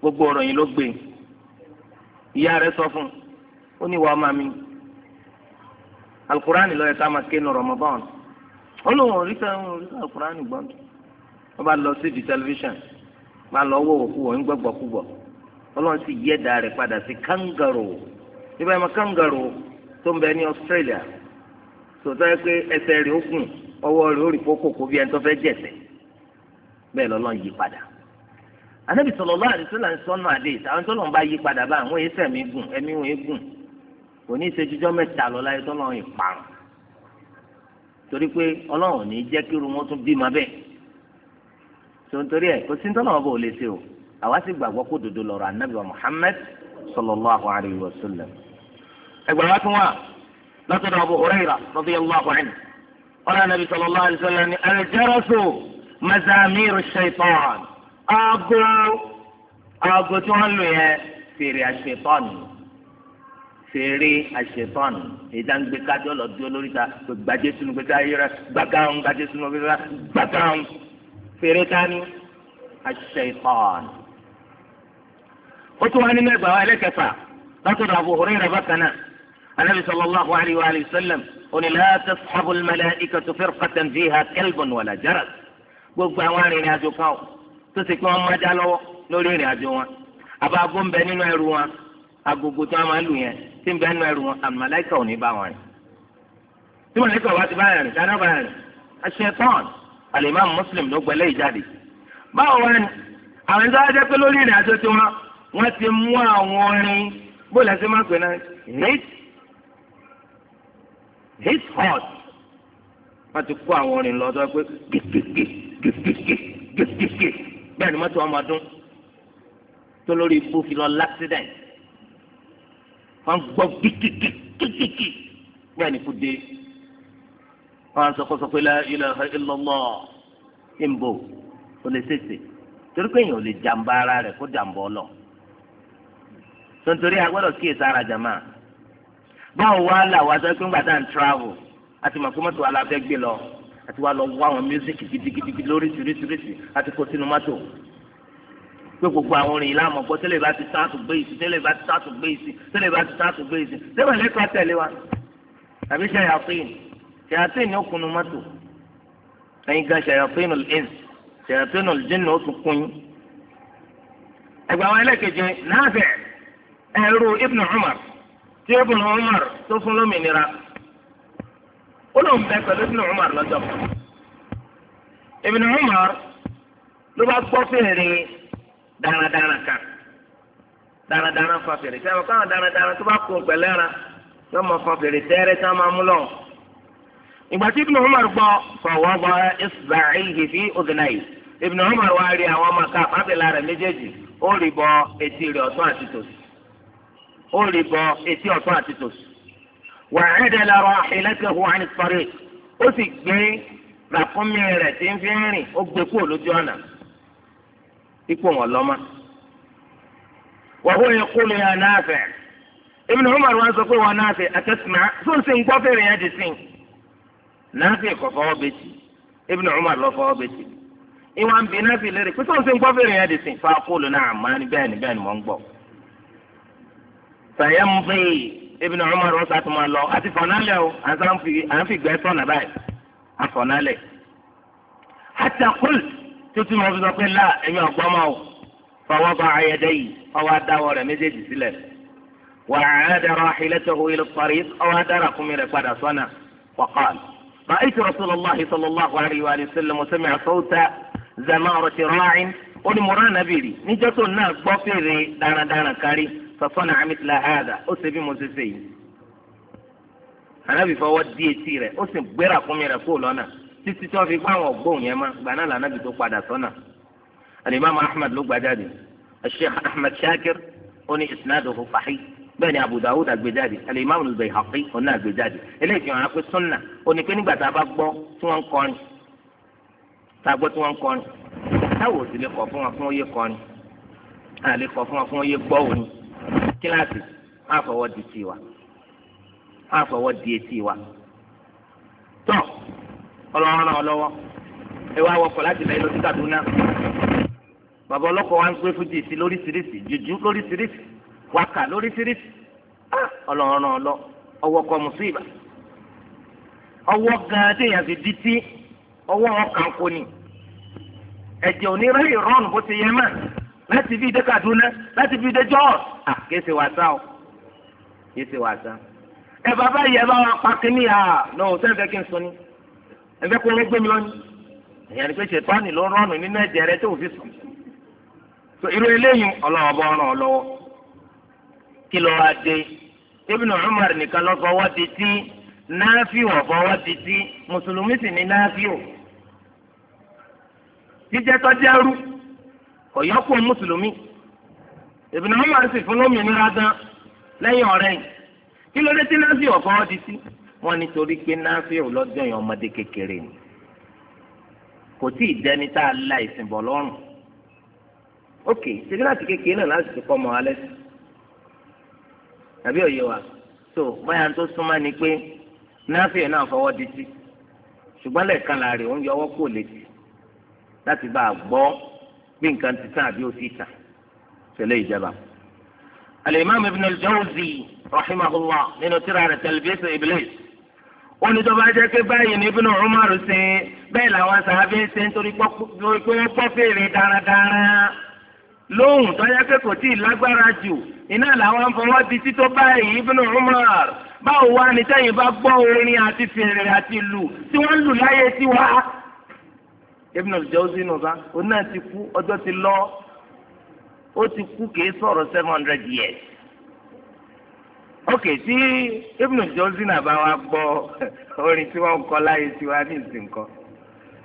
gbogbo ọ̀rọ̀ yìí ló gbé ìyá rẹ̀ sọ fún ó ní mi alukurani lọ́yẹ ká máa ké nu Ramadan wọn lòun wọn ò rí ká wọn bá lọ sí di sì yẹ da rẹ̀ padà sí kangaroo ibà yẹn kangaroo tó ń bẹ ní Australia sọtọ́ yẹ pé ẹsẹ̀ rẹ̀ ó gùn ọwọ́ rẹ̀ ó rí kókòkò bí ẹni tó fẹ́ jẹ̀sẹ̀ bẹ́ẹ̀ lọ́lọ́run yí padà anábì sọ́nà kò ní ìṣèjújọ́ mẹ́ta lọ láyé tọ́lọ́run ìparun torí pé ọlọ́run ní jẹ́ kí irú wọn tún bímọ bẹ́ẹ̀ tontori ẹ kò sí tọ́lọ́run bò lè ṣe o àwa sì gbàgbọ́ kó dodo lọ́rọ̀ anabi wa muhammed sallallahu alayhi wa sallam ẹgbẹ́ wa tún wà lọ́sọ̀dọ̀ Abu Hurairah radiyallahu anhu ọ̀rẹ́ anabi sallallahu alayhi wa sallam ni fèrè àṣetán ìdáǹgbé kájọ lọ dúró lórí ta gbàjẹ sínú pé káyé rẹ gbàgáhùn gbàjẹ sínú pé káyé rẹ gbàgáhùn fèrè kání àṣetán. ó tún wá nínú ẹgbàá ẹlẹ́kẹfà látọ̀dọ̀ Abu Hurairah bákan náà anabi sallallahu alayhi wa sallam oní láti sábò mẹlẹ́ikà tó fẹ́ fàtàn fi hà kẹ́lbọ̀n wàlà jaras gbogbo àwọn arìnrìn àjò kan tó ti pé wọ́n máa já lọ́wọ́ lórí ìrìn àjò wọn àbá gbọ́n bẹ nínú ẹrù wọn agogo tí wọn máa lù yẹn tí ń bẹ ẹnu ẹrù wọn àmàlẹ́kà ò ní bá wọn rìn tí màlẹ́kà wá ti bá yẹn rìn dáná bá yẹn rìn aṣetán alimam muslim ló gbẹlẹ́ ìjáde báwo wá ni àwọn ìjọba jẹ́ pé lórí ìrìn àjò tiwọn wọ́n ti mú àwọn orin bóòlù ẹsẹ̀ máa pè náà hit hit hot wọ́n ti kó àwọn orin lọ sọ pé gègègè gègègè gègègè bẹ́ẹ̀ ni mọ́tò ọmọ ọdún tó lórí ikú fi lọ láksidẹ̀ntì wọn gbọ́ kíkíkíkíkí bẹ́ẹ̀ ni kú dé wọn sọkọsọ pé la ilaha illallah ìmbò kò lè sèse torí pé èèyàn ò lè jàǹbá ara rẹ̀ kó jàǹbá ọlọ tontorí agbọ́dọ̀ kíyèsí ara jàmá báwo wá là wá sọ pé ńgbà tá à ń travel àti màkú mọ́tò aláfẹ́ gbé lọ àti wá lọ wá àwọn music gidigidi lóríṣiríṣiríṣi àti kó sínú mọ́tò pé gbogbo àwọn orin ìlànà ọ̀gbọ́n tẹ́lẹ̀ bá ti sáà tó gbé ìsìn tẹ́lẹ̀ bá ti sáà tó gbé ìsìn tẹ́lẹ̀ bá ti sáà tó gbé ìsìn tẹ́lẹ̀ lẹ́kọ̀ọ́ tẹ̀lé wa tàbí ṣayàfín ṣayàfín ni ó kunu mọ́tò ẹ̀yin gan ṣayàfín nù ins ṣayàfín nù jinn ó tún kún yín. ẹgbẹ́ àwọn ẹlẹ́kẹ̀jẹ Nafi' ẹ̀rú Ibn Umar tí Ibn Umar tó fún lómìnira ó lóun bẹ pẹ̀lú Ibn Umar lọ́jọ́ Ibn Umar ló bá gbọ́ fèrè dáradára kan dáradára fa fèrè tẹ ọ káwọn dáradára tó bá kó gbẹlẹ́ra yóò máa fa fèrè tẹ́rẹ́ tí wọ́n máa mú lọ. ìgbà tí fi udhnayhi Ibn Umar wá rí àwọn ọmọ ká fábìlà rẹ̀ méjèèjì ó rí bọ etí rẹ̀ ọ̀tún àti tòsì ó rí bọ etí ọ̀tún àti tòsì. wa'adala rahilatahu 'an at ó sì gbé ràkúnmí rẹ̀ tí ń ipò wọn lọ́mọ. wàhùn yẹn kúlù yà Nafi' Ibn Umar wọn sọ pé wọn Nafi' àtẹ̀sìmá tó ń sìn gbọ́ fèrè yẹn ti sìn. Nafi' kò fọwọ́ bẹ́tì Ibn Umar lọ fọwọ́ bẹ́tì. ìwà ń bi Nafi' lérè pé tó ń sìn gbọ́ fèrè yẹn ti sìn fa kúlù náà má ní bẹ́ẹ̀ ni bẹ́ẹ̀ ni mò ń gbọ́. sàyẹ́mùfẹ́ Ibn Umar wọn sàtúmọ̀ lọ àti fọ̀nálẹ̀ o à ń fi gbẹ́ sọ̀nà báyìí àfọ̀nálẹ̀. hatta qult títí mo fi sọ pé là èmi ọ̀gbọ́n mọ́ o fọwọ́ bá ayẹyẹdẹ yìí ọwọ́ adáwọ̀ rẹ̀ méjèèjì sílẹ̀ wà á dára ahilẹ́tọ̀hu ilé parí ọwọ́ adára fún mi rẹ̀ padà sọ́nà wàkàl. رأيت رسول الله صلى الله عليه وآله وسلم وسمع صوت زمارة راع ولمرا نبيلي نجت الناس بصيري دانا دانا كاري فصنع مثل هذا أسبي مسيسي أنا بفوت دي تيري أسب برا قمي رسول أنا títí tí wọ́n fi gbá àwọn ọ̀gbọ́n yẹn má gbà náà lànà bìtó padà sọ́nà alimami ahmed ló gbàjáde sheikh ahmed shakir ó ní isnaduhu sahih bẹ́ẹ̀ ni abu dawud àgbéjáde alimami al-bayhaqi ó ní àgbéjáde eléyìí fi hàn pé sunna ó ní pé nígbà tá a bá gbọ́ tí wọ́n ń kọrin tá a gbọ́ tí wọ́n ń kọrin táwọn sì lè kọ̀ fún wọn fún oyè kọrin a lè kọ̀ fún wọn fún oyè gbọ́ òní kíláàsì á di tiwa á di etí tọ́ ọlọ́run ràn ọ́ lọ́wọ́ ẹ wá wọkọ̀ láti bẹ̀rẹ̀ lọ sí Kaduna bàbá ọlọ́kọ̀ wa ń gbé fújì sí lóríṣiríṣi jùjú lóríṣiríṣi wákà lóríṣiríṣi ọlọ́run ràn ọ́ lọ ọwọ́ kọ mùsíbà ọwọ́ gan-an téèyàn fi di tí ọwọ́ ọkàn kò ní ẹ̀jẹ̀ òní ráyè rọ́ọ̀nù bó ti yẹ mọ́ láti fi dé Kaduna láti fi dé Jos à kìí ṣe o kìí ṣe wàásà ẹ bàbá yẹ bá wa pa à náà sẹ́ńtẹ́ kí n sọ ni ẹgbẹ́ kó ló gbé mi lọ́nìí èèyàn ni pé ṣètọ́ni ló rọ́ọ̀nù nínú ẹ̀jẹ̀ rẹ tó fi sùn tó irú eléyìí ọlọ́wọ́ bọ́ ọ̀ràn lọ́wọ́ kí lọ́ wá dé Ibnu Umar nìkan lọ́ fọwọ́ di tí náàfíò ọ̀fọwọ́ di tí mùsùlùmí sì ní náàfíò jíjẹ́ tó dẹ́rú ọ̀yọ́kùn mùsùlùmí Ibnu Umar sì fún lómìnira gan lẹ́yìn ọ̀rẹ́ yìí kí ló tí náàfíò ọ̀fọwọ́ di tí wọ́n nítorí pé náfíù lọ́jọ́ yẹn ọmọdé kékeré ni kò tí ì dẹni tá a la ìsìn bọ̀ lọ́rùn ok ṣèké láti kékeré náà láti ti kọ́ ọmọ alẹ́ sí tàbí òye wa so báyà tó súnmọ́ ni pé náfíù náà fọwọ́ di sí ṣùgbọ́n lẹ́ẹ̀kan láàrin òun yọwọ́ kò létí láti bá a gbọ́ bí nǹkan ti tán àbí ó ti tà tẹ̀lé ìjọba. al-imam ibn al-jawzi rahimahullah nínú tírà rẹ̀ onídọ́bà jẹ́ pé báyìí ní Ibn Umar ṣe bẹ́ẹ̀ làwọn sàábì ń ṣe nítorí pé wọ́n pọ́ fèrè dáradára lóhùn tó yẹ pé kò tíì lágbára jù iná làwọn fọwọ́ di títọ́ báyìí Ibn Umar báwo wá ni sẹ́yìn bá gbọ́ orin àti fèrè àti lù tí wọ́n lù láyé tiwa. Ibn al-Jawzi nù bá òun náà ti kú ọjọ́ ti lọ ó ti kú kìí sọ̀rọ̀ seven hundred years ok tí ibnu johnson àbá wa gbọ́ orin tí wọ́n ń kọ láyé tiwa ní ìsìnkọ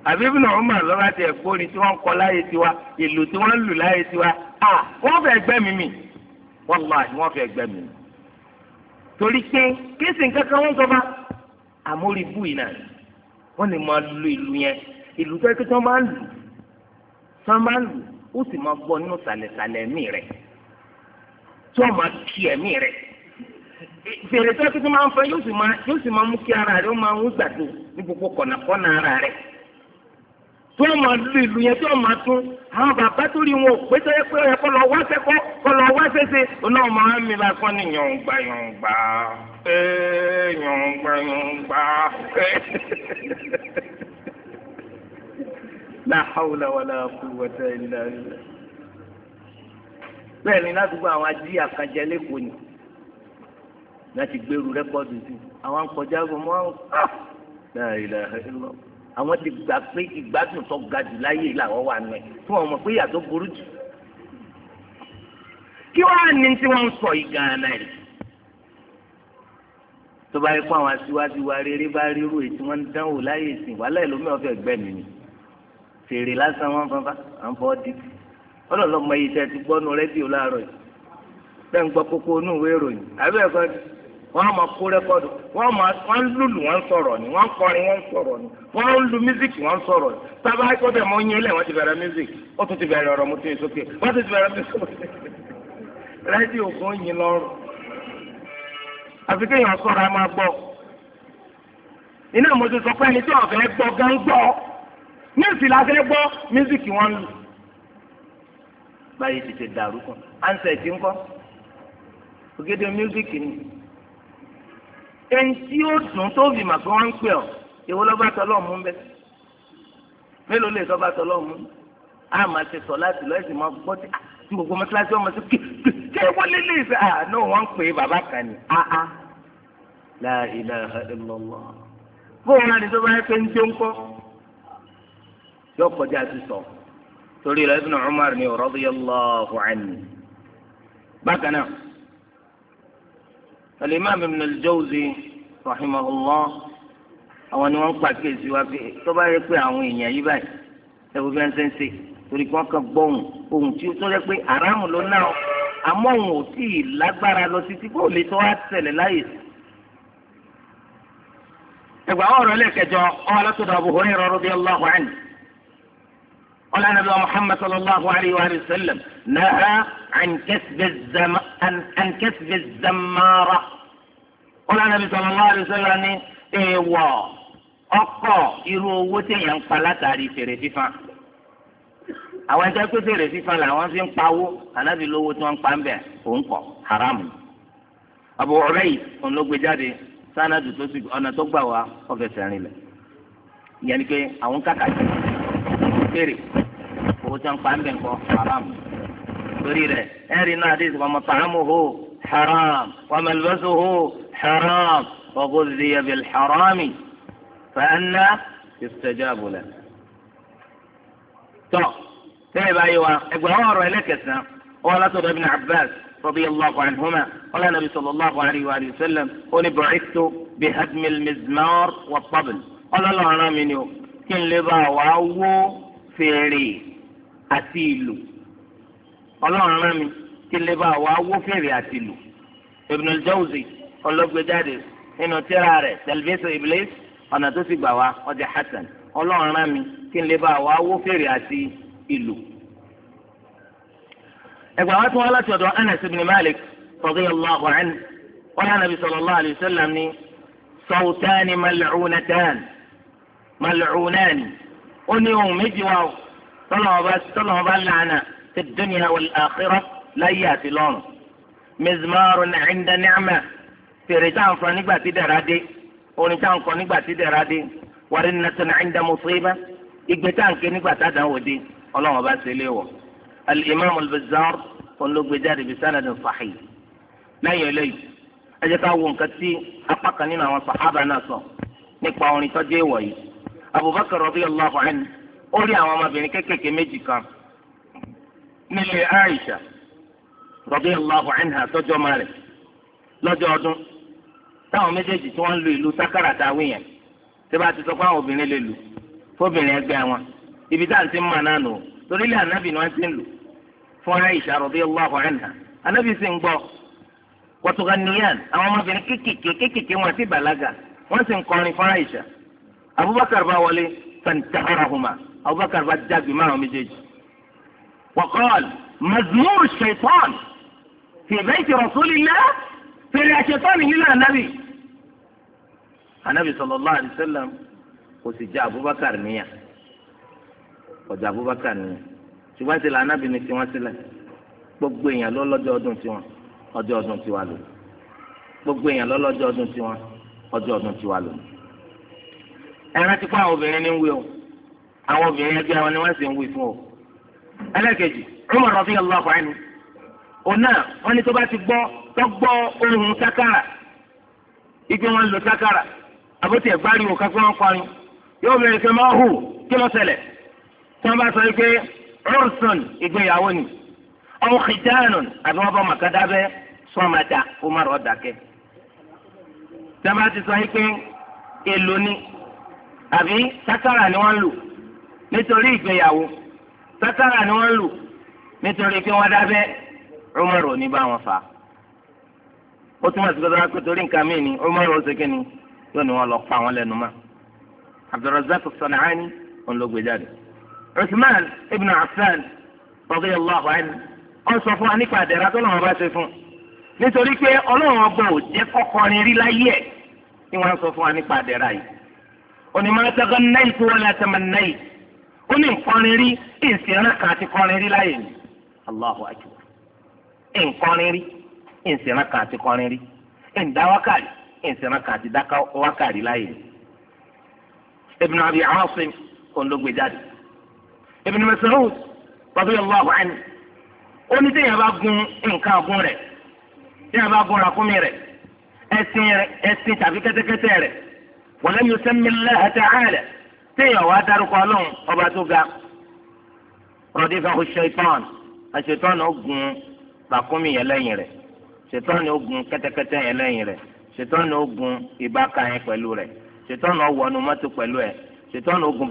àbí ibnu umar lọ́ba tiẹ̀ gbọ́ orin tí wọ́n ń kọ láyé tiwa ìlú tí wọ́n ń lù láyé tiwa à wọ́n fẹ́ gbẹ́mí mi wàláhì wọ́n fẹ́ gbẹ́mí mi torí pé kéésì nǹkan kan wọ́n sọba àmóríbù yìí náà wọ́n lè máa lu ìlú yẹn ìlú tó yẹ kí wọ́n máa lù wọ́n máa lù ó sì máa gbọ́ nínú sàlẹ̀sàlẹ̀ ẹ̀mí rẹ̀ tí wọ́n máa kí ẹ̀mí rẹ̀ fèrè tó tuntun máa ń fẹ́ yóò sì máa yóò sì máa mú kí ara rẹ̀ ó máa ń gbàdo ara rẹ̀ tí wọ́n máa lu ìlú yẹn tí wọ́n máa tún àwọn bàbá tó rí wọn ò pé tó yẹ pé ẹ kọ́ lọ wá sẹ́kọ́ kọ́ lọ wá sẹ́sẹ́ ọ̀nà ọmọ mi la kọ́ ni yọ̀ǹgbà yọ̀ǹgbà yọ̀ǹgbà yọ̀ǹgbà [laughs] la hawla wala quwwata bẹ́ẹ̀ ni ládùúgbò àwọn láti gbèrú rẹ́kọ́dù sí àwọn akọjá fún wọn ah, àwọn ti gbà pé ìgbádùn tó ga jù láyé làwọn wà nù ẹ tí wọn mọ pé yàtọ̀ burú jù kí wàá ní tí wọn ń sọ yìí ganan náà yìí tó bá yẹ kó àwọn aṣíwájú wa rere bá ríru èyí tí wọn ń dánwò láyé ìsìn wàhálà ìlómi ọfẹ gbẹmí ni fèrè lásán wọn fanfa à ń fọ di ọlọlọmọ yìí ti gbọnu rẹdíò láàárọ̀ yìí tẹ ń gbọ́ kókó onú ìwé ìròyìn àbẹ ẹkọ wọ́n máa kó rẹ́kọ́dù wọ́n máa wọ́n lùlù wọ́n sọ̀rọ̀ ni wọ́n kọrin wọ́n sọ̀rọ̀ ni wọ́n lu mísíkì wọ́n sọ̀rọ̀ ni sábà kó bẹ̀ mọ́ yín ti bẹ̀rẹ̀ mísíkì ó tún ti bẹ̀rẹ̀ ọ̀rọ̀ mo ti sókè wọ́n ti bẹ̀rẹ̀ mísíkì rẹ́díò kan yín lọ́rùn àfi kéèyàn a máa iná sọ pé ẹni tí ní ìsìn la mísíkì lù báyìí ti ti dàrú kan ti ń mísíkì ni. ẹni tí ó dùn tó fi màgbọ́n wọn ń pè ọ́ èwo lọ́ba tọ́lọ́ mú bẹ́ẹ̀ mélòó lè sọ́ba tọ́lọ́ mú a máa ṣe sọ láti lọ ẹ̀sìn máa gbọ́ tí ah, tí gbogbo mọ́tíláṣí ọmọ sí kí kí wọlé lè fẹ́ à ah, náà wọ́n ń pè é bàbá kan ní àá ah, la ilaha illallah fóun náà ní sọ́ba ẹ̀fẹ́ ń jó kọ́ yóò kọjá sí sọ torí rẹ̀ Ibn Umar ni radiyallahu anhu bákan náà. Al-Imam Ibn al-Jawzi rahimahullah àwọn ni wọ́n pàkíyèsí wa pé tó bá yẹ pé àwọn èèyàn yí báyìí ẹ̀wọ̀n bí wọ́n ṣe ń ṣe torí kí wọ́n kàn gbọ́hùn ohun tí ó tó rẹ pé àràmù ló ná ọ àmọ́ òun ò tí ì lágbára lọ títí kó lè tọ́ wá tẹ̀lẹ̀ láyè sí. ẹgbà ọ̀rọ̀ lẹ́kẹjọ ọ̀hún alátọ́dọ̀ Abu Hurairah radiyallahu anhu ọ̀là nàbẹ́ Muhammad sallallahu alayhi wa sallam naha an kasb az-zama ànkẹ́sìfẹ́ zamara wọn lànà bí sọlọ lọ́wọ́ àdìsọ́lá ní èèwọ̀ ọkọ̀ irú owó téèyàn ń pa látàrí fèrè fífa àwọn ẹjẹ pé fèrè fífa làwọn fi ń pawó ànábì lówó tí wọ́n ń pa ń bẹ òun kọ haram Abu Ubayd òun ló gbé jáde sanadu tó sì ọ̀nà tó gbà wá ọ̀fẹ́ sẹ́rin lẹ̀ ìyẹn ni pé àwọn kàkà jẹ́ fèrè owó tí wọ́n ń pa ń bẹ ń kọ haram. سريره أرنا حديث ومطعمه حرام وملبسه حرام وغذي بالحرام فأنا يستجاب له تو تيب أيوة أقول هو أروي لك ولا ابن عباس رضي الله عنهما قال النبي صلى الله عليه وآله وسلم قل بعثت بهدم المزمار والطبل قال الله أنا من يوم كن لبا واو فيري أسيلو ọlọ́run rán mi kí lè bá wa wó fèrè àti lù Ibn al-Jawzi ọlọ́gbẹ́jáde nínú tírà rẹ̀ Talbis Iblis ọ̀nà tó sì gbà wá ọjà hasan ọlọ́run rán mi kí n lè bá wa wó fèrè àti ìlù. ẹgbẹ́ wa tún wá láti ọ̀dọ̀ anas ibn malik radiyallahu anhu wọ́n yàn nàbí sallallahu alayhi wa sallam ní sawtani mal'unatan ó ní ohun méjì wá o tọ́lọ̀ ọba làánà في الدنيا والآخرة لا يأتي لون مزمار عند نعمة في رجان فنقبة درادي ونجان فنقبة درادي ورنة عند مصيبة إقبتان كنقبة تدودي الله بس ليه الإمام البزار فنلوك بجاري بسند صحيح لا يلي أجل تاوون كتي أفقا نينا وصحابة ناسو نقبة ونطجي أبو بكر رضي الله عنه أولي عوامة بني كيكي ميجي كام nílé Aisha radiyallahu anha tọ́jọ́ máa rẹ̀ ọdún táwọn méjèèjì tí wọ́n ń lu ìlú tí bá ti sọ pé àwọn obìnrin lè lù fóbìnrin wọn ibi tá à ń ti mọ̀ náà torí ilé ànábì ni wọ́n ti ń fún Aisha anha sì ń kọtùkà àwọn ọmọbìnrin kékèké kékèké wọn ti bàlágà sì ń kọrin Abubakar bá wọlé وقال مزمور الشيطان في بيت رسول الله في الشيطان إلى النبي النبي صلى الله عليه وسلم وسجى أبو بكر نية وجاء أبو بكر نية ṣùgbọ́n ti la anábì ni tiwọn sílẹ̀ gbogbo èèyàn ló lọ́jọ́ ọdún tiwọn ọjọ́ ọdún tiwa lò gbogbo èèyàn ló lọ́jọ́ ọdún tiwọn ọjọ́ ọdún tiwa lò. ẹran ti kọ́ àwọn obìnrin ní wí o àwọn obìnrin ẹgbẹ́ wọn ni wọ́n sì ń wí fún o ẹlẹ́kẹ̀jì Umar radiyallahu anhu ọ̀nà wọn ni tó bá ti gbọ́ tó gbọ́ ohun sakara igi wọn lò sakara àbótí ẹ̀gbárí wò kápẹ́ wọn kọrin yóò bẹ̀rẹ̀ pé máa hù kí ló ṣẹlẹ̀ tí wọ́n bá sọ pé rọ́ọ̀sán ìgbéyàwó ni ọ̀hún kìjáàánù àbí wọ́n bá màkàdá bẹ́ sọ́màdà Umar ọ̀dàkẹ́ tí wọ́n bá ti sọ pé èlò ni àbí sakara ni wọ́n lò nítorí ìgbéyàwó sátara ni wọ́n lù nítorí pé wọ́n dábẹ́ Umar ò ní bá wọn fà á ó túmọ̀ sí pé pé torí nǹkan mìíní Umar ó ṣe kí ni yóò ní wọ́n lọ pa wọn lẹ́nu mọ́ Abdurrazzaq San'ani òun jáde Uthman ibn Affan radiyallahu anhu ó sọ fún wa nípa àdẹ̀rà tó lọ́wọ́ bá ṣe fún nítorí pé ọlọ́run ọgbọ́ ò jẹ́ kọ́kọrin rí láyé ẹ̀ ni wọ́n sọ fún wa nípa àdẹ̀rà yìí onímọ̀ ó ní nkọrin rí ìsìnrán kan àti kọrin rí láyè mi Allahu akbar nkọrin rí ìsìnrán kan àti kọrin rí ìdáwákàrí ìsìnrán kan àti dáwákàrí láyè mi. Ibn Abi Asim olóògbé jáde Ibn Mas'ud radiyallahu anhu ó ní téèyàn bá gun nǹkan ọ̀gùn rẹ̀ téèyàn bá gun rakumi rẹ̀ ẹṣin rẹ̀ ẹṣin tàbí kẹ́tẹ́kẹ́tẹ́ rẹ̀ wa lam téèyàn wá dárúkọ ọlọ́run ọba tó ga rọ̀dí fẹ́ kó ṣetán àṣetán ó gun bàkúmi yẹn lẹ́yìn rẹ̀ ṣetán ó kẹ́tẹ́kẹ́tẹ́ yẹn lẹ́yìn rẹ̀ ṣetán ó ìbáka yẹn pẹ̀lú rẹ̀ ṣetán mọ́tò pẹ̀lú ẹ̀ ṣetán gun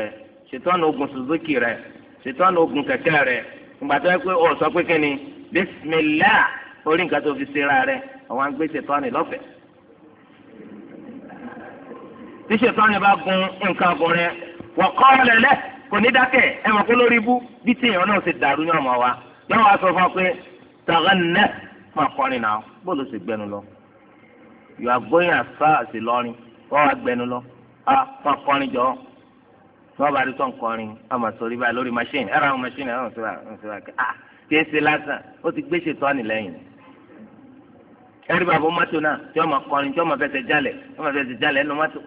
rẹ̀ ṣetán suzuki rẹ̀ ṣetán ó gun kẹ̀kẹ́ rẹ̀ ìgbàtọ́ pé sọ pé orí nǹkan tó fi ṣe ra rẹ̀ àwọn agbé tí ṣètọ́ni bá gun nǹkan àbọ̀ wọ́n kọ́ lẹ́lẹ́ kò ní dákẹ́ ẹ mọ̀ pé lórí ibú bí tí èèyàn náà ṣe dàrú ní ọmọ wa yóò wá sọ fún ọ pé tàgánná máa kọrin náà bó ló ṣe gbẹnu lọ you are going as far as Ìlọrin wọ́n wá gbẹnu lọ a máa kọrin jọ wọ́n bá rí tán kọrin a máa sọ orí báyìí lórí machine ẹ̀rọ àwọn machine ẹ̀rọ àwọn sọ̀rọ̀ àkẹ́ ah kì í ṣe lásán ó ti gbé ṣètọ́ni lẹ́yìn ẹ̀rí bàbá mọ́tò náà tí wọ́n máa kọrin tí wọ́n máa fẹsẹ̀ jálẹ̀ wọ́n máa fẹsẹ̀ jálẹ̀ ẹnu mọ́tò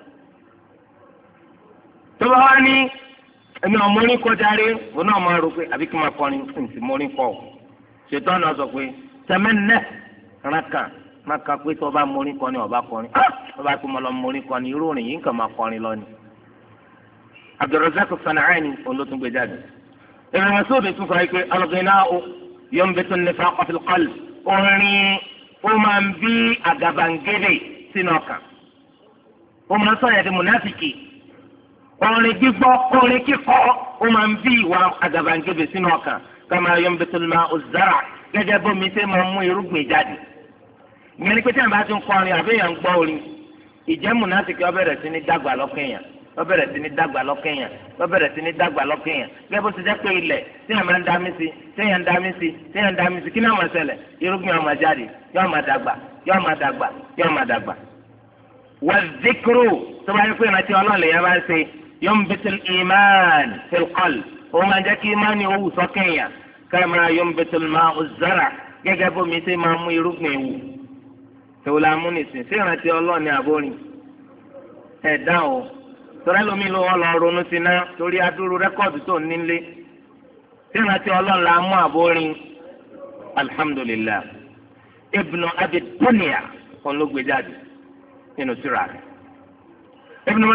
tó bá wá ní ẹ̀mí ọmọ orin kọ járe òun náà máa rò pé àbí kí n máa kọrin ǹsì mọ orin kọ ṣètò ọ̀nà sọ pé tẹ́mẹ́nẹ́ rákà pé bá mọ orin ni ọba kọrin ah! tó bá tó mọ lọ mọ ni irú òrìn yìí nǹkan máa kọrin lọ ni. Abdulrazak Sanaani olótùgbé jáde Ibn Mas'ud tún sọ pé al-ghina'u yunbitu an-nifaqa fil qalb orin ó máa ń bí àgàbàǹgẹ̀dẹ̀ sínú ọkàn ó máa sọ orin gbígbọ́ orin kíkọ ó máa ń bí ìwà àgàbàǹgebè sínú ọkàn kama yambitul ma'u zara gẹ́gẹ́ bómi ṣe máa ń mú irúgbìn jáde ìyẹn ni pé tí àwọn bá ti ń kọrin àbí èèyàn ń gbọ́ orin ìjẹ́mù náà ti kí ó bẹ̀rẹ̀ sí ní dàgbà lọ́kẹ́yàn ó bẹ̀rẹ̀ sí ní dàgbà lọ́kẹ́yàn ó bẹ̀rẹ̀ sí ní dàgbà lọ́kẹ́yàn gẹ́gẹ́ bó ti jẹ́ pé ilẹ̀ tí èèyàn ń dami sí tí èèyàn ń dami sí tí èèyàn ń dami sí kí náà máa ṣẹlẹ̀ irúgbìn ọmọ jáde yóò máa dàgbà yóò máa dàgbà yóò máa dàgbà. wà zikuru tó bá yẹ pé ìrántí ọlọ́ọ̀lẹ́yìn bá ń ṣe ينبت الإيمان في القلب وما جاك إيمان هو سكيا كما ينبت الماء الزرع gẹ́gẹ́ bómi ṣe máa mú irúgbìn ewu tòun amúnisìn sí ìrántí ọlọ́ọ̀ni àbórin ẹ̀dá o torí ẹlòmíì ló wọ́n lọ ronú sí náà torí adúrú rẹ́kọ̀dù tó nílé sí ìrántí ọlọ́ọ̀ni la mú àbórin alhamdulillah ibnu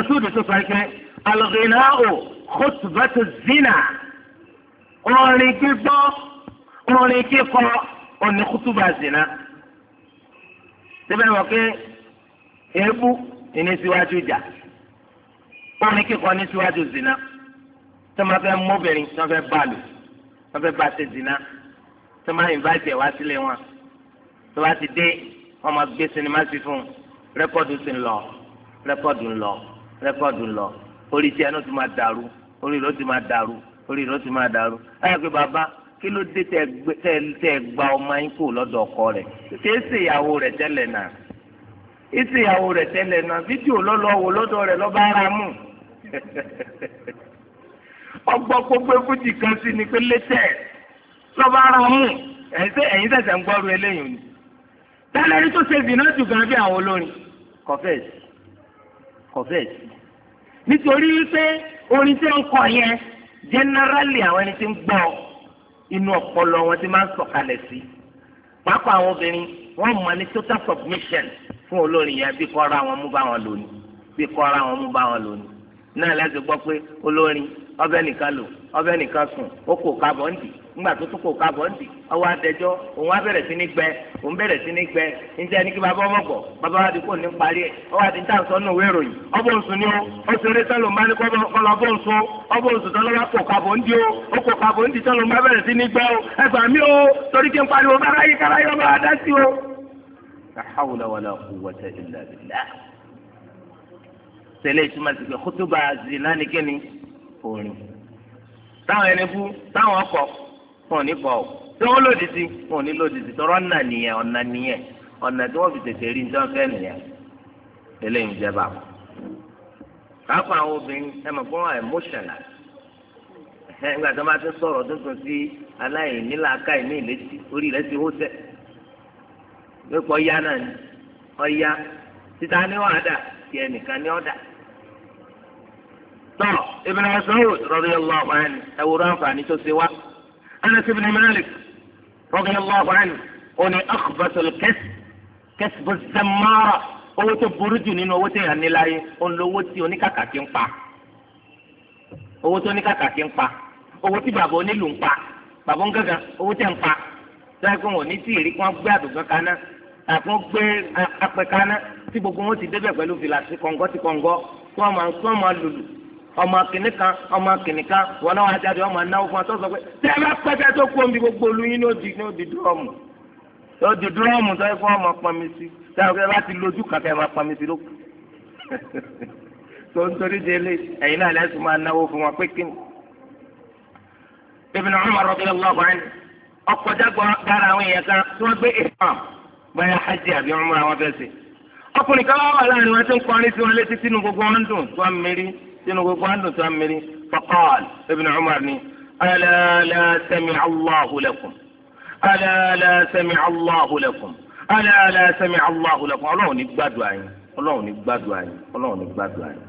alghina'u khutbatu zina orin gbígbọ́ orin kíkọ òní kútùbà zina síbẹ̀ wọ́n pé èébú ní síwájú ìjà orin kíkọ ní síwájú zina tó máa fẹ́ mọ́bìnrin tó fẹ́ bàlù tó fẹ́ bá ṣe zina tó máa ìnváìtì ẹ̀ wá sílé wọn tó bá ti dé wọn máa gbé sinimá sí fún rẹ́kọ́dù sí ń lọ rẹ́kọ́dù ń lọ rẹ́kọ́dù ń lọ orí tí ẹnu ti máa dàrú orí rẹ ti máa dàrú orí rẹ ti máa dàrú ayọ̀ pé bàbá kí ló dé tẹ gba ọmọ yín kò lọ́dọ̀ ọkọ rẹ̀ ṣé ṣe ìyàwó rẹ̀ tẹ́lẹ̀ náà ṣe ìyàwó rẹ̀ tẹ́lẹ̀ náà fídíò lọ́lọ́wọ́ lọ́dọ̀ rẹ̀ lọ́ba ara mú [laughs] ọgbọ́ gbogbo fújì kan sí ni pé létẹ̀ lọ́ba ara mú ẹ̀yin ṣẹ̀ṣẹ̀ ń gbọ́rú eléyìí ni tẹ́lẹ̀ rí tó ṣe dìnnà jù gan bí àwọn olórin kọfẹ́ẹ̀sì kọfẹ́ẹ̀sì nítorí wípé orin tí ń kọ yẹn generally àwọn ẹni tí ń gbọ́ inú ọpọlọ wọn ti máa ń sọ̀kalẹ̀ sí pàápàá àwọn obìnrin wọn mọ ní total submission fún olórin yẹn bí kọ́ra wọn mú bá wọn lónìí bí kọ́ra wọn mú bá wọn lónìí náà lẹ́sìn gbọ́ pé olórin ọbẹ̀ nìkan lò ọbẹ̀ nìkan sùn ó kò kábọ̀ ń dì ńgbà tó tún kò kábọ̀ ń dì ọwọ́ adẹjọ́ òun á bẹ̀rẹ̀ sí ní gbẹ òun bẹ̀rẹ̀ sí ní gbẹ njẹ́ ẹni kí bàbá ọmọ gbọ̀ bàbá wa di kò ní parí ẹ̀ ọwọ́ adi tá sọ nù wérò yìí ọbọ̀ nsọ ni ó ó ti rí sẹ́lò máa ní kọ́lọ́ ọbọ̀ nsọ ọbọ̀ nsọ tó lọ́wọ́ kò kábọ̀ ń di ó ó kò kábọ̀ ń di sẹ́lò máa sí ní gbẹ ó ẹ mí ó torí kí n pariwo bára yìí kára yọ wọn ò ní kọ ọ lòdì sí wọn ní lòdì sí tọrọ ọ̀nà nìyẹn ọ̀nà nìyẹn ọ̀nà tí wọ́n fi tètè rí nǹkan fẹ́ nìyẹn eléyìí jẹ́ bá wọn. àwọn obìnrin ẹ mọ̀ fún emotional nígbà tó bá ti tó sí aláìníláàká ìní orí rẹ̀ ti hó ya náà ni títa àǹfààní tó ṣe wá. أنس بن مالك رضي الله عنه أني أخبث الكسب كسب الزمارة owó tó burú jù nínú owó tó yàn ní láyé òun lówó tí oníkàkàkí ń pa owó tó oníkàkàkí ń pa owó tí bàbá onílù ń pa bàbá ń gángan owó tẹ̀ ń pa sọ́yà pé tí ì rí gbé àdùnkàn kaná àpọ́n gbé apẹ̀ kaná tí gbogbo wọn ti débẹ̀ pẹ̀lú fìlà sí kọ̀ǹgọ́ sí kọ̀ǹgọ́ tí wọ́n máa lùlù ọmọ kìnìún kan ọmọ kìnìún kan wọn náà wà jáde ọmọ náà fún ọtọ sọ pé tí ẹ bá pẹtẹ tó kú omi gbogbo olóyin ní odi ní odi dúrọmù odi dúrọmù tó yẹ fún ọmọ pọnmi sí tí ẹ bá ti lójú kàkà ẹ máa pọnmi sí lókù tó ń torí délé ẹ̀yin náà lẹsùn máa náwó fún wọn pé kíni. Ibn Umar radiyallahu anhu ọkọjá gbára àwọn èèyàn kan tí àwọn fẹsẹ kan tó ń kọrin sí sínú gbogbo àdùn tó ń miri faqal ibn umar ni ala la sami'a allahu lakum ala la sami'a allahu lakum ala la sami'a allahu lakum ọlọ́run ní gbàdúrà yín ọlọ́run ní gbàdúrà yín ọlọ́run ní gbàdúrà yín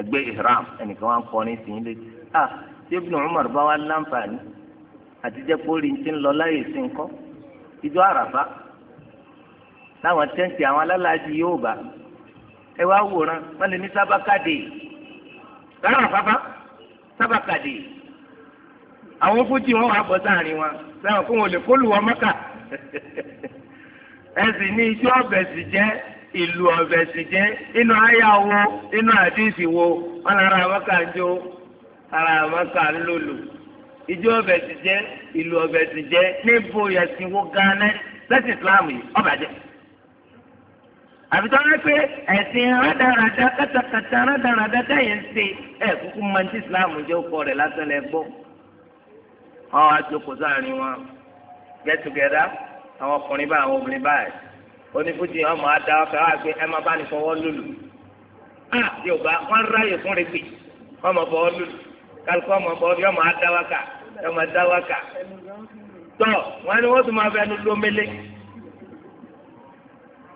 ẹgbẹ́ ihram ẹnìkan wá ń kọ́ ní sìn létí ah tí ibn umar bá wá láǹfààní àti jẹ́ kó ti ń lọ láyè sí ń kọ́ ìjọ àràfá láwọn tẹ́ǹtì àwọn alálàájì yóò bá ẹwà wá wòran wọn lè ní sábàkàdé lọ́nà àfáfá sábàkàdé àwọn fújì wọn wà bọ́ sáàrin wọn fún wọn lè kólu wọn mọ́kà [laughs] ní iṣẹ́ ọ̀bẹ sì jẹ́ ìlú ọ̀bẹ sì jẹ́ inú àyà wo inú àdìsí wo wọn lára mọ́kà ń jó ara mọ́kà àbí tó pé ẹ̀sìn rádaràdá kátàkátà rádaràdá dáyẹ̀ ṣe ẹ̀ kúkú máa ń tí ìsìláàmù jẹ́ ọkọ rẹ̀ lásán lẹ gbọ́. sáàrin wọn get together àwọn ọkùnrin bá àwọn obìnrin báyìí onífúti ọmọ adá ọkọ wa pé ẹ má bá ní fọwọ́ lùlù. a yorùbá wọn ráyè fún rẹ pé ọmọ fọwọ́ lùlù kálukọ ọmọ fọwọ́ bí ọmọ adá wákà ọmọ adá wákà. tọ wọn ni wọn tún máa lómele.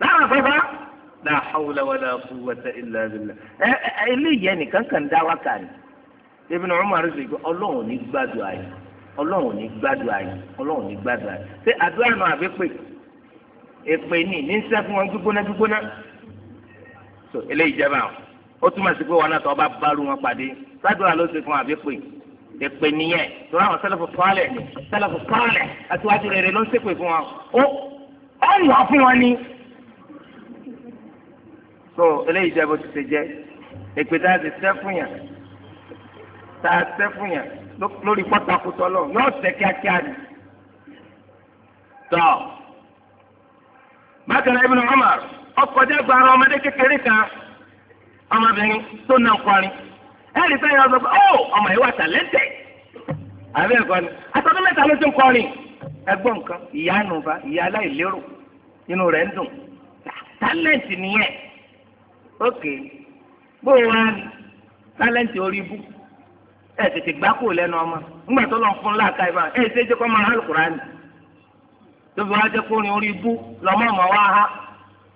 láwọn afẹ́fẹ́ la hawla wala quwwata illa billah ẹ ẹ eléyìí ẹnìkan kan dá wákà ni Ibn Umar rẹ̀ sọ ọlọ́run ní gbàdúrà yìí ọlọ́run ní gbàdúrà yìí ọlọ́run ní gbàdúrà yìí ṣé àdúrà náà àbí pè èpè ní ní sẹ́fún wọn gbígbóná gbígbóná so eléyìí jẹba ó túmọ̀ sí pé wọn náà tó ọba bárú wọn pàdé gbàdúrà ló ṣe fún àbí pè èpè nìyẹn tó ráwọn sẹlẹfù pọ́ọ̀lẹ̀ ni sẹlẹfù pọ́ọ̀lẹ̀ àtiwájú rere ló ń ṣèpè fún wọn ó ọ̀yọ́ fún wọn ni so eléyìí jẹ́ bó ti ṣe jẹ́ èpè tá a ti sẹ́ fún yàn tá a sẹ́ fún yàn lórí pọ́tàkùtọ̀ lọ yóò sẹ́ kíákíá ni tọ́ bákan náà Ibn Umar ọkọjá gbàrà ọmọdé kékeré kan ọmọbìnrin tó nà ń kọrin ẹ̀rí sẹ́yìn ọ̀sán pé ó oh, ọmọ yìí wà tàlẹ́tẹ̀ àbí ẹ̀kọ́ ni àtọ́dún mẹ́ta ló ti ń kọrin ẹgbọ́n nǹkan ìyá nùbá ìyá aláìlérò inú rẹ̀ ń dùn tálẹ́ǹtì nìyẹn ókè bóun wá ní tálẹ́ǹtì orí ẹ tètè gbá kó lẹ́nu ọmọ ńgbà tó lọ fún láàka ìbá ẹ ṣe jẹ́ kó máa hàn Kùránì tóbi wá jẹ́ kó ní orí lọ́mọ ọmọ ha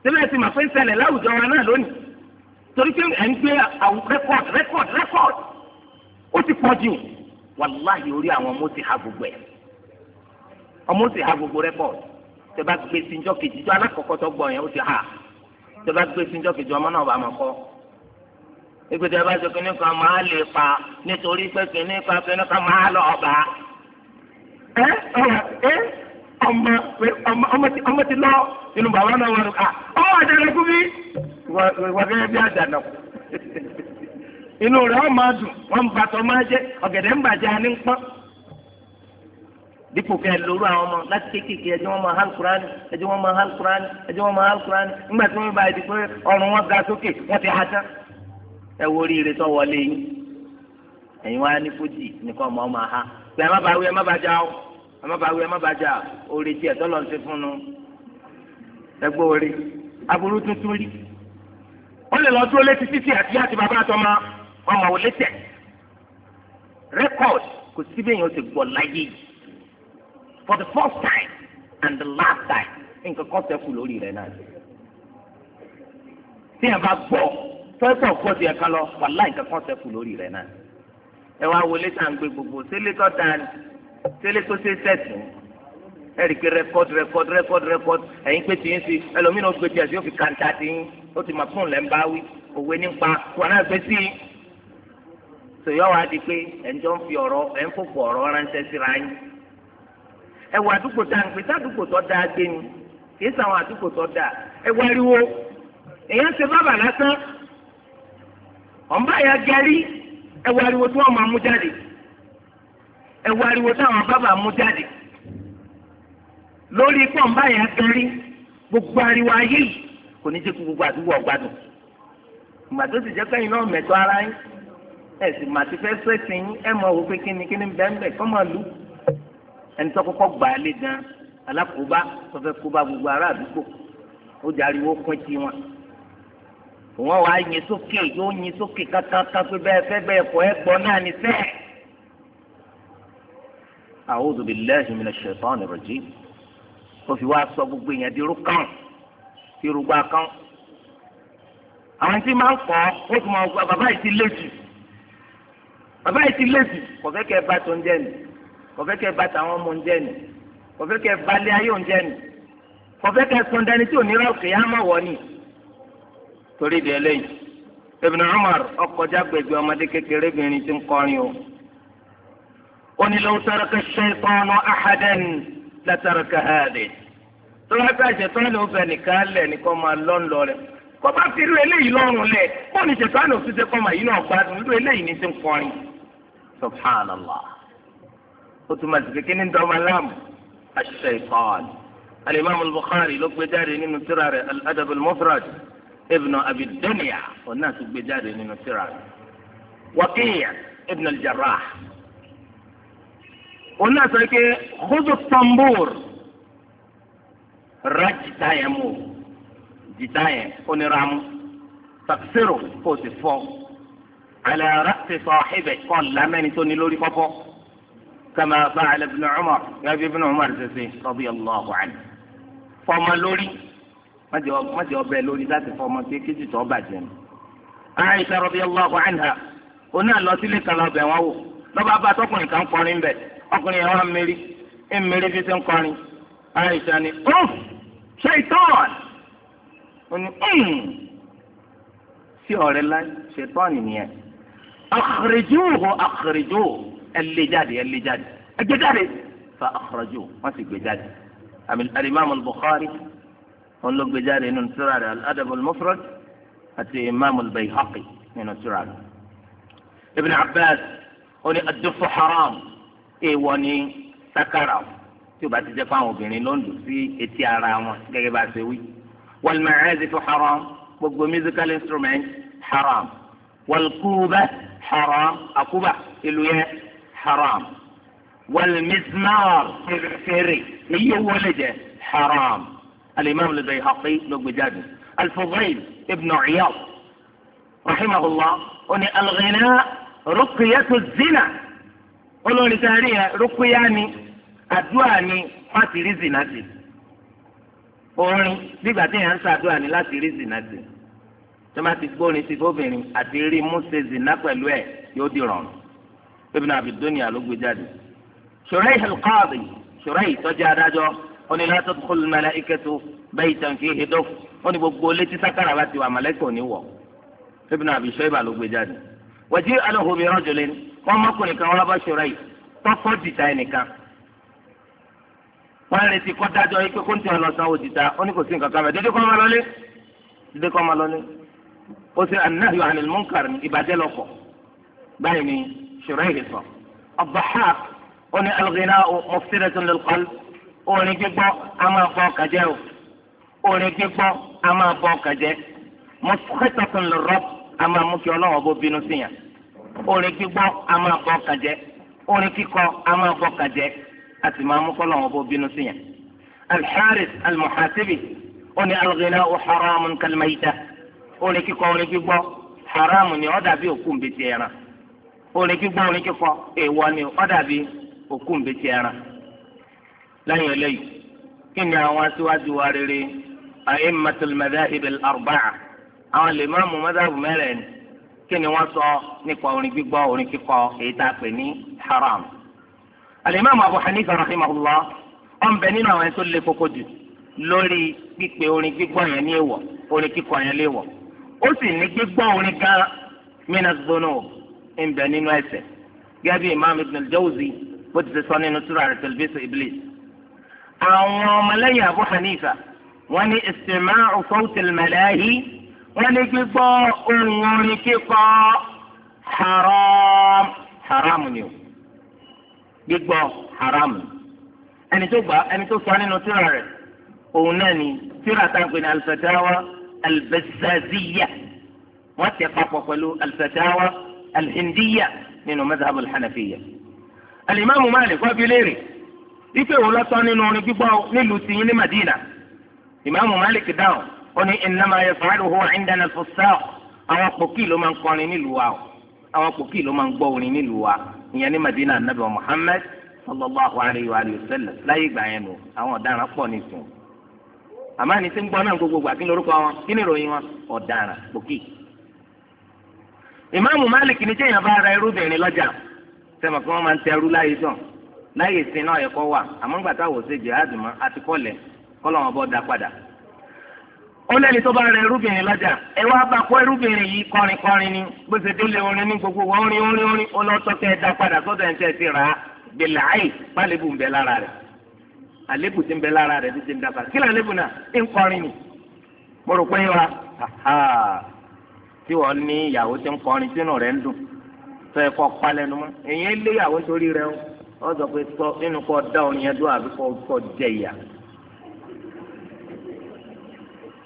síbẹ̀ fẹ́ láwùjọ wa náà lónìí torí pé ẹ̀ ń gbé rẹ́kọ̀d rẹ́kọ̀d rẹ́kọ̀d ó ti pọ̀ jù wàláhì ha gbogbo ẹ̀ ọmọ ti ha gbogbo rẹ́kọ̀d tẹ bá ha. tó bá gbé síjọ́ kejì ọmọ náà bá mọ̀ kọ́ ìgbésẹ̀ bá ṣe kínní kan máa lè pa nítorí pé kínní kan kínní kan máa lọ ọba. ẹ ẹ ọmọ ọmọ ti lọ inú bàbá náà wọn kà ọ àdàlẹ kú bí wà gẹ́gẹ́ bí àdàlẹ [laughs] inú rẹ̀ ọ̀ máa dùn wọ́n bàtọ̀ máa jẹ́ ọ̀gẹ̀dẹ̀ ń bàjẹ́ àní ń pọ́n dípò kẹ lóru àwọn ọmọ láti kéékèèké ẹjẹ wọn máa alukurani ẹjẹ wọn máa alukurani ẹjẹ wọn máa alukurani nígbà tí wọn bá yẹ di pé ọrùn wọn ga sókè wọn ti ha tán ẹ wo oríire tó wọlé yín ẹ̀yin wá ní fújì nìkan ọmọ ọmọ ha pé ẹ má bàa wí ẹ má bàa já ọ ẹ má bàa wí ẹ má bàa já orí tiẹ̀ tọ́lọ̀ ń ṣe fún un ẹgbẹ́ orí aburú tuntun rí ó lè lọ dúró létí títí àti àti bàbá àtọmọ ọmọ òlétẹ rẹkọd kò síbẹ̀ yẹn ó ti gbọ́ láyé yìí for the first time and the last time nǹkan kan sẹ́kù lórí rẹ̀ náà. tí yẹn bá gbọ́ fẹ́sọ̀ gbọ́ ti ẹ̀ka lọ wàláì nǹkan kan sẹ́kù lórí rẹ̀ náà. ẹ wá wọlé tá à ń gbé gbogbo sílé tó dáa ni sílé tó ṣe sẹ́tù ẹ rí i pé rẹ́kọ́d rẹ́kọ́d rẹ́kọ́d rẹ́kọ́d ẹ̀yin pé tìyín sí ẹlòmíràn ó gbé tiẹ̀ sí ó fi kàńtà tìyín ó ti mà fún lẹ́ ń bá wí òwe nípa wọn náà gbé sí i. sòyọ́ wa di pé ẹ̀ ń jọ ń fi ọ̀rọ̀ ẹ̀ ń fòpò ọ̀rọ̀ ránṣẹ́ síra yín ẹwà àdúgbò tá à ń pè tá àdúgbò tó dáa gbé ni kì í sàwọn àdúgbò tó dáa ẹwà ariwo èèyàn ṣe bábà lásán ọ̀nbá ya gẹ́rí ẹwà ariwo tí wọ́n máa mú jáde ẹwà ariwo táwọn bábà mú jáde lórí ikú ọ̀nbá ya gẹ́rí gbogbo ariwo ayé yìí kò ní jẹ́ kó gbogbo àdúgbò ọ̀gbádùn ìgbà tó sì jẹ́ pé iná mẹ̀tọ́ ara yín ẹ̀sìn màtífẹ́ sẹ́sìn yín ẹ̀ mọ̀ wò pé kíni kíni bẹ́ẹ̀ bẹ́ẹ̀ kọ́ máa lù ú ẹni tó kọ́kọ́ gbà á lé gan alákòóbá tó fẹ́ kóbá gbogbo ará àdúgbò ó darí owó pín tí wọn wọn wàá yin sókè yóò yin sókè kankan pé bẹ́ẹ̀ fẹ́ bẹ́ẹ̀ kọ́ ẹ gbọ́ náà ní sẹ́ẹ̀. A'udhu billahi minash shaitani rajim ó fi wá sọ gbogbo èèyàn di irú kan di irúgbà àwọn tí máa ń kọ́ ó sì máa ń bàbá yìí ti lé jù bàbá yìí ti lé jù kò fẹ́ kẹ́ ẹ bá tó ń jẹ́ nìyí kọfẹ́ kẹ́ bàtà àwọn ọmọ oúnjẹ nì kọfẹ́ kẹ́ balẹ̀ ayé oúnjẹ nì kọfẹ́ kẹ́ sọ̀ndẹ́ni tí òní rọ̀kì yá má wọ̀ ni. torí ìdí ẹlẹ́yìn Ibn Umar ọkọjá gbẹgbẹ ọmọdé kékeré bìnrin ti ń kọrin o. ó ní law taraka ash-shaytanu ahadan la taraka hadhihi. tó bá ló fẹ́ nìkan lẹ̀ nìkan máa lọ́ńlọ rẹ̀ kọ́ bá fi irú eléyìí lọ́rùn lẹ̀ kó ní ṣètọ́ àná òfin ṣe kọ́ màá yìí náà gbádùn irú eléyìí ní ti ń kọrin. subhanallah. وتما تفكين انت ملام الشيطان الامام البخاري لو بداري من سرار الادب المفرد ابن ابي الدنيا والناس بداري من سرار وقيع ابن الجراح والناس هيك خذ الطنبور رج تايمو جتاية ونرام تكسره فوت فوق على رأس صاحبه قال لا ماني توني لوري فوق كما فعل ابن عمر يا ابن عمر رضي الله عنه فما لوري ما جواب ما جواب لوري ذات فما كيكي توبا جن عائشة رضي الله عنها قلنا لو سيلي كلا بيواو لو بابا تقني كان قرين بي أقني يا أميري أميري في سن قرين عائشة ني أوف شيطان وني أم سي أوريلا شيطان ني أخرجوه أخرجوه اللجاج اللجاج الجدال فأخرجوه ما في الجدال أم الإمام البخاري قال له الجدال إن الأدب المفرد حتى الإمام البيهقي من السرعة ابن عباس قال الدف حرام إي وني سكرام تو بات جفان وبيني لوند في اتيارا ما كي باسوي والمعازف حرام بقو ميزيكال انسترومنت حرام والكوبة حرام أكوبة إلو haram wàlmísmár fèrè iye wọlé jẹ haram alimami lè bẹ̀rẹ̀ haqi ló gbé jáde alfudayl ibn Iyad rahimahullah oní alghina rukiyatu zina olórí sáré yẹn rukiya ni àdúrà ni láti rí zina sí orin nígbà tí yẹn ń ṣàdúrà ni láti rí zina sí tọ́mátì gbórin sí fóbìnrin àti rí mú ṣe zina pẹ̀lú ẹ̀ yóò di rọrùn. Ibn Abi Dunya ló gbé jáde. Shuraih al-Qadi Shuraih tọ́jú adájọ́ ó ní la tadkhul al-mala'ikatu baytan fihi duf ó ní gbogbo létí sákàrà bá ti wà màláíkà ní wọ̀ Ibn Abi Shayba ló gbé jáde. Wa ji'a lahu bi rajulin wọ́n mọ́kùnrin kan wọ́n bá Shuraih tọ́kọ́ dìtà ẹnìkan wọ́n retí kọ́ dájọ́ yìí pé kó ń tẹ̀ ọ́ lọ sanwó dìtà ó ní kò sí nǹkan kan bẹ̀ dédé kọ́ máa lọlé dédé kọ́ máa lọlé ó sì annahu anil munkar ìbàjẹ́ lọ́kọ̀ báyìí ni شريهصة الضحاك أني الغناء مفسدة للقلب أني جبا أما فوق جو أن جبا أما فوق جو مسخطة للرب أما مكيولون أبو بنسيا أني جبا أما فوق جو أن كيكو أما فوق جو أتما مكيولون أبو بنسيا الحارس المحاسبي أني الغناء حرام كالميتة أني كيكو أن جبا حرام يعدى بيكم بتيران orin kíkọ orin kíkọ èèwọ̀ ni ó dàbí òkú nbẹtì ẹran lẹ́yìn eléyìí kí ni àwọn aṣíwájú wa rere a'immatul madhahib al-arba'a àwọn lè máa mú madhahabu mẹ́rẹ̀ẹ́n kí ni wọ́n sọ nípa orin gbígbọ́ orin kíkọ èyí tá a pè ní haram. al-imam abu hanifa rahimahullah ọ̀n bẹ nínú àwọn ẹ̀sọ́ lè koko jù lórí pípe orin gbígbọ́ yẹn ní èèwọ̀ orin kíkọ yẹn léèwọ̀ ó sì ní gbígbọ́ orin gan mina dhunub ń bẹ nínú ẹ̀ṣẹ̀ gẹbi imam ibn al bó ti sọ nínú sura rẹ̀ tẹlifíṣọ iblis. àwọn ọmọlẹ́yìn abu hanifa wọ́n ní istima'u sawt al-malahi wọ́n ní gbígbọ́ ohùn orin kíkọ haram haram ni o gbígbọ́ haram ẹni tó gbà ẹni tó sọ nínú sura rẹ̀ òun náà ni sura tá a gbé ní al-fatawa wọ́n tẹ̀ papọ̀ pẹ̀lú alhindiya nínú madhab alhanafiya alimami malik wá bi léèrè wípé òun lọ́tọ́ nínú orin gbígbọ́ nílùú tìyín ní madina imaamu malik dáhùn ó ní innama yaf'aluhu 'indana al-fussaq àwọn pòkì ló máa ń kọrin nílùú wa àwọn pòkì ló máa ń gbọ́ orin nílùú wa ìyẹn ní madina anabi muhammad sallallahu alayhi wa sallam láyé ìgbà yẹn nù àwọn ọ̀daràn pọ̀ nísìnyí àmọ́ àni tí ń gbọ́ náà gbogbo àti lórúkọ wọn kí ni ìròyìn wọn ọ̀daràn pòkì ìmáàmù Malik ní téèyàn bá ra irúbìnrin lọ́jà sẹ́mi kí wọ́n máa ń tẹ ẹrú láyé dàn láyé sin náà ẹ̀kọ́ wà àmọ́ ńgbà táwọn ò ṣe jihad mọ́ àti kọ́lẹ̀ kọ́lọ́wọ́n bọ́ da padà. ó lẹ́ni tó bá ra irúbìnrin lọ́jà ẹ wá bá kọ́ irúbìnrin yìí kọrin kọrin ni bó ṣe délé orin ní gbogbo wọn orin orin orin ó lọ tọ́kẹ́ ẹ dá padà sọ́dọ̀ ẹ̀ ra gbèláì pálíbù ń bẹ lára rẹ̀ àlébù ti ń bẹ lára rẹ̀ ti ti ń dá padà tí wọ́n ní ìyàwó tí ń kọrin sínú rẹ̀ ń dùn tó ẹ kọ́ palẹ̀nu mọ́ èyàn lé ìyàwó sórí rẹ̀ o wọ́n sọ pé sọ nínú kọ́ da orin yẹn dùn àbí kọ́ kọ́ jẹ ìyà.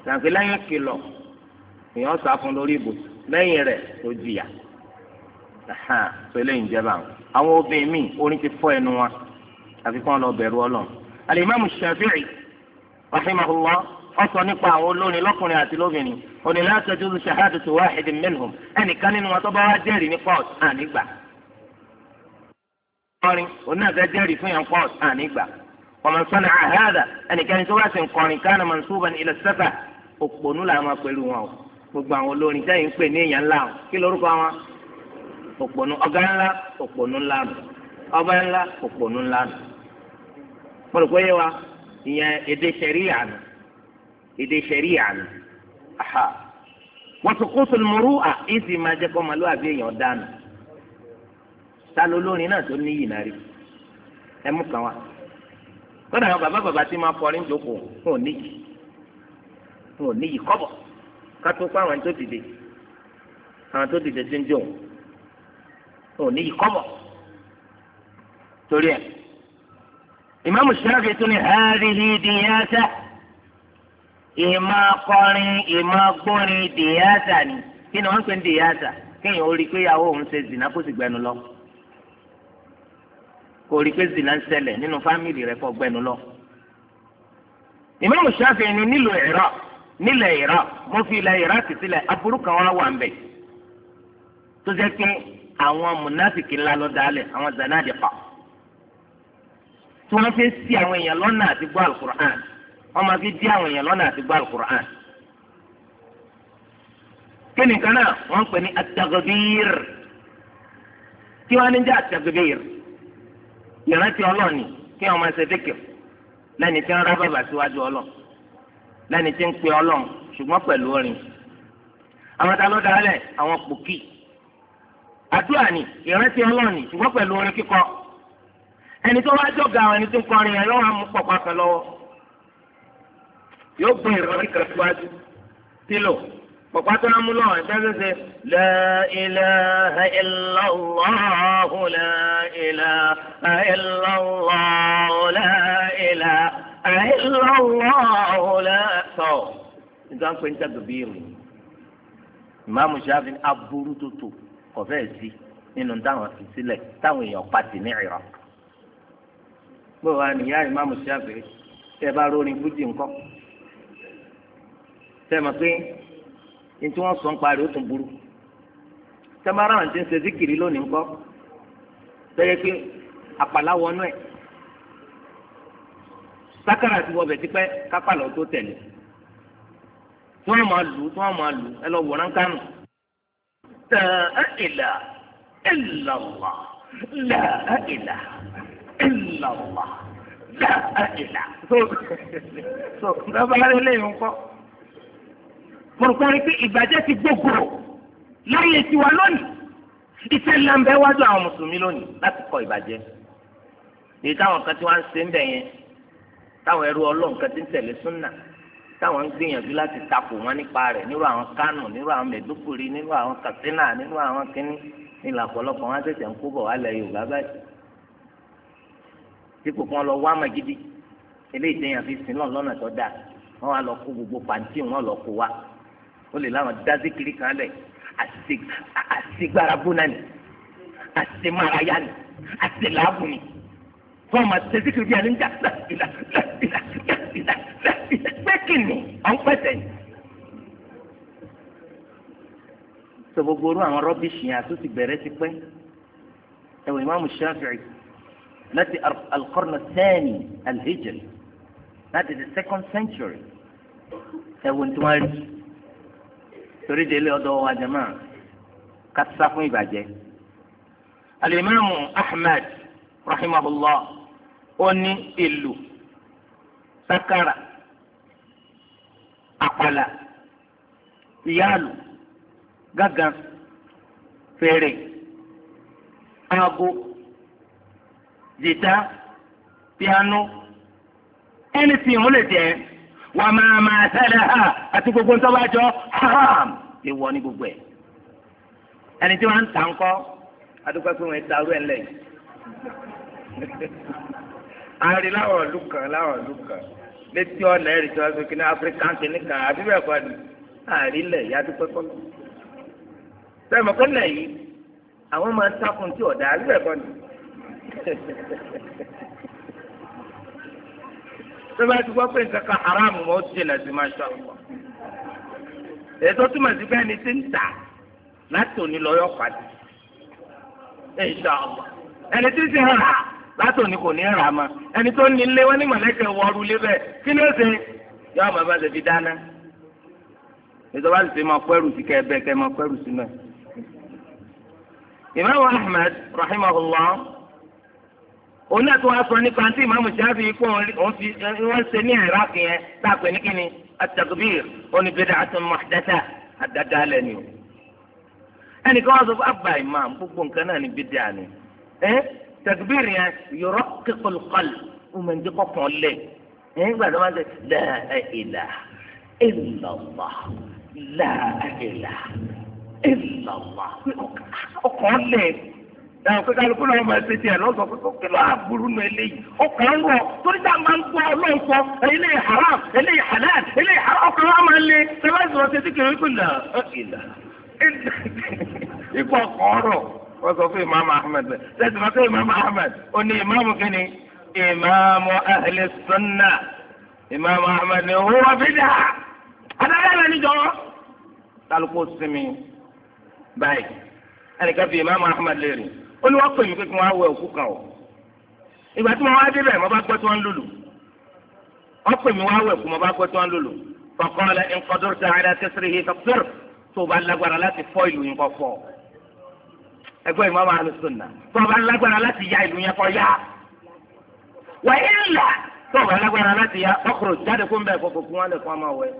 làǹkì lẹ́yìn kìlọ̀ èyàn sá fún lórí ibùsùn lẹ́yìn rẹ̀ tó jìyà pẹ̀lú ìjẹba àwọn obìnrin míì orin ti fọ́ ẹnu wọn àfi kí wọ́n lọ Shafi'i rahimahullah ọsọ nípa àwọn olórin lọ́kùnrin àti lóbìnrin òní láti ọjọ́ oṣù ṣahadu tó wáhìdì minhum ẹnìkan nínú wọn tó bá wá jẹ́rìí ní port ànígbà. kọrin òní náà fẹ́ jẹ́rìí fún yẹn port ànígbà. ọmọ sọ́nà àhádà ẹnìkan tó wá sí nkọrin kánà mansuban ila safa òpònú làwọn pẹ̀lú wọn o gbogbo àwọn olórin jẹ́yìn pè ní èèyàn ńlá o kí lorúkọ wọn òpònú ọ̀gá ńlá òpònú ńlá nù ọba ńlá òpònú ńlá èdè sẹ̀ríyà ni wọ́n tún kó sọlùmọ́rú à ń sì máa jẹ́ kó máa lọ́ àbí èèyàn dànù ta ló lórin náà tó níyì náà rí ẹ mú kàn wá kódà àwọn bàbá bàbá tí máa kọrin jókòó wọn ò níyì wọn ò níyì kọ́bọ̀ ká tó pa àwọn tó dìde àwọn tó dìde tí ń jó wọn ò níyì kọ́bọ̀ torí ẹ ìmáàmù Ṣáfi'í tún ní hàrí hìdí ìmọ̀ akọrin ìmọ̀ gbórin dìyàtà ni kí ni wọ́n ń pè ní dìyàtà kéèyàn ó rí pé ìyàwó òun ṣe zìnà lọ kò rí pé zìnà ń ṣẹlẹ̀ nínú fámìlì gbẹnu lọ. Imam Shafi'i ni nílò Iraq nílẹ̀ Iraq mo fi ilẹ̀ Iraq sílẹ̀ aburú kan wá wà ń tó jẹ́ pé àwọn mùnáfìkì ńlá àwọn tí wọ́n sí àwọn èèyàn lọ́nà àti gbọ́ wọ́n máa fi dí àwọn èèyàn lọ́nà àti gbá alukur'an. kí ni kan náà wọ́n ń pè ní atagbir kí wọ́n á ní jẹ́ atagbir ìrántí ọlọ́ọ̀ni kí wọ́n máa ṣe dékìr lẹ́ni tí ń rá bàbà síwájú ọlọ́ lẹ́ni tí ń pe ọlọ́ọ̀ ṣùgbọ́n pẹ̀lú orin. àwọn ta ló dalẹ̀ àwọn pòkì àdúrà ni ìrántí ọlọ́ọ̀ni ṣùgbọ́n pẹ̀lú orin kíkọ ẹni tó wá jọ̀gà àwọn ẹni tó ń kọrin ẹ̀ lọ́wọ́ àmúpọ̀ pàpẹ lọ́wọ́ yóò gbé ìrọ̀lì kan síwájú pílò pọ̀pá tó náà mú lọ́wọ́ ìjẹ́sẹ̀sẹ̀ la ilaha illallah la ilaha illallah la ilaha illallah la tọ̀ nígbà pé níta tó bí ìrìn ìmáàmù ṣáfi aburú tó tó kọ̀fẹ́ sí nínú táwọn fi sílẹ̀ táwọn èèyàn pàtì ní ìrọ̀ gbọ́dọ̀ wà níyà ìmáàmù ṣáfi tẹ́ bá rórin fújì ńkọ́ sẹ́mi pé ní tí wọ́n sọ ń parí ó tún burú sẹ́mi ara àwọn tí ń ṣe síkìrì lónìí ńkọ́ sẹ́yẹ pé àpàlà wọnú ẹ̀ sákàrà ti wọbẹ̀ tipẹ́ kápálọ̀ tó tẹ̀lé tí wọ́n máa lù tí wọ́n máa lù ẹ lọ wòran kánú. tẹ ẹ ìlà ìlà wà lẹ ẹ ìlà ìlà wà lẹ ẹ ìlà. so [laughs] so dábàá lé lẹ́yìn ńkọ́ mo rò pé rí pé ìbàjẹ́ ti gbogbo láyé tiwa lónìí iṣẹ́ ńlá ń bẹ wájú àwọn mùsùlùmí lónìí láti kọ ìbàjẹ́ èyí táwọn kan tí wọ́n ń ṣe ń bẹ̀ yẹn táwọn ẹrú ọlọ́run kan ti ń tẹ̀lé súnà táwọn ń gbìyànjú láti takò wọn nípa rẹ̀ nírú àwọn Kánò nírú àwọn Mẹ̀dúkùrí nírú àwọn Katsina nírú àwọn kínní nílò àpọ̀lọpọ̀ wọn ṣẹ̀ṣẹ̀ ń kó bọ̀ wálẹ̀ Yorùbá báyìí dípò kan lọ wá mà gidi eléyìí tẹ̀yàn fi sin lọ́nà tó dáa wọ́n wá lọ kó gbogbo pàǹtí wọn lọ kó wa ó lè láwọn dá zikiri kan lẹ̀ àṣegbárabó náà ni àṣemárayá ni àṣeláàbù ni fún ọmọ ṣe zikiri bí ẹni ń jà láìlá láìlá láìlá láìlá pẹ́kìnì ọ̀hún pẹ̀sẹ̀ ni. sọ gbogbo orú àwọn rọ́bìṣì yẹn àtúntì bẹ̀rẹ̀ ti pẹ́ ẹ̀wọ̀n ìmáàmù Shafi'i láti alqarna thani alhijri láti the second century ẹ̀wọ̀n tí wọ́n rí torí délé ọ̀dọ̀ wa jama kásá fún ìbàjẹ́ alimami ahmed rahimahullah ó ní ìlú sakara àpàlà ìyáàlú gàgà fèrè aago jìtá piano anything ó lè jẹ́ wà máa máa tẹ́lẹ̀ hà àti gbogbo ń tọ́ba jọ haram ti wọ ní gbogbo ẹ̀. ẹni tí wọ́n ń tà ń kọ́ adúgbò pé wọ́n ti darú ẹ̀ lẹ̀. àárín láwọn ọ̀lú kan láwọn ọ̀lú kan létí ọ̀nà ẹ̀rì tí wọ́n sọ kí ní áfíríkà ń kíní kan àbí bẹ́ẹ̀ kọ́ ni àárín lẹ̀ yá dúpẹ́ kọ́. sẹ́mi kọ́ lẹ̀ yìí àwọn máa ń sákun tí ọ̀dà àbí bẹ́ẹ̀ kọ́ [laughs] tó bá ti gbọ́ pé nǹkan kan haram mọ́ ó ti jìnà sí máa ṣọ́ àwọn. ètò túmọ̀ sí pé ẹni tí ń tà láti òní lọ yọ pàdé insha Allah ẹni tí ń ti hàn láti òní kò ní rà mọ́ ẹni tó ní ilé wọn ní mọ̀lẹ́kẹ̀ wọ́ọ́rù lé kí ni ṣe yọ ọmọ ṣe fi dáná ìjọba ti fi máa pẹ́rù sí kẹ́ ẹ máa pẹ́rù sí náà. Imam Ahmad rahimahullah òun náà tó wá sọ nípa tí ìmáàmù ṣáàbì yìí pọ̀ òun fi wọ́n ṣe ní iraq yẹn tá a pè ní kíni atagbir oníbẹ̀dà àtúnmọ̀ àdáta àdáta alẹ́ ni o. ẹnìkan wá sọ fún abba imam gbogbo nǹkan náà ní bídíà ni ẹ tagbir yẹn yọrọ kíkọlùkọlù ọmọ ẹni lẹ ẹ nígbà tó máa ń sẹ la ilaha illallah la ilaha ọkàn lẹ ẹ̀rọ pé kálukú náà máa ṣe tiẹ̀ lọ́sọ̀ pé kí ló àbúrú nu eléyìí ọkàn ń rọ torí tá a máa ń gbọ́ ọlọ́run sọ eléyìí haram eléyìí halal eléyìí haram ọkàn wa máa lé sẹ́wọ́n sọ̀rọ̀ ṣe síkìrì wípé là ìlà ikú ọkàn ọ̀rọ̀ wọ́n sọ fún imaamu ahmed sẹ́sì máa sọ imaamu ahmed ó ní imaamu kínní imaamu ahli sunna imaamu ahmed ní owó wa fi dà adáyà rẹ̀ níjọ́ ó ní wọ́n pè mí pé kí wọ́n á wẹ òkú kan o ìgbà tí mo wá débẹ̀ mo bá gbọ́ tí wọ́n ń lòlò wọ́n pè mí wá wẹ̀ kú mo bá gbọ́ tí wọ́n ń lòlò faqala in qadirta ala kasrihi faqdir tó o bá lágbára láti fọ́ ìlú yín kọ́ fọ́ ẹgbẹ́ ìmọ̀ máa lọ sunna tó o bá lágbára láti ya ìlú yẹn kọ́ ya wà á ilà tó o bá lágbára láti ya ọkùnrin jáde fún bẹ́ẹ̀ kọ́kọ́ fún wọn lè fún ọmọ wẹ̀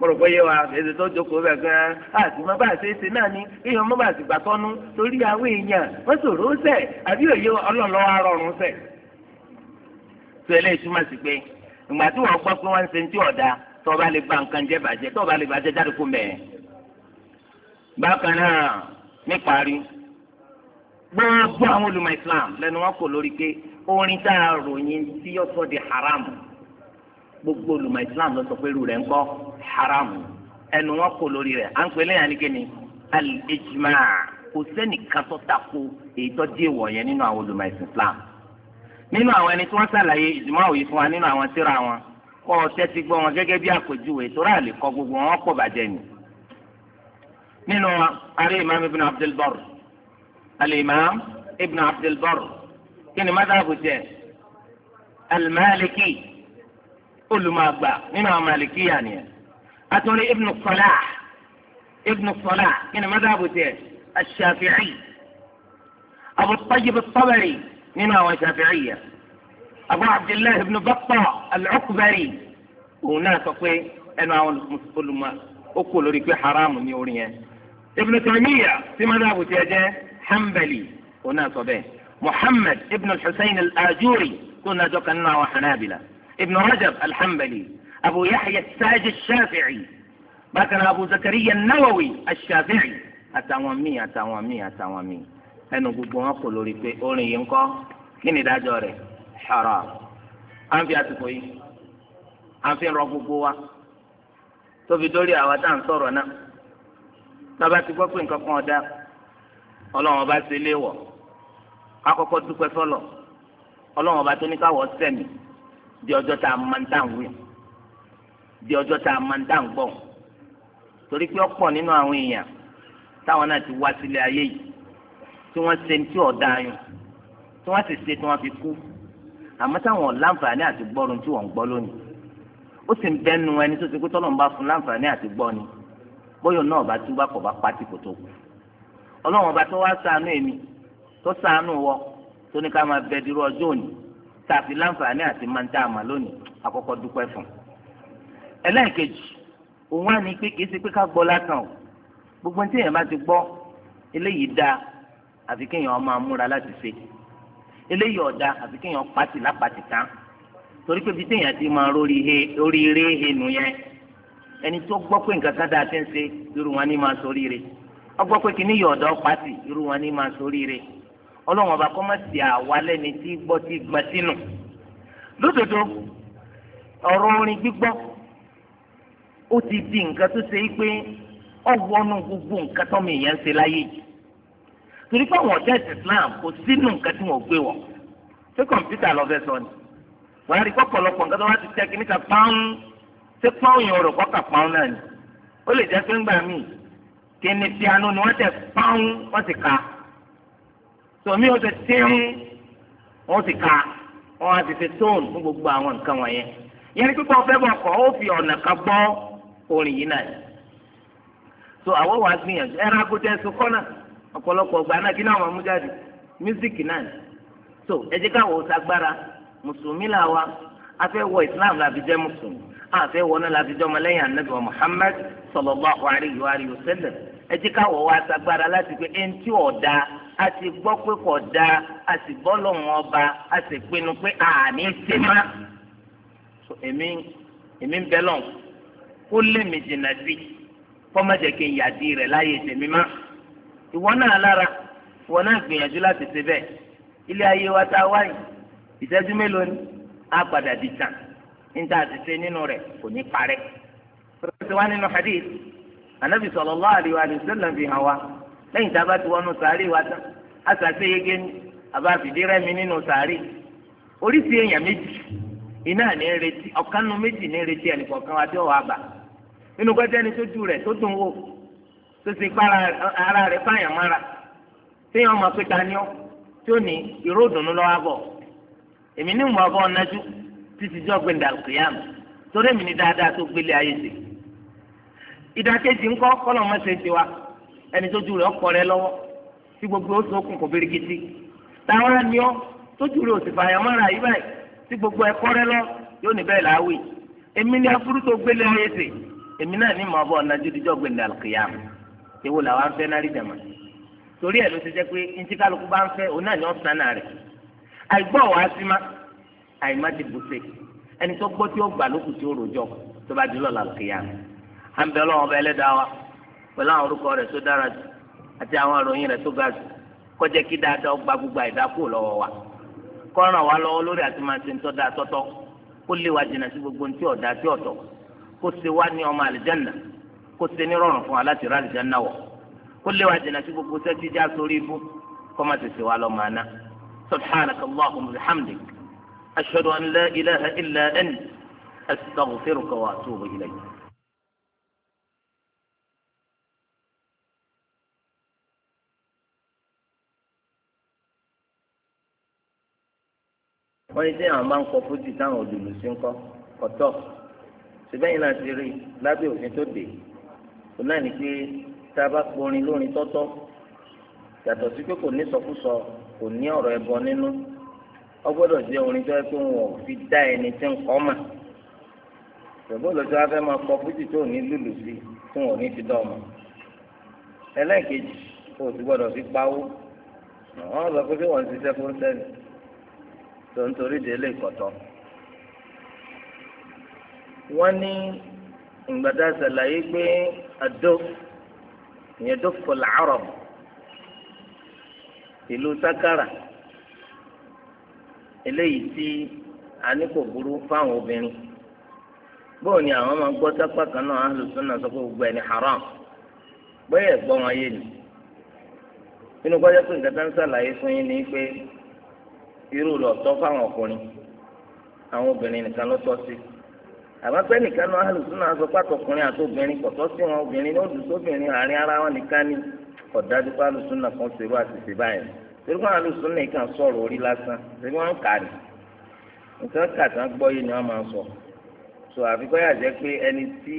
mo rò pé yé wa èdè tó jókòó bẹ̀ gan-an àti má bàa ṣe é ṣe náà ni èèyàn má bàa sì gbà tọ́nu torí àwọn èèyàn wọ́n sòrò ó sẹ̀ àbí òye ọlọ́lọ́ wa rọrùn sẹ̀. tó eléyìí túmọ̀ sí pé ìgbà tí wọ́n gbọ́ pé wọ́n ń ṣe ti ọ̀dà tó bá lè ba nǹkan jẹ́ bàjẹ́ tó bá lè bàjẹ́ jáde kó mẹ́ẹ̀. bákan náà níparí gbogbo àwọn olùmọ̀ Islam lẹ́nu wọn kò lórí pé orin tá a ròyìn tí yóò gbogbo olùmọ̀ islam ló sọ pé irú rẹ̀ ń kọ́ haramu ẹnu wọn kò lórí rẹ̀ à ń pè lẹ́yìn anigeni al-ijma kò sẹ́nìkan tó tako èyí tó dé wọ̀ yẹn nínú àwọn olùmọ̀ ẹ̀sìn islam nínú àwọn ẹni tí wọ́n ṣàlàyé ìjùmọ̀ òye fún wa nínú àwọn tírà wọn kọ́ ọtẹ́ ti gbọ́ wọn gẹ́gẹ́ bí àpèjúwe torí àlè kọ́ gbogbo wọn pọ̀ bàjẹ́ ni nínú àrí imam ibn abdul bar imam ibn abdul kí ni madhabu jẹ́ al كله ما أبقى من مالكية يعني أتوني ابن الصلاح ابن الصلاح هنا ماذا أبو تيش الشافعي أبو الطيب الطبري من وشافعية أبو عبد الله بن بطة العقبري وناس تقوي أنا أقول كل ما أقول لك حرام يوريا يعني. ابن تيمية في ماذا أبو تيش حنبلي هنا محمد ابن الحسين الآجوري كنا جوكنا وحنابلة ابن رجب الحنبلي أبو يحيى الساج الشافعي بكر أبو زكريا النووي الشافعي àtàwọn míì àtàwọn míì àtàwọn míì ẹnu gbogbo wọn kò lórí pé orin yìí ń kọ́ kí ni ìdájọ́ rẹ̀ haram à ń fi àsìkò yìí à ń fi rọ gbogbo wa tó fi dórí àwa tá à ń sọ̀rọ̀ náà lọ́ba ti gbọ́ pé nǹkan kan ọ̀dà ọlọ́wọ́n bá ṣe léèwọ̀ kákọ́kọ́ dúpẹ́ fọlọ̀ ọlọ́wọ́n bá tó ní káwọ́ sẹ́mi di ọjọ́ tá a máa ń dà ń wí di ọjọ́ tá a máa ń dà ń gbọ́ torí pé ọ̀pọ̀ nínú àwọn èèyàn táwọn náà ti wá sílé ayé yìí tí wọ́n ṣe tí ọ̀dà ayùn tí wọ́n sì ṣe tí wọ́n fi kú àmọ́ táwọn ò láǹfààní àti gbọ́run tí wọ́n ń gbọ́ lónìí ó sì ń bẹ́nu ẹni tó ti pé tọ́lọ́run bá fún láǹfààní àti gbọ́ ni bóyá náà bá túbà kọ̀ bá pátì kò tó kù ọlọ́run ọba tó wá ṣàánú èmi tó ṣàánú wọ tó máa bẹ dirú ọjọ́ òní tá a láǹfààní àti máa ń dá a mà lónìí àkọ́kọ́ dúpẹ́ fún un. ẹlẹ́ẹ̀kejì òun á gbogbo tí èèyàn bá ti gbọ́ eléyìí dáa àfi kéèyàn máa múra láti ṣe eléyìí ọ̀dà àfi kéèyàn pàtì lápàtì tán torí pé bí téèyàn ti máa rórí eré henu yẹn ẹni tó gbọ́ pé nǹkan ti ń irú wọn ni máa ọgbọ́ pé kìíní yọ̀ọ̀dọ́ pàtì irú wọn máa ọlọ́run ọba kọ́ má sí àwa lẹ́ni tí gbọ́ tí gbọ́ sínú. lódodo ọ̀rọ̀ orin gbígbọ́ ó ti di nǹkan tó ṣe pé ọ̀wọ́nú gbogbo nǹkan tó mi yẹn ń ṣe láyé yìí. torí pé àwọn ọ̀tẹ́ Islam kò sínú nǹkan tí wọ́n gbé wọ̀ ṣé kọ̀ǹpútà lọ fẹ́ sọ ni. wọ́n á rí kọ́pọ̀lọpọ̀ nǹkan tó wá ti tẹ́ kí níta pàún ṣé pàún yẹn rò kọ́kà pàún náà ni. ó lè jẹ́ pé ńgbà míì kí ni piano ni wọ́n tẹ̀ pàún wọ́n ti ka tòmí o ti tẹ́hún wọ́n ti ka wọ́n á ti fi tóun fún gbogbo àwọn nǹkan wọ̀nyẹn yẹn ní pípa ọ̀fẹ́ bọ̀ kọ́ ó fi ọ̀nà kan gbọ́ orin yìí náà so àwọn wàá gbìyànjú ẹ̀rọ akutẹ sọkọ́ náà ọ̀pọ̀lọpọ̀ ọgbà náà kí náà wọ́n mú jáde mísíkì náà so ẹ jẹ́ káwọn ò sagbára mùsùlùmí là wa a fẹ́ wọ islam láti jẹ́ mùsùlùmí a fẹ́ wọ náà láti jẹ́ ọmọlẹ́yìn anabi wa muhammad sallallahu alayhi wa sallam ẹ jẹ́ káwọn wàá sagbára láti pé ẹni tí ọ̀dà a sì gbọ́ pé kò dáa a sì gbọ́ lòun ọba a sì pinnu pé àní ṣe má èmi èmi ń bẹ lọ́n kó lé mi jìnnà sí kọ́mọ̀jẹ̀ kí n yàdí rẹ̀ láyé tèmi má ìwọ náà lára ìwọ náà gbìyànjú láti ṣe bẹ́ẹ̀ ilé ayé wa tá a wáyé ìṣẹ́jú mélòó ni á padà di tàn níta àti ṣe nínú rẹ̀ kò ní parẹ́. Rẹ̀ ti wá nínú hadith, ànábì sallallahu alaihi wa fi hàn wá. lẹ́yìn tá a bá ti wọnú sàárì wa tán a sàṣe yege ní àbá fìdí rẹmi nínú sàárì oríṣi èèyàn méjì iná ní retí ọ̀kanu méjì ní retí ẹnìkọ̀ọ̀kan wa tí ó wà bà nínú gbọ́dọ̀ ẹni tó ju rẹ̀ tó dùn wò tó ti ara rẹ̀ fáyàn téèyàn ọmọ pé tí ó ní ìró ìdùnnú lọ́wọ́ bọ̀ èmi ní ọ̀nájú títí jọ́ kìyàm torí èmi ní dáadáa tó gbélé ayé ẹni tójú rẹ̀ ọkọ rẹ̀ lọ́wọ́ tí gbogbo ó sókun kò birikiti táwọn á ní ọ tójú rẹ̀ òsì fàyàmọ́ra yìí báyìí tí gbogbo ẹ̀kọ́ rẹ̀ lọ yóò ní bẹ́ẹ̀ láwì èmi ni afúrú tó gbélé ayé sè èmi náà ní màá bọ̀ ọ̀nà jíjọ́ gbẹ̀ndà kìyàm èwo làwọn afẹ́ náà rí jàmà torí ẹ̀ ló ti jẹ́ pé ntí kálukú bá ń fẹ́ òun náà ní ọ̀sán náà rẹ̀ àìgbọ́ wàá sí má àìmá ti bù sí ẹni tó gbọ́ tí ó gbà lókùn tí ó rojọ́ tó bá dúró làlùkìyàm à ń bẹ ọlọ́wọ́ ọba ẹlẹ́dàá wa pẹ̀lú àwọn orúkọ rẹ̀ tó dára jù àti àwọn àròyìn rẹ̀ tó ga jù kó jẹ́ kí dáadáa gba gbogbo àìdákù lọ́wọ́ wa kó ràn wá lọ́wọ́ lórí àti máa ṣe ńtọ́ dáa tọ́tọ́ kó lé wa jìnnà sí gbogbo ntí ọ̀dà tí ọ̀tọ̀ kó ṣe wá ní ọmọ àlìjánà kó ṣe ní rọrùn fún wa láti rà àlìjánà wọ̀ kó lé wa jìnnà sí gbogbo sẹ́tí já sórí ibú kó má tètè wa wa bihamdik ashhadu an la wa atubu wọ́n ní sẹ́yìn àwọn máa ń kọ fújì táwọn òdòdó sí ń kọ́ ọ̀tọ̀ ṣùgbọ́n yìí náà ti rí lábẹ́ òfin tó dé kò náà ní pé tá a bá porin lórin tọ́tọ́ yàtọ̀ sí pé kò ní sọkúsọ kò ní ọ̀rọ̀ ẹbọ nínú ó gbọ́dọ̀ jẹ́ orin tó yẹ pé wọn ò fi dá ẹni tí ń kọ́ mà ṣùgbọ́n lọ́jọ́ afẹ́ máa kọ fújì tó ní lùlù sí tí wọn ò ní fi dá ọmọ ẹlẹ́ẹ̀kejì kò sì gbọ́dọ̀ fi pawó wọ́n sọ pé wọ́n ń ṣiṣẹ́ fún sẹ́ni tó ń torí délé ìkọ̀tọ̀. wọ́n ní ìgbàdá ṣàlàyé pé àdó ìyẹn dókò làárọ̀ ìlú sakara eléyìí tí a ní kò burú fáwọn obìnrin bóun ni àwọn máa gbọ́ sápá kan náà alùsùn náà sọ pé gbogbo ẹni haram bóyá ẹ̀gbọ́n wọn yé ni nínú kọjá pé nǹkan tá ń ṣàlàyé fún yín ni pé. irú lọ́tọ́ fáwọn ọkùnrin àwọn obìnrin nìkan ló tọ́ sí àbápẹ́ nìkan náà alùpùpù náà sọ pàtó ọkùnrin àti obìnrin kọ̀tọ́ sí wọn obìnrin ní òdùsó obìnrin àárín ara wọn nìkan ni ọ̀dájú pé alùpùpù náà kan ṣerú àṣìṣe báyìí torí wọn alùpùpù náà kàn sọ̀rọ̀ orí lásán torí wọn ń kà nǹkan kàtà gbọ́ yìí ni wọ́n máa ń sọ so àfikọ́ yà jẹ́ pé ẹni tí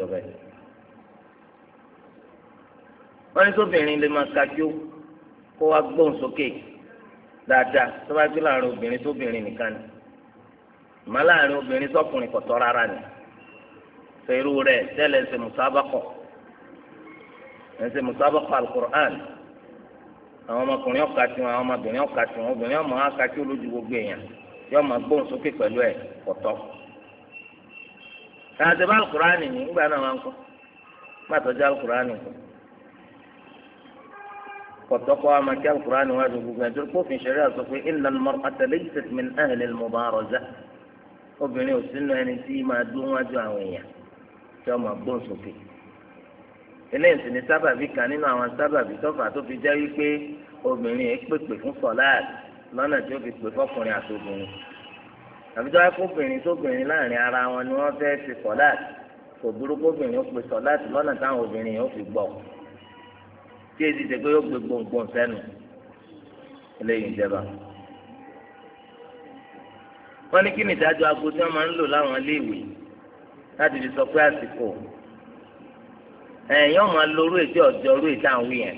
rẹ̀ ni wọ́n ní sóbìnrin lè máa kájú kó wá gbóhùn sókè dáadáa tó bá gbé láàrin obìnrin sóbìnrin nìkan ni ìmọ̀ láàrin obìnrin sọkùnrin kò tọ́ rárá ni fèrú rẹ̀ tẹ́lẹ̀ ṣe musabakọ̀ ẹ̀ṣẹ̀ musabakọ̀ alukur'an àwọn ọmọkùnrin ọ̀ka tí wọn àwọn ọmọbìnrin ọ̀ka tí wọn obìnrin ọmọ ọ̀ka tí olójú gbogbo èèyàn yóò máa gbóhùn sókè pẹ̀lú ẹ̀ kò tọ́ alukur'an nìyí ńgbà náà wọn kọ́ alukur'an kọtọkọ ama kí alukur'an wà ní gbogbo ẹjọ kó fin ṣẹlẹ̀ àti pé ilà lọmọrọ àtàlẹyìn tẹsí mi náà ní lọmọba àrọjá obìnrin ò sínú ẹni tí máa dún wájú àwọn èèyàn tí wọn máa gbóhùn sókè eléyìí sì ni sábàbí kan nínú àwọn sábàbí tọfà tó fi jẹ́ wípé obìnrin yẹn pèpè fún sọláàd lọ́nà tí ó fi pè fọkùnrin àti obìnrin àbíjọ akóbìnrin láàrin ara wọn ni wọ́n fẹ́ẹ́ ti sọláàd kò burúkú obìnrin ó pè sọláàd lọ́nà táwọn obìnrin yẹn ó fi gbọ́ tí èsì tẹ pé yóò gbé gbòǹgbòǹ sẹ́nu eléyìí ìjẹba. wọ́n ní kí ni ìdájọ́ aago tí wọ́n máa ń lò láwọn iléèwé láti fi sọ pé àsìkò ẹ̀yìn ọ̀ma lorú ètò ọ̀jọ́ orú ètò àwọn yẹn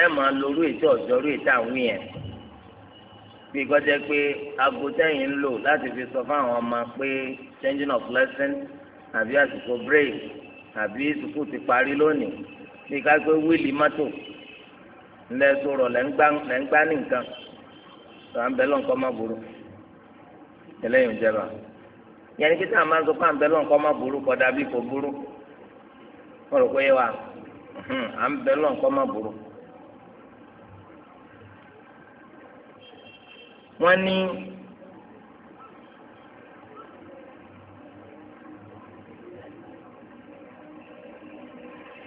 ẹ̀ máa lorú ètò ọ̀jọ́ orú ètò àwọn yẹn bí kọjá pé aago tẹ́yìn ń lò láti fi sọ fáwọn ọmọ pé changing of lesson àbí àsìkò break àbí sùkúù ti parí lónìí bí ká gbé wíìlì mọ́tò ńlẹ̀ sọ̀rọ̀ lẹ́ ń gbá ní nǹkan tó à ń bẹ́ lọ́nkọ́ má burú eléyìí ń jẹba yẹnni kí táwọn máa ń sọ pé à ń bẹ́ lọ́nkọ́ má burú kọ́ dàbí kò burú wọ́n rò pé wa à ń bẹ́ lọ́nkọ́ má burú. wọ́n ní.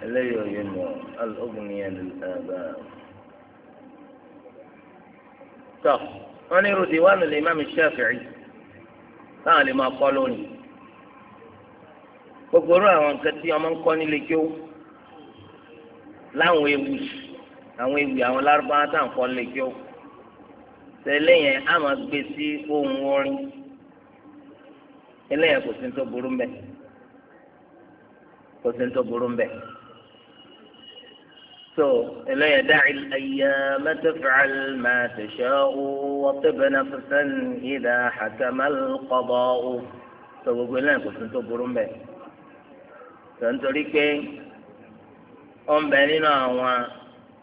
eléyìí òye mọ alóbìnrin ẹlẹgbẹ tọ wọn ní rudi wà nílé imáàmù Shafi'i táwọn lè máa kọ lónìí gbogbo orú àwọn nǹkan tí ọmọ ń kọ nílé kí ó láwọn ewu àwọn ewu àwọn lárúbáwá tá à ń kọ nílé kí ó tẹlẹ yẹn á máa gbé sí ohun orin eléyẹn kò sí ní tó burú mbẹ kò sí ní tó burú mbẹ. إلي دع الأيام تفعل ما تشاء وطب نفسا إذا حكم القضاء so gbogbo eléyìí kò tún tó burú mbẹ tó nítorí pé ó ń bẹ nínú àwọn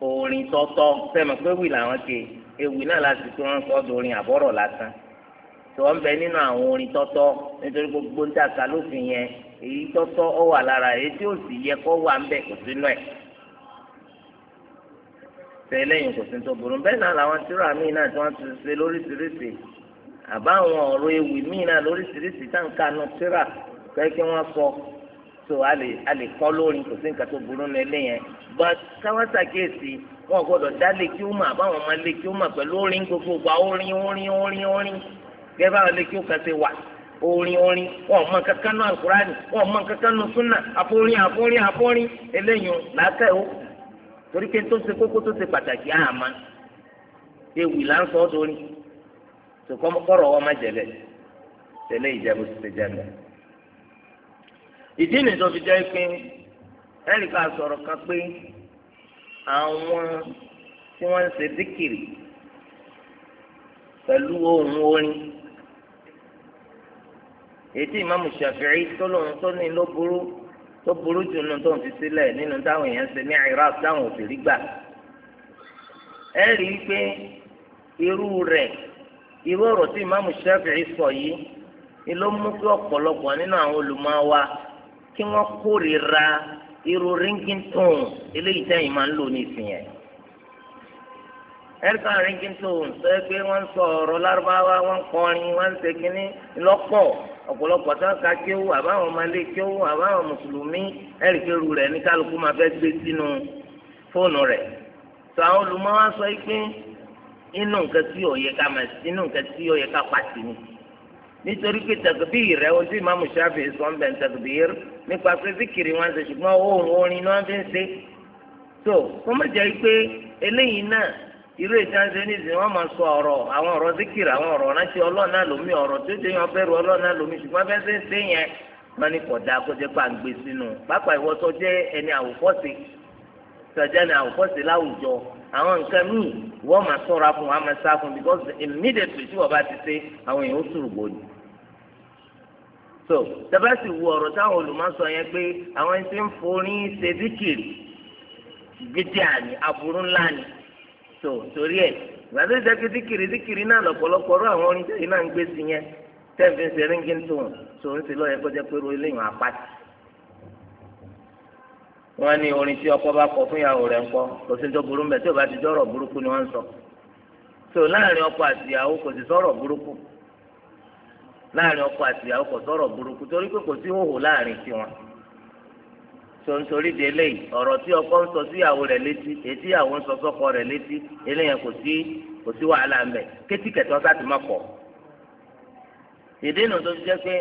orin tọ́tọ́ sẹ́mi pé wì làwọn ké ewì náà láti tó wọn kọ́ dorin àbọ̀rọ̀ lásán tó ń bẹ nínú àwọn orin tọ́tọ́ nítorí gbogbo ń dàka lófin yẹn èyí tọ́tọ́ ó lára èyí tí ó sì yẹ kó wà ń bẹ kò sínú ẹ̀ tẹ́lẹ̀ yìí kò sí tó burú bẹ́ẹ̀ náà làwọn tíra míì náà tí wọ́n ti ṣe lóríṣiríṣi àbáwọn ọ̀rọ̀ ewì míì náà lóríṣiríṣi táǹkà náà tíra kẹ́kẹ́ wọ́n sọ so a lè a lè kọ́ lórí kò sí nǹkan tó burú ní ilé yẹn but káwọn ṣàkíyèsí wọn gbọ́dọ̀ dá lékí ó mà àbáwọn ọmọ lékí ó mà pẹ̀lú orin gbogbo gba orin orin orin orin gẹ́gẹ́ báwọn lékí ó kàn ṣe wà orin orin wọn ò mọ kankan náà alukurani wọn ò mọ kankan náà sunna àforin àforin àforin eléyìí làákẹ́ ó torí pé tó ṣe kókó tó ṣe pàtàkì àmà ewì là ń sọ ọ́ sórí tòkọ́ kọ́rọ̀ wọn má jẹ̀lẹ̀ tẹ̀lé ìjẹ́bù ti ṣe jẹ́ mẹ́. ìdí nìyí tó fi jẹ́ pé ẹnì sọ̀rọ̀ kan pé àwọn tí wọ́n ń ṣe díkìrì pẹ̀lú ohun orin ètí ìmáàmù Ṣàfi'í tó lóun tó ní ló tó burú jù nínú tó ń fi sílẹ̀ nínú táwọn èèyàn ṣe ní iraq táwọn òbí gbà ẹ rí i pé irú rẹ̀ irú ọ̀rọ̀ tí ìmáàmù Ṣáfi'í sọ yìí ni ló mú kí ọ̀pọ̀lọpọ̀ nínú àwọn olùmọ̀wá kí wọ́n kórìíra irú ringington eléyìí tẹ́yìn máa ń lò ní ìsìnyẹn ẹ̀ka ringington sọ pé wọ́n ń sọ ọ̀rọ̀ lárúbáwá wọ́n ń kọrin wọ́n ń ṣe kínní lọ́pọ̀ ọ̀pọ̀lọpọ̀ tó ń ka kéwú àbáwọn ọmọlé kéwú àbáwọn mùsùlùmí ẹ̀ríkẹ́rù rẹ̀ ní kálukú máa fẹ́ gbé sínú fóònù rẹ̀ tó àwọn olùmọ̀ wá sọ pé inú nǹkan tí ò yẹ ká máa inú nǹkan tí ò yẹ ká pàtì ni nítorí pé tàgbìr rẹ ojú ìmáàmù sáfì sọmbẹ tàgbìr nípa pé zikiri wọn ṣe ṣùgbọ́n ohun orin ni wọ́n fi ń ṣe tó kọ́mọ̀jẹ́ pé eléyìí náà irú ìtànṣe ní ìsìn wọn máa sọ ọ̀rọ̀ àwọn ọ̀rọ̀ síkìrì àwọn ọ̀rọ̀ rántí ọlọ́ọ̀nà lómi ọ̀rọ̀ tó ṣe yan bẹ̀rù ọlọ́ọ̀nà lómi ṣùgbọ́n bẹ́ẹ̀ ṣe ń ṣe yẹn wọn ní kọ̀dá kó jẹ́ pà ń gbé sínú pápá ìwọ tó jẹ́ ẹni àwòkọ́sí sọjá ni àwòkọ́sí láwùjọ àwọn nǹkan míì wọ́n máa sọ̀ra fún wa máa sá fún because immediately tí wọ́n bá ti ṣe àwọn èèyàn ó sùrù gbòdì so tabasi wu ọ̀rọ̀ táwọn olùmọ̀sọ yẹn pé àwọn ẹni tí ń forí ṣe díkìrì gidi àní aburú ńlá ni tó torí ẹ ìgbà tó jẹ́ pé díkìrì díkìrì náà lọ̀pọ̀lọpọ̀ àwọn orin tẹ̀yìn náà ń gbé sí yẹn tẹ́ǹfì ń ń tún tó ń ṣe lọ́yẹ̀ kó orin tí ọkọ bá kọ fún ìyàwó rẹ̀ ń kọ́ kò sí tó burú mbẹ́ tí ò bá ti burúkú ni wọ́n ń sọ. so láàrin ọkọ àti ìyàwó kò sọ̀rọ̀ burúkú láàrin ọkọ tontori de eléyìí ọ̀rọ̀ tí ọkọ ń sọ síyàwó rẹ̀ létí etí ìyàwó ń sọ sọ́kọ rẹ̀ létí eléyìí kò sí kò sí wàhálà ń bẹ kétí kẹtọ sáà ti má pọ̀. ìdínà tó ti jẹ́ pé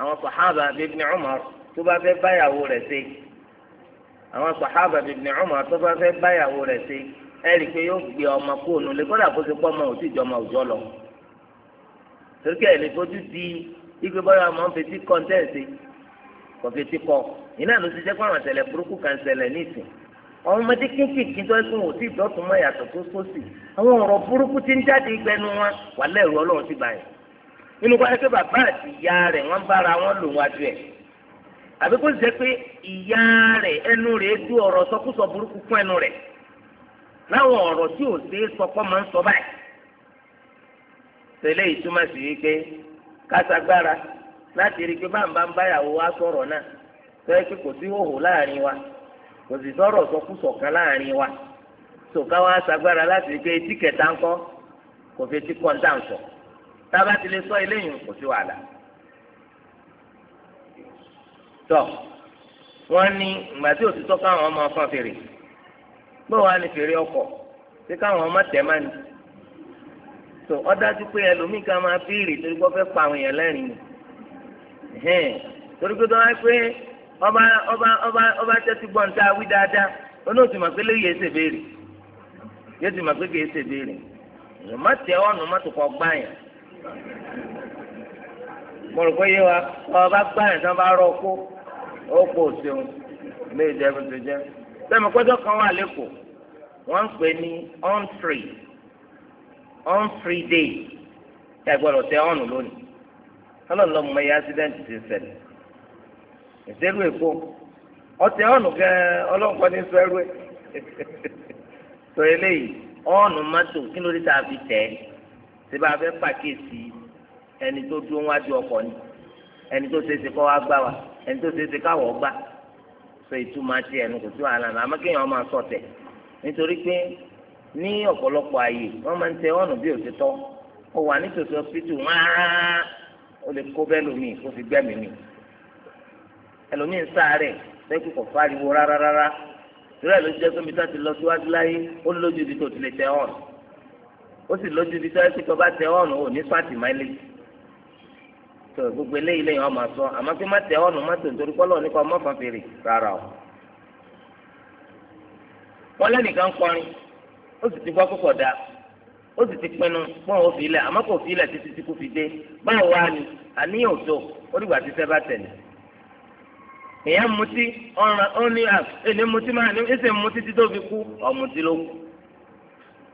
àwọn sàhábà Ibn Umar tó bá fẹ́ báyàwó rẹ̀ ṣe àwọn sàhábà Ibn Umar tó bá fẹ́ báyàwó rẹ̀ ṣe ẹ rí i pé yóò gbé ọmọ kóònù lé kódà kó ti pọ́ ọmọ òtí ìjọba òjọ́ lọ. torí kẹ́ ẹ̀ lè fojú di ìgbébọ́yọ̀ ọmọ ń fetí kọ́ńtẹ́ǹsì kò fetí kọ́ iná ló ti jẹ́ pé àwọn àṣẹlẹ̀ burúkú kan ṣẹlẹ̀ nísìn àwọn ọmọdé kéékèèké tó ẹkún wò sí ìdọ́tún mọ́ ìyàtọ̀ tó sósì àwọn ọ̀rọ̀ burúkú ti ń jáde gbẹnu wọn wà lẹ́rù ọlọ́run ti báyìí nínú bàbá àti ìyá rẹ̀ wọ́n bára wọn lò wájú ẹ̀ àbí kó pé ìyá rẹ̀ ẹnu rẹ̀ dú ọ̀rọ̀ sọkúsọ burúkú ẹnu rẹ̀ láwọn ọ̀rọ̀ tí ò máa fẹ́ẹ́ pé kò sí hòhò láàrin wa kò sì sọ̀rọ̀ sọkúsọ kan láàrin wa sòká wa sagbára láti gbé etí kẹta ńkọ́ kò fi etí kọ́ńtà ń sọ tába ti lè sọ eléyìí kò sí wàhálà. tọ́ wọ́n ní ìgbà tí òtítọ́ káwọn ọmọ ọkàn fèrè bóun á ní fèrè ọkọ̀ tí káwọn ọmọ tẹ̀ máa ní. tó ọdájú pé ẹlòmíì ká máa fi ìrì torí wọ́n fẹ́ pa àwọn èèyàn lẹ́rìn-ín torí pé tó wáá pé ọba ọba ọba ọba tẹ́tí gbọ́ nta wí dáadáa olóòtú mà pé léyìí ẹsẹ̀ béèrè yóò ti mà pé kéé ẹsẹ̀ má tẹ ọ̀nù má tó kọ mo rò pé yé wa ọba gbáyàn tí wọn rọ ọkọ ọkọ òṣèlú léyìí dẹ́gun tó jẹ kan wà on free on free day ẹ̀ gbọ́dọ̀ tẹ lónìí ọlọ́run accident ti ìṣẹ́lú èkó ọtí ọ̀nù gẹ́ ọlọ́nkọ́ ní sẹ́rú ẹ̀ tó eléyìí ọ̀nù mọ́tò kí ló dé tá a fi tẹ̀ bá a fẹ́ pàkíyèsí ẹni tó dúró ni ẹni tó ṣe é ṣe kọ́ wá gbá wa ẹni tó ṣe é ṣe káwọ̀ gbá sọ ìtumọ̀ àti ẹnu kò sí wàhálà náà máa sọ nítorí pé ní ọ̀pọ̀lọpọ̀ ààyè wọ́n máa ń tẹ bí ó wà nítòsí ọsibítù ẹlòmíín sáré lẹ́kùn kò fáriwo rárá rárá ìrọ̀ ẹ̀ ló jẹ́ pé mita ti lọ síwájú láyé ó lójú ibi tó ti lè tẹ ọ̀n ó sì lójú ibi tó ti bá tẹ ọ̀n ò ní pàtì máìlì tó gbogbo eléyìí lẹ́yìn ọmọ sọ àmọ́ pé má tẹ ọ̀n má tó nítorí pọ́lọ́ nípa ọmọ fan fèrè rárá o. wọ́n lẹ́nìkan kọrin ó sì ti gbọ́ púpọ̀ dáa ó sì ti pinnu pọ́n ó fi ilẹ̀ àmọ́ kò fi ilẹ̀ títí tí kò fi dé báwo wá ni àníyàn tó ó dìgbà tí sẹ́ bá tẹ̀lé èyàn mutí ọ̀ràn ó ní à èlé mutí máa ní ẹsẹ̀ mutí títí fi kú ọ̀mùtí ló kú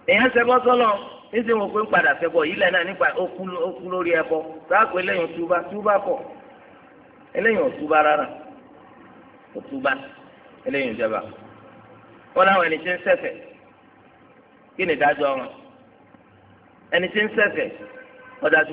èyàn ṣẹbọ sọlọ ẹsẹ̀ wọn pé ń padà ṣẹbọ yìí lẹ́nà nípa okú lórí ẹbọ sáàpù eléyìí túbá túbá pọ̀ eléyìí ò rárá ò túbá ìjọba wọn làwọn ẹni tí ń kí ni ìdájọ́ wọn ẹni tí ń ṣẹ̀fẹ̀ ọ̀dájú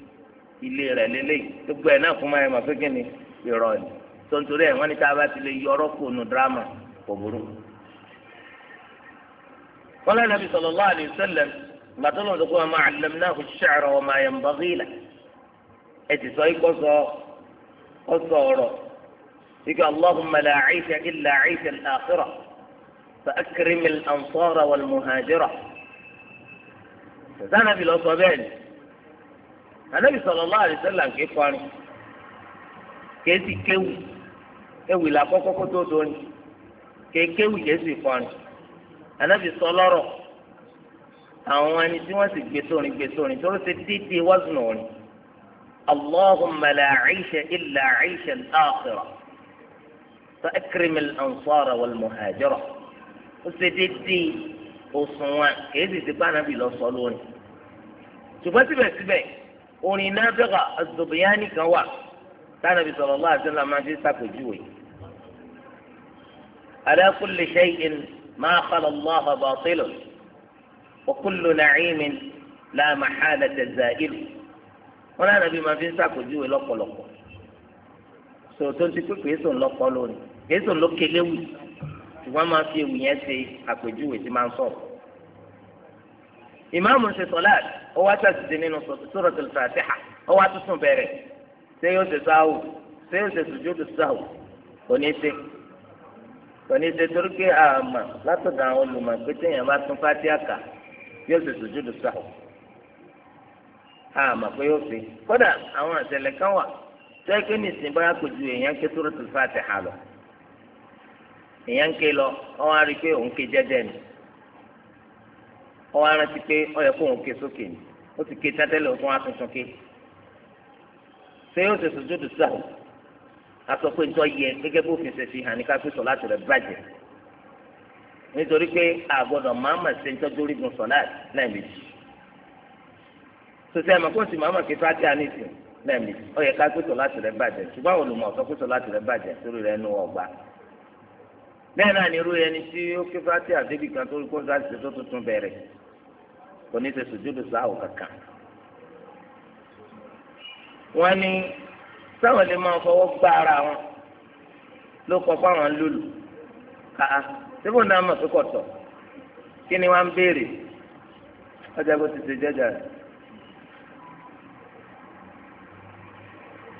ilé rẹ̀ lélẹ́yìí gbogbo ẹ̀ náà fún ẹ mọ̀ fún kíni irọ́ ni tó ń torí ẹ̀ wọ́n ní tá a bá ti lè yọ ọ̀rọ̀ kù nù dírámà kò burú. wọ́n lẹ́nu Nabi sallallahu alaihi wasallam gbàtọ́ lọ́dún kó ma allamnahu ash-shi'ra wa ma yanbaghi lahu ẹ ti sọ ikọ́ sọ ọ sọ ọ̀rọ̀ ike allahumma la 'aysha illa 'aysha al-akhirah fa akrim al-ansara wal-muhajira. sànà bí lọ sọ bẹ́ẹ̀ ni anabi sallallahu alaihi wasallam ń ké kọrin kéésì kéwì ewì la kọ́kọ́ kó tó dóni kéékéwì kéésì kọrin anabi sọ lọ́rọ̀ àwọn ẹni tí wọ́n sì gbé sórin gbé sórin tó ló ṣe dídí wọ́sùn òrin allahumma la aisha illa aisha al-akhirah fa akrim al-ansara wal-muhajira ó ṣe dídí òṣùwọ̀n kéésì ti bá anabi lọ sọ lórin ṣùgbọ́n síbẹ̀síbẹ̀ orin náfẹ́kà azọ̀bìyání kan wà tánàbí sallallahu alaihi wasallam máa fi sàpèjúwe. ala kulli shay'in ma khala Allaha batilun wa kullu na'imin la mahalata za'ilu. wọn náà nàbí máa fi sàpèjúwe lọ́pọ̀lọpọ̀. sòtò ti pé kìí sòun lọ́pọ̀ lónìí kìí sòun ló kéléwì ṣùgbọ́n máa fi ewì yẹn ṣe àpèjúwe tí máa ń sọ̀rọ̀ ìmáàmù ṣe sọláàt ó wá ṣàṣìṣe nínú suratul Fatiha ó wá tuntun bẹ̀rẹ̀ ṣé yóò ṣe sáwù ṣé yóò ṣe sùjúdù sáwù kò ní ṣe kò ní ṣe torí pé àmà látọ̀dọ̀ àwọn olùmọ̀ pé téèyàn bá tún Fatiha kà yóò ṣe sùjúdù sáwù àmà pé yóò ṣe kódà àwọn àṣẹlẹ̀ kan wà tẹ́kẹ́ nìsín bá kò ju èèyàn ké suratul Fatiha lọ èèyàn ké lọ wọ́n á rí i pé òun ké jẹ́jẹ́ ni ọwọ́ arántí pé ó yẹ kó òun ké sókè ni ó ti ké tẹ́tẹ́lẹ̀ òun wá tuntun ké ṣé yóò ṣe sùjúdù sáà aṣọ pé ń tọ́ yẹ gẹ́gẹ́ bó fèsì fi hàn ní ká pé sọ láti rẹ̀ bàjẹ́ nítorí pé àgbọ̀dọ̀ máàmà ṣe ń tọ́jú orígun sọ̀lá lẹ́ẹ̀mejì sọsẹ́ ẹ̀mọ́ kó sì máàmà kí fáti àníṣe lẹ́ẹ̀mejì ó yẹ ká pé láti rẹ̀ bàjẹ́ ṣùgbọ́n àwọn olùmọ̀ sọ pé láti rẹ̀ bàjẹ́ torí rẹ̀ nu ọgbà bẹ́ẹ̀ náà ni irú ẹni tí ó kí fáti àdébì kan tó rí kó kò ní ṣe sùjúdù sáwò kankan. wọ́n ní sáwọn lè máa fọwọ́ gbá ara wọn ló kọ fáwọn lólu kàá síbò náà mọ̀ sókò tọ̀ kí ni wọ́n ń béèrè ọjà bó ti ṣe jẹ́jà rẹ̀.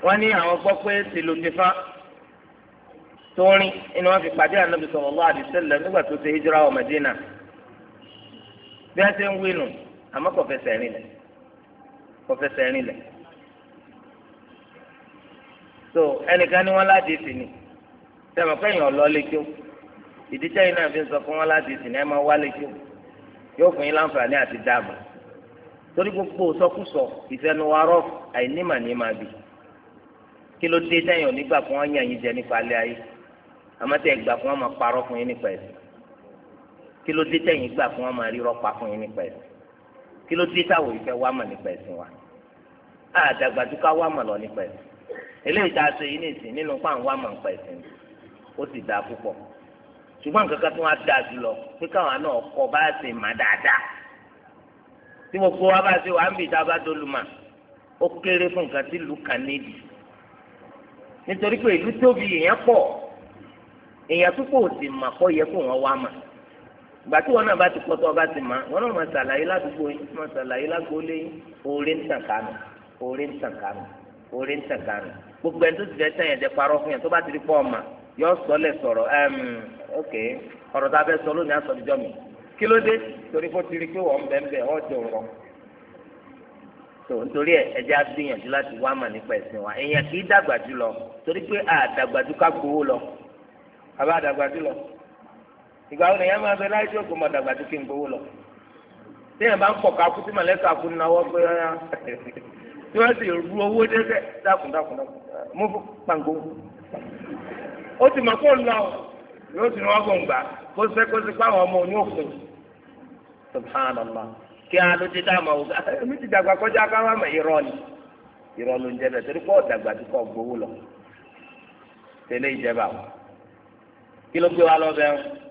wọ́n ní àwọn gbọ́ pé tìlù ti fa tóorin ni fi pàdé ànábì sallallahu alaihi wasallam nígbà tó ṣe hijira wọ Mẹ́dínà bí wọ́n ṣe ń wínú àmọ́ kò fẹsẹ̀ rìn lẹ̀ kò fẹsẹ̀ rìn lẹ̀ so ẹnìkan ní wọn láti sìn ní sẹ́mi pé èèyàn lọ létí o ìdíjẹ́ yìí náà fi ń sọ fún wọn láti sìn ní ẹ máa wá létí o yóò fún yín láǹfààní àti dáàbò torí gbogbo sọkúsọ ìfẹnuwarọ àìnímà ní máa bì kí ló dé sẹ́yìn onígbà fún wọn yàn yín jẹ nípa alẹ́ ayé àmọ́ tẹ́ ẹ gbà fún wọn máa parọ́ fún yín nípa ẹ̀sìn kí ló dé tẹ̀yìn gbà fún wọn máa rí rọ́pa fún yín nípa ẹ̀sìn kí ló dé táwọn ìfẹ́ wá mọ̀ nípa ẹ̀sìn wa àdàgbàdúkà wá mọ̀ lọ nípa ẹ̀sìn eléyìí tá a ṣe yìí nìsín nínú pàǹ wá mọ̀ nípa ẹ̀sìn ó sì dáa púpọ̀ ṣùgbọ́n nǹkan kan tó wá dáa jùlọ pé káwọn náà kọ́ bá ṣe má dáadáa tí gbogbo wa bá ṣe wà ń bì tá a bá dolùmọ̀ ó kéré fún nǹkan tí ìlú kan níbi nítorí pé ìlú tóbi èèyàn pọ̀ èèyàn púpọ̀ ò sì mà kọ́ yẹ kó wọ́n wá ìgbà tí wọn náà bá ti pọ̀ tó ọba ti mọ̀ wọn náà máa ṣàlàyé ládùúgbò yín máa ṣàlàyé lágbóolé yín oore ń tàn kánú oore ń tàn kánú oore ń tàn kánú gbogbo ẹni tó ti fẹ́ sẹ́yìn ẹ̀jẹ̀ parọ́ fún yẹn tó bá ti rí pọ́ ọmọ yọ sọlẹ̀ sọ̀rọ̀ ẹ̀m ok ọ̀rọ̀ tá a fẹ́ sọ lónìí aṣọ ìjọ mi kí ló dé torí kó ti rí pé wọ́n bẹ́ẹ̀ bẹ́ẹ̀ ọ́ jọ rọ tó nítorí ẹ̀jẹ̀ agbìyànjú láti wá mà nípa ẹ̀sìn wa èèyàn kì í dàgbà lọ torí pé àdàgbà ká gbowó lọ ìgbà wo nìyẹn máa bẹ láyé tí òkú mọ̀dàgbà tó kí n gbowó lọ téèyàn bá ń pọ̀ ká kú sí mọ̀lẹ́kà kú náwó pé ọ́yá tí wọ́n sì ru owó dẹ́sẹ̀ dákúndákún mú pàǹgó ó ti mọ̀ kó lọ yóò sì ní wọ́n gbọ̀n gbà kó sẹ́ kó sí páwọn ọmọ òní òfin subhanallah kí á ló ti dá àmọ́ òkú èmi ti dàgbà kọjá mọ̀ ni ló ń jẹ́ bẹ́ẹ̀ torí tó kọ́ gbowó lọ tẹ́lẹ̀ ìjẹba kí ló gbé wa lọ bẹ́ẹ̀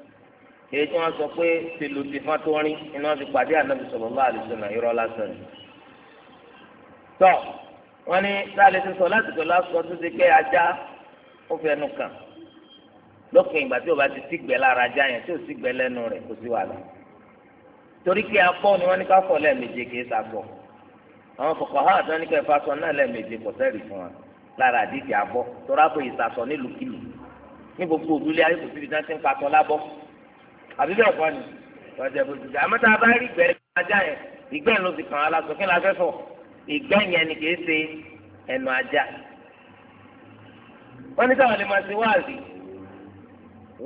èyí tí wọ́n sọ pé tìlù tìfọn tó rin iná ti pàdé ànábì sallallahu alaihi wasallam irọ́ lásán ni. tọ́ wọ́n ní sáàlì ti sọ láti pẹ̀lú aṣọ tó ti pé ajá ó fẹnu kàn lópin ìgbà tí o bá ti sígbẹ́ lára ajá yẹn tí o sígbẹ́ lẹ́nu rẹ̀ kò sí wàhálà torí kí afọ́ ni wọ́n ní ká fọ̀ lẹ́ẹ̀méje kì í sàgbọ̀ àwọn kọ̀kọ́ ha àti wọn ní ká ẹ̀fọ́ aṣọ náà lẹ́ẹ̀méje kò sẹ́rì fún wa lára àdìsí abọ́ tọ́ra bó ìsàsọ nílùkulù ní gbogbo òdúlé ayé kò síbi tí wọ́n ti ń pa aṣọ lábọ́ àbí bẹ́ẹ̀ kọ́ ni ọ̀jẹ̀ bó ti dà àmọ́ tá a bá rí ìgbẹ́ ajá yẹn ìgbẹ́ ló ti kàn án lásán kí ni a fẹ́ fọ̀ ìgbẹ́ yẹn ni kìí ṣe ẹnu ajá wọ́n ní sáwọn lè máa ṣe wáàzì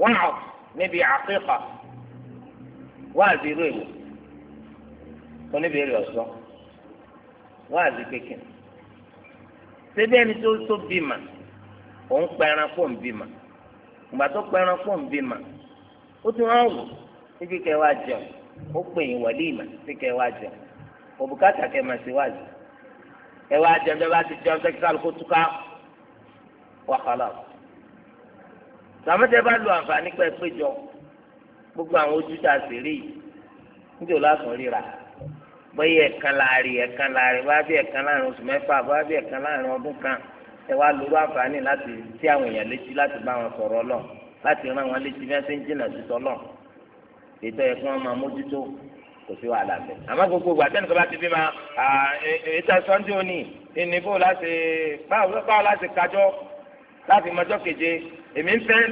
wáàf níbi àkíkà wáàzì irú èlò oníbèrè ọ̀sán wáàzì kékeré ṣébí ẹni tó tó bímà òun pẹran fún bímà ìgbà tó pẹran fún bímà ó tún hàn wù níbi kẹ́ wá jẹun ó pè yín wọlé ìmọ̀ sí kẹ́ wá jẹun òbúkátà kẹ́ máa ṣe wá jù ẹ wá jẹun bẹ́ẹ̀ bá ti jẹun sẹ́kí kálukú túká wà kálá sàmúdẹ bá lu àǹfààní pẹ́ péjọ gbogbo àwọn ojú tá rí yìí lásán ríra bẹ́ẹ̀ ẹ̀kan láàrin ẹ̀kan láàrin bá bí ẹ̀kan láàrin oṣù mẹ́fà bá bí ẹ̀kan láàrin ọdún kan ẹ wá lóru àǹfààní láti tí àwọn èèyàn létí láti bá wọn sọ̀rọ̀ ọlọ́run láti rán wọn létí bí wọn ṣe ń jìnnà sí tọlọ ètò ẹ kí wọn máa mójútó kò sí wàhálà mẹ. àmọ́ gbogbo ìgbà tẹ́nu kan bá ti bí ma ètò e, e, e, sọ́ndé òní ìnìbó láti báwo láti kájọ́ láti mọjọ́ keje èmi ń fẹ́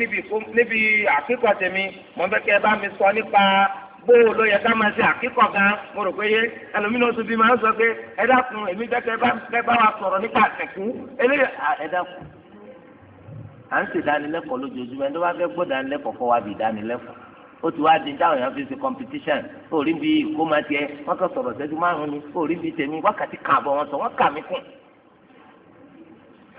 níbi àkíkọ̀ tèmi mo fẹ́ kẹ́ ẹ bá mi sọ nípa bó o ló yẹ ká máa ṣe àkíkọ̀ gan mo rò pé yé ẹlòmínú tún bí máa ń sọ pé ẹ dákun èmi fẹ́ kẹ́ ẹ bá wa sọ̀rọ̀ nípa àtẹ̀kù eléyà ẹ dákun à ń ṣe ìdánilẹ́kọ̀ọ́ lójoojúmọ́ ẹni tó bá fẹ́ gbọ́ ìdánilẹ́kọ̀ọ́ kọ́ wa bí ìdánilẹ́kọ̀ọ́ ó ti wá di táwọn èèyàn fi ṣe competition orí bí ìkómọ tiẹ wọn kàn sọ̀rọ̀ ṣẹ́jú márùn-ún ni orí bí tèmi wákàtí kan àbọ̀ wọn sọ wọn kà mí kùn.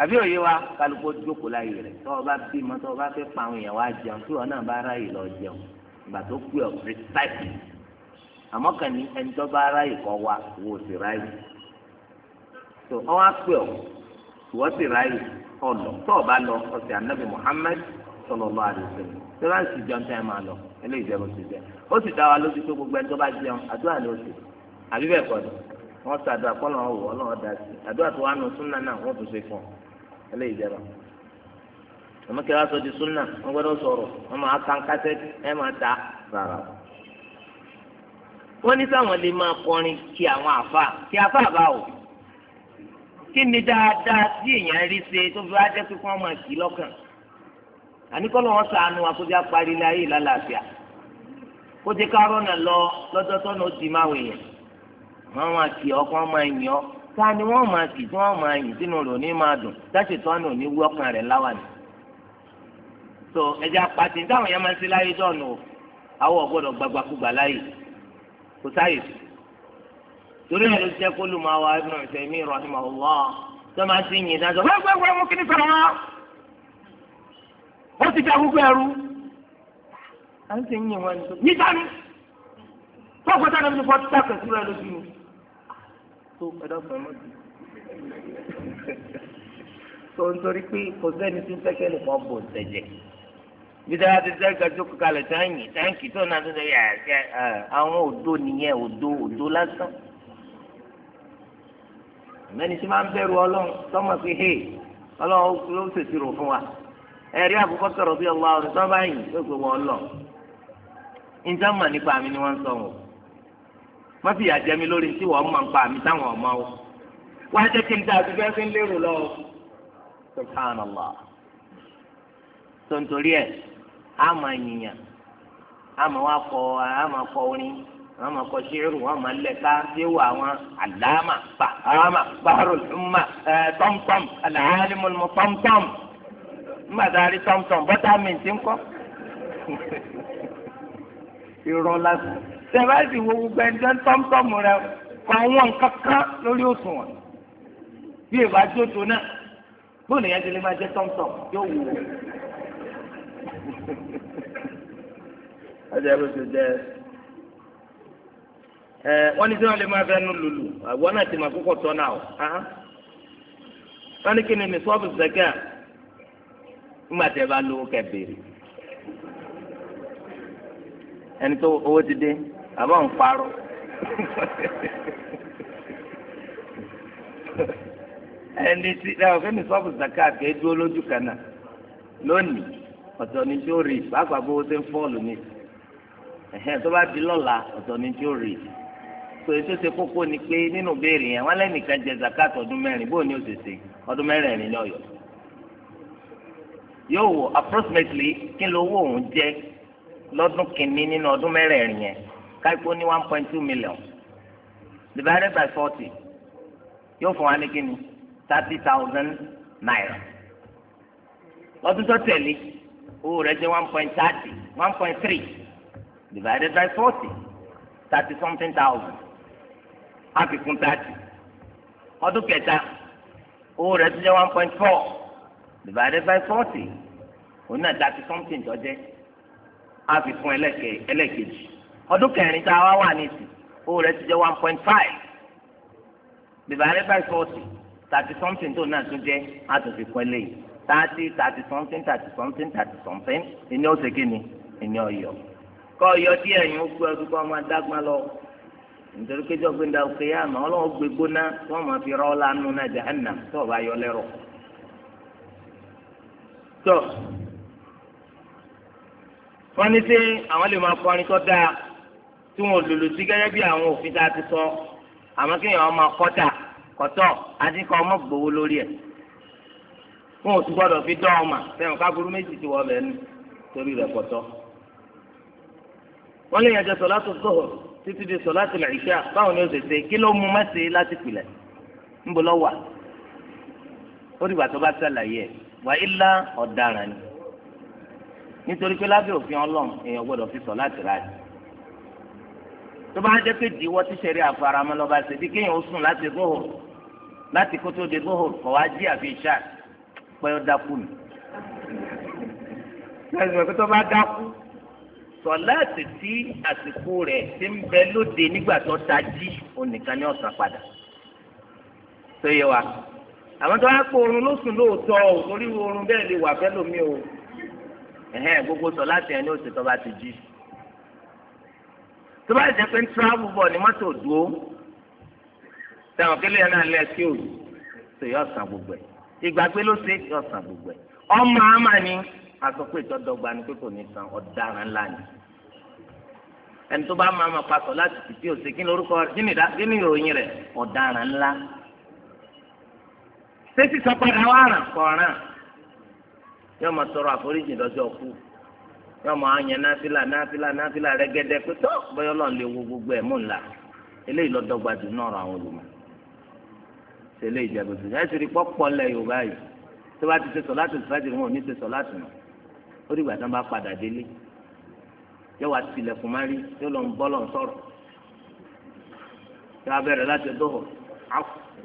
àbí òye wa kálukú jókòó láyè rẹ̀ tọ́ ọ bá bímọ tọ́ ọ bá fẹ́ pa àwọn èèyàn wá jẹun tí wọn náà bá ráyè lọ jẹun ìgbà tó pè ọ́ precisely àmọ́ kàn ní ẹni tó bá ráyè kọ́ wa wò ó sì ráyè. tó ọ wá pè ọ́ ọlọ tó o bá lọ ọsẹ anabi muhammed sallallahu alaihi wasallam tó bá sì jẹun tẹ ẹ máa lọ eléyìí jẹ bó ti jẹ ó sì dá wa lójú pé gbogbo ẹni tó bá jẹun àdúrà ni ó sì àbí bẹ́ẹ̀ kọ́ ni wọ́n sọ àdúrà kọ́ lọ́wọ́ wò ọlọ́wọ́ dá sí àdúrà tó wà nù súnà náà wọ́n tún ṣe fún ọ eléyìí jẹ bá àmọ́ kí wàá sọ di súnà wọ́n gbọ́dọ̀ sọ̀rọ̀ wọ́n máa kan kásẹ̀ ẹ máa ta rárá wọ́n ní sáwọn lè máa kọrin kí àwọn àfa kí kí ni dáadáa tí èèyàn rí ṣe tó fi wá jẹ́ pé kí wọ́n máa kì í lọ́kàn àníkọ́ lọ́wọ́ sànù àkójá parí láyé lálàáfíà kó jẹ́ ká rọ́nà lọ lọ́jọ́ tọ́nà ó ti máa wèèyàn wọ́n máa kì ọ́ kí wọ́n máa yìn ọ́ ká ni wọ́n máa kì tí wọ́n máa yìn sínú rò ní máa dùn dáṣe tọ́nà ò ní wú ọkàn rẹ̀ láwà ní. tó ẹja pàtì táwọn yẹn máa ń ṣe láyé dọ́nù àwọ̀ gbọ́dọ̀ gbàgbàkúgbà láyè kò sáyè sí torí ẹ̀ ló jẹ́ kó lù máa wá Ibn Uthaymeen rahimahullah tó máa ti yìn dájọ́ wẹ́wẹ́wẹ́ mú kí ni sọ̀rọ̀ wá wọ́n ti dá gbogbo ẹrú à ń ti yìn wọn ní sani fọ́ọ̀kọ́ tá a lọ́dún fọ́ọ̀tù tá a kẹ̀sí rẹ̀ lójú mi tó ẹ̀dá fún ẹ mọ́ ti tó nítorí pé kò sẹ́ni tí ń fẹ́kẹ́ lè fọ́ bò sẹ́jẹ̀ bídára ti sẹ́ gàdúkú kalẹ̀ táǹkì táǹkì tó náà tó sẹ́ yà àwọn òdo nìyẹn òdo òdo lásán. mẹ́ni tí máa ń sí hey ọlọ́run ló ń ṣèṣirò fún wa ẹ̀rí àkókò sọ̀rọ̀ bí ọlọ́wà ọ̀rẹ́ sọ́ba yìí ló nípa mi ni wọ́n sọ wọn. wọ́n fi yà jẹ mi lórí tí wọ́n mọ̀ nípa mi táwọn ọmọ o. wọ́n á jẹ́ kí n dá àti fẹ́ fi ń lérò lọ. àwọn máa kọ ṣíìrù wọn máa lẹ ká ṣéwò àwọn àlámà bàhámà bàárò lùmà tọ́mtọ́m àlàálímọ̀lùmọ̀ tọ́mtọ́m nígbà tá a rí tọ́mtọ́m bọ́tà mìǹtì ńkọ́ irọ́ lásán sẹ́fẹ́sì wo gbogbo ẹni tó rẹ fa wọn kankan lórí òṣùwọ̀n bí èèbà jóto náà bóun yẹn ti lè máa jẹ tọ́mtọ́m yóò wù ú. ọjọ́ ìbùsùn jẹ́ wọ́n ní sẹ́wọ́n lè máa fẹ́ nu lulu àwọn ah, náà ti máa kókò tọ́ náà o wọ́n ní kí ni ní sọ́ọ̀bù sẹ́kẹ̀ ńgbà tẹ́ bá lówó kẹ́ béèrè ẹni tó owó ti dé ń parọ́ ẹni tí sọ́ọ̀bù dúró lójú kan náà lónìí ọ̀tọ̀ ni tí ó rí pàápàá bó ṣe ń di lọ́la ọ̀tọ̀ ni so ètò ṣe kókó ni pé nínú béèrè yẹn wọn lẹ́nìkan jẹ zakat ọdún mẹ́rin bóun ni ó ṣe ṣe ọdún mẹ́rẹ̀ẹ̀rin ní ọ̀yọ́ yóò wò approximately kí ló owó òun jẹ lọ́dún kìíní nínú ọdún mẹ́rẹ̀ẹ̀rin yẹn káìpó ní one point two million divided by forty yóò fún wa ní kí ni thirty thousand naira lọ́dún tó tẹ̀lé owó rẹ̀ jẹ́ one point thirty one point three divided by forty thirty something thousand á fi kún tààtì ọdún kẹta owó rẹ̀ tún jẹ́ one point four divided by forty òun náà thirty something tó jẹ́ a fi kún ẹlẹ́kejì ọdún kẹrin tá a wá wà ní ìsìn owó rẹ̀ tún jẹ́ one point five divided by forty thirty something tó náà tún jẹ́ á tún fi kún ẹlẹ́yìí thirty thirty something thirty something thirty something ìní ọ̀sẹ̀ kìíní ìní ọ̀yọ́ kọ́ ọ̀yọ́ díẹ̀ yín ó gbé ọdún kan máa dágbọ́n lọ nítorí pé jọ́gbìn dà òkè yá àmọ́ ọlọ́wọ́ gbé gbóná tí wọ́n máa fi rọ́ lánú náà jahannam tó o bá yọ lẹ́rọ. tó wọ́n ní sí àwọn lè máa kọrin tó dáa tí wọ́n lòlò sí gẹ́gẹ́ bí àwọn òfin tá a ti sọ àmọ́ kéèyàn máa kọ́tà kọ́tọ̀ àti kọ́ ọmọ gbowó lórí ẹ̀ wọn ò tún gbọ́dọ̀ fi dán ọmọ sẹ́wọ̀n káburú méjì ti wọ ọbẹ̀ torí rẹ̀ kọ́tọ̀ wọ́n lè yànjẹ sọ̀lá tó sọ̀rọ̀ títí di sọláàtì làìṣà báwo ni ó ṣe ṣe kí ló mú mẹ́sẹ̀ láti pìlẹ̀ ńbọ lọ́wọ́ ó dìgbà tó bá ṣàlàyé ẹ̀ wà ilá ọ̀daràn ni nítorí pé lábẹ́ òfin ọlọ́run èèyàn gbọ́dọ̀ fi sọláàtì ráàdì tó bá jẹ́ pé diwọ́ tíṣẹ̀rí àfaramọ́ lọ́ba ṣe bí kéèyàn ó sùn láti gbóhùn láti kótó de bóhùn kọ̀ wá jí àfi ṣáà pé ó dákú ni. ṣé ẹ̀sìn ìpínlẹ̀ sọláàtì tí àsìkò rẹ̀ ti ń bẹ lóde nígbà tó tají onìkan ní ọ̀sán padà tó yẹ wa àwọn tó wá pé oorun ló sùn lóòótọ́ ò torí oorun bẹ́ẹ̀ lè wà fẹ́ lómi o ẹ̀hẹ́n gbogbo sọláàtì yẹn ní òsè tó bá ti jí tó bá jẹ́ pé ń tíráàbù bọ̀ ní mọ́tò dúró sẹ́wọ̀n kí lóyún náà lẹ́ kí òòlù tó yọ ọ̀sán gbogbo ẹ̀ ìgbàgbé ló ṣe yọ ọ̀sán gbogbo ẹ̀ ọmọ àmà ni a sọ pé ìtọ́dọ̀gba ni pé kò ní san ọ̀daràn ńlá ni ẹni tó bá máa ma pa sọ láti títí òsè kí ni orúkọ kí ni ìròyìn rẹ ọ̀daràn ńlá. sẹ́sì sọ pé àwọn àràn kọ̀ọ̀ràn yóò máa tọrọ àforíjì lọ́jọ́ kú yóò máa yan náfìlà náfìlà náfìlà rẹ́gẹ́dẹ́ pé tó bọ́yọ́ lọ́n lè wo gbogbo ẹ̀ mú ńlá eléyìí lọ́dọ́gba jù náà rọ àwọn olùmọ̀ ṣe eléyìí ẹ̀ sì rí pọ́pọ́ lẹ̀ Yorùbá yìí tó bá ti ṣe láti ṣe fẹ́ ó dìgbà tí wọ́n bá padà délé yóò wá tilẹ̀kùn má rí yóò lọ ń bọ́ lọ ń sọ̀rọ̀ yóò abẹ́rẹ́ láti dọ́wọ́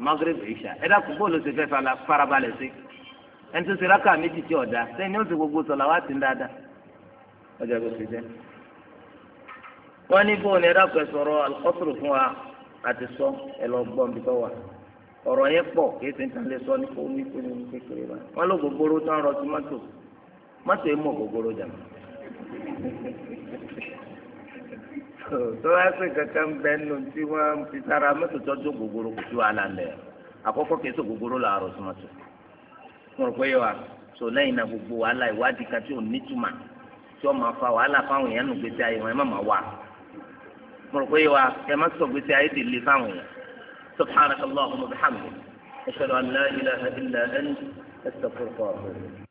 magreth isha ẹ dákun bóòlù ṣe fẹ́ farabalẹ̀ sí ẹni tó ṣe rákà méjì tí ọ̀dà sẹ́yìn yóò ṣe gbogbo sọ̀lá wá sí dáadáa ọjà kò ṣe jẹ́ wọ́n ní bóòlù ẹ dákun ẹ sọ̀rọ̀ alukọ́sọ̀rọ̀ fún wa àti sọ ẹ lọ gbọ́n bí tọ́ wà ọ̀rọ̀ yẹn pọ̀ kí ẹ ti ń tàn lé sọ ní kó ní kékeré wa wọ́n lọ gbogbo tó ń tomato mọ́tò ìmọ̀ gbogbooro jàmá tó wá sí kankan bẹ́ẹ̀ nù tí wọ́n fi sára mọ́tò tọ́jú gbogbooro kò sí wàhálà ń àkọ́kọ́ kìí sọ gbogbooro làárọ̀ mo rò pé yẹ wa sọ lẹ́yìn náà gbogbo wàhálà ìwádìí kan tí ò ní túmọ̀ tí wọ́n máa fa wàhálà fáwọn èèyàn nù gbèsè ayé wọn ẹ má máa wà mo rò pé yẹ wa ẹ má sọ gbèsè ayé ti fáwọn èèyàn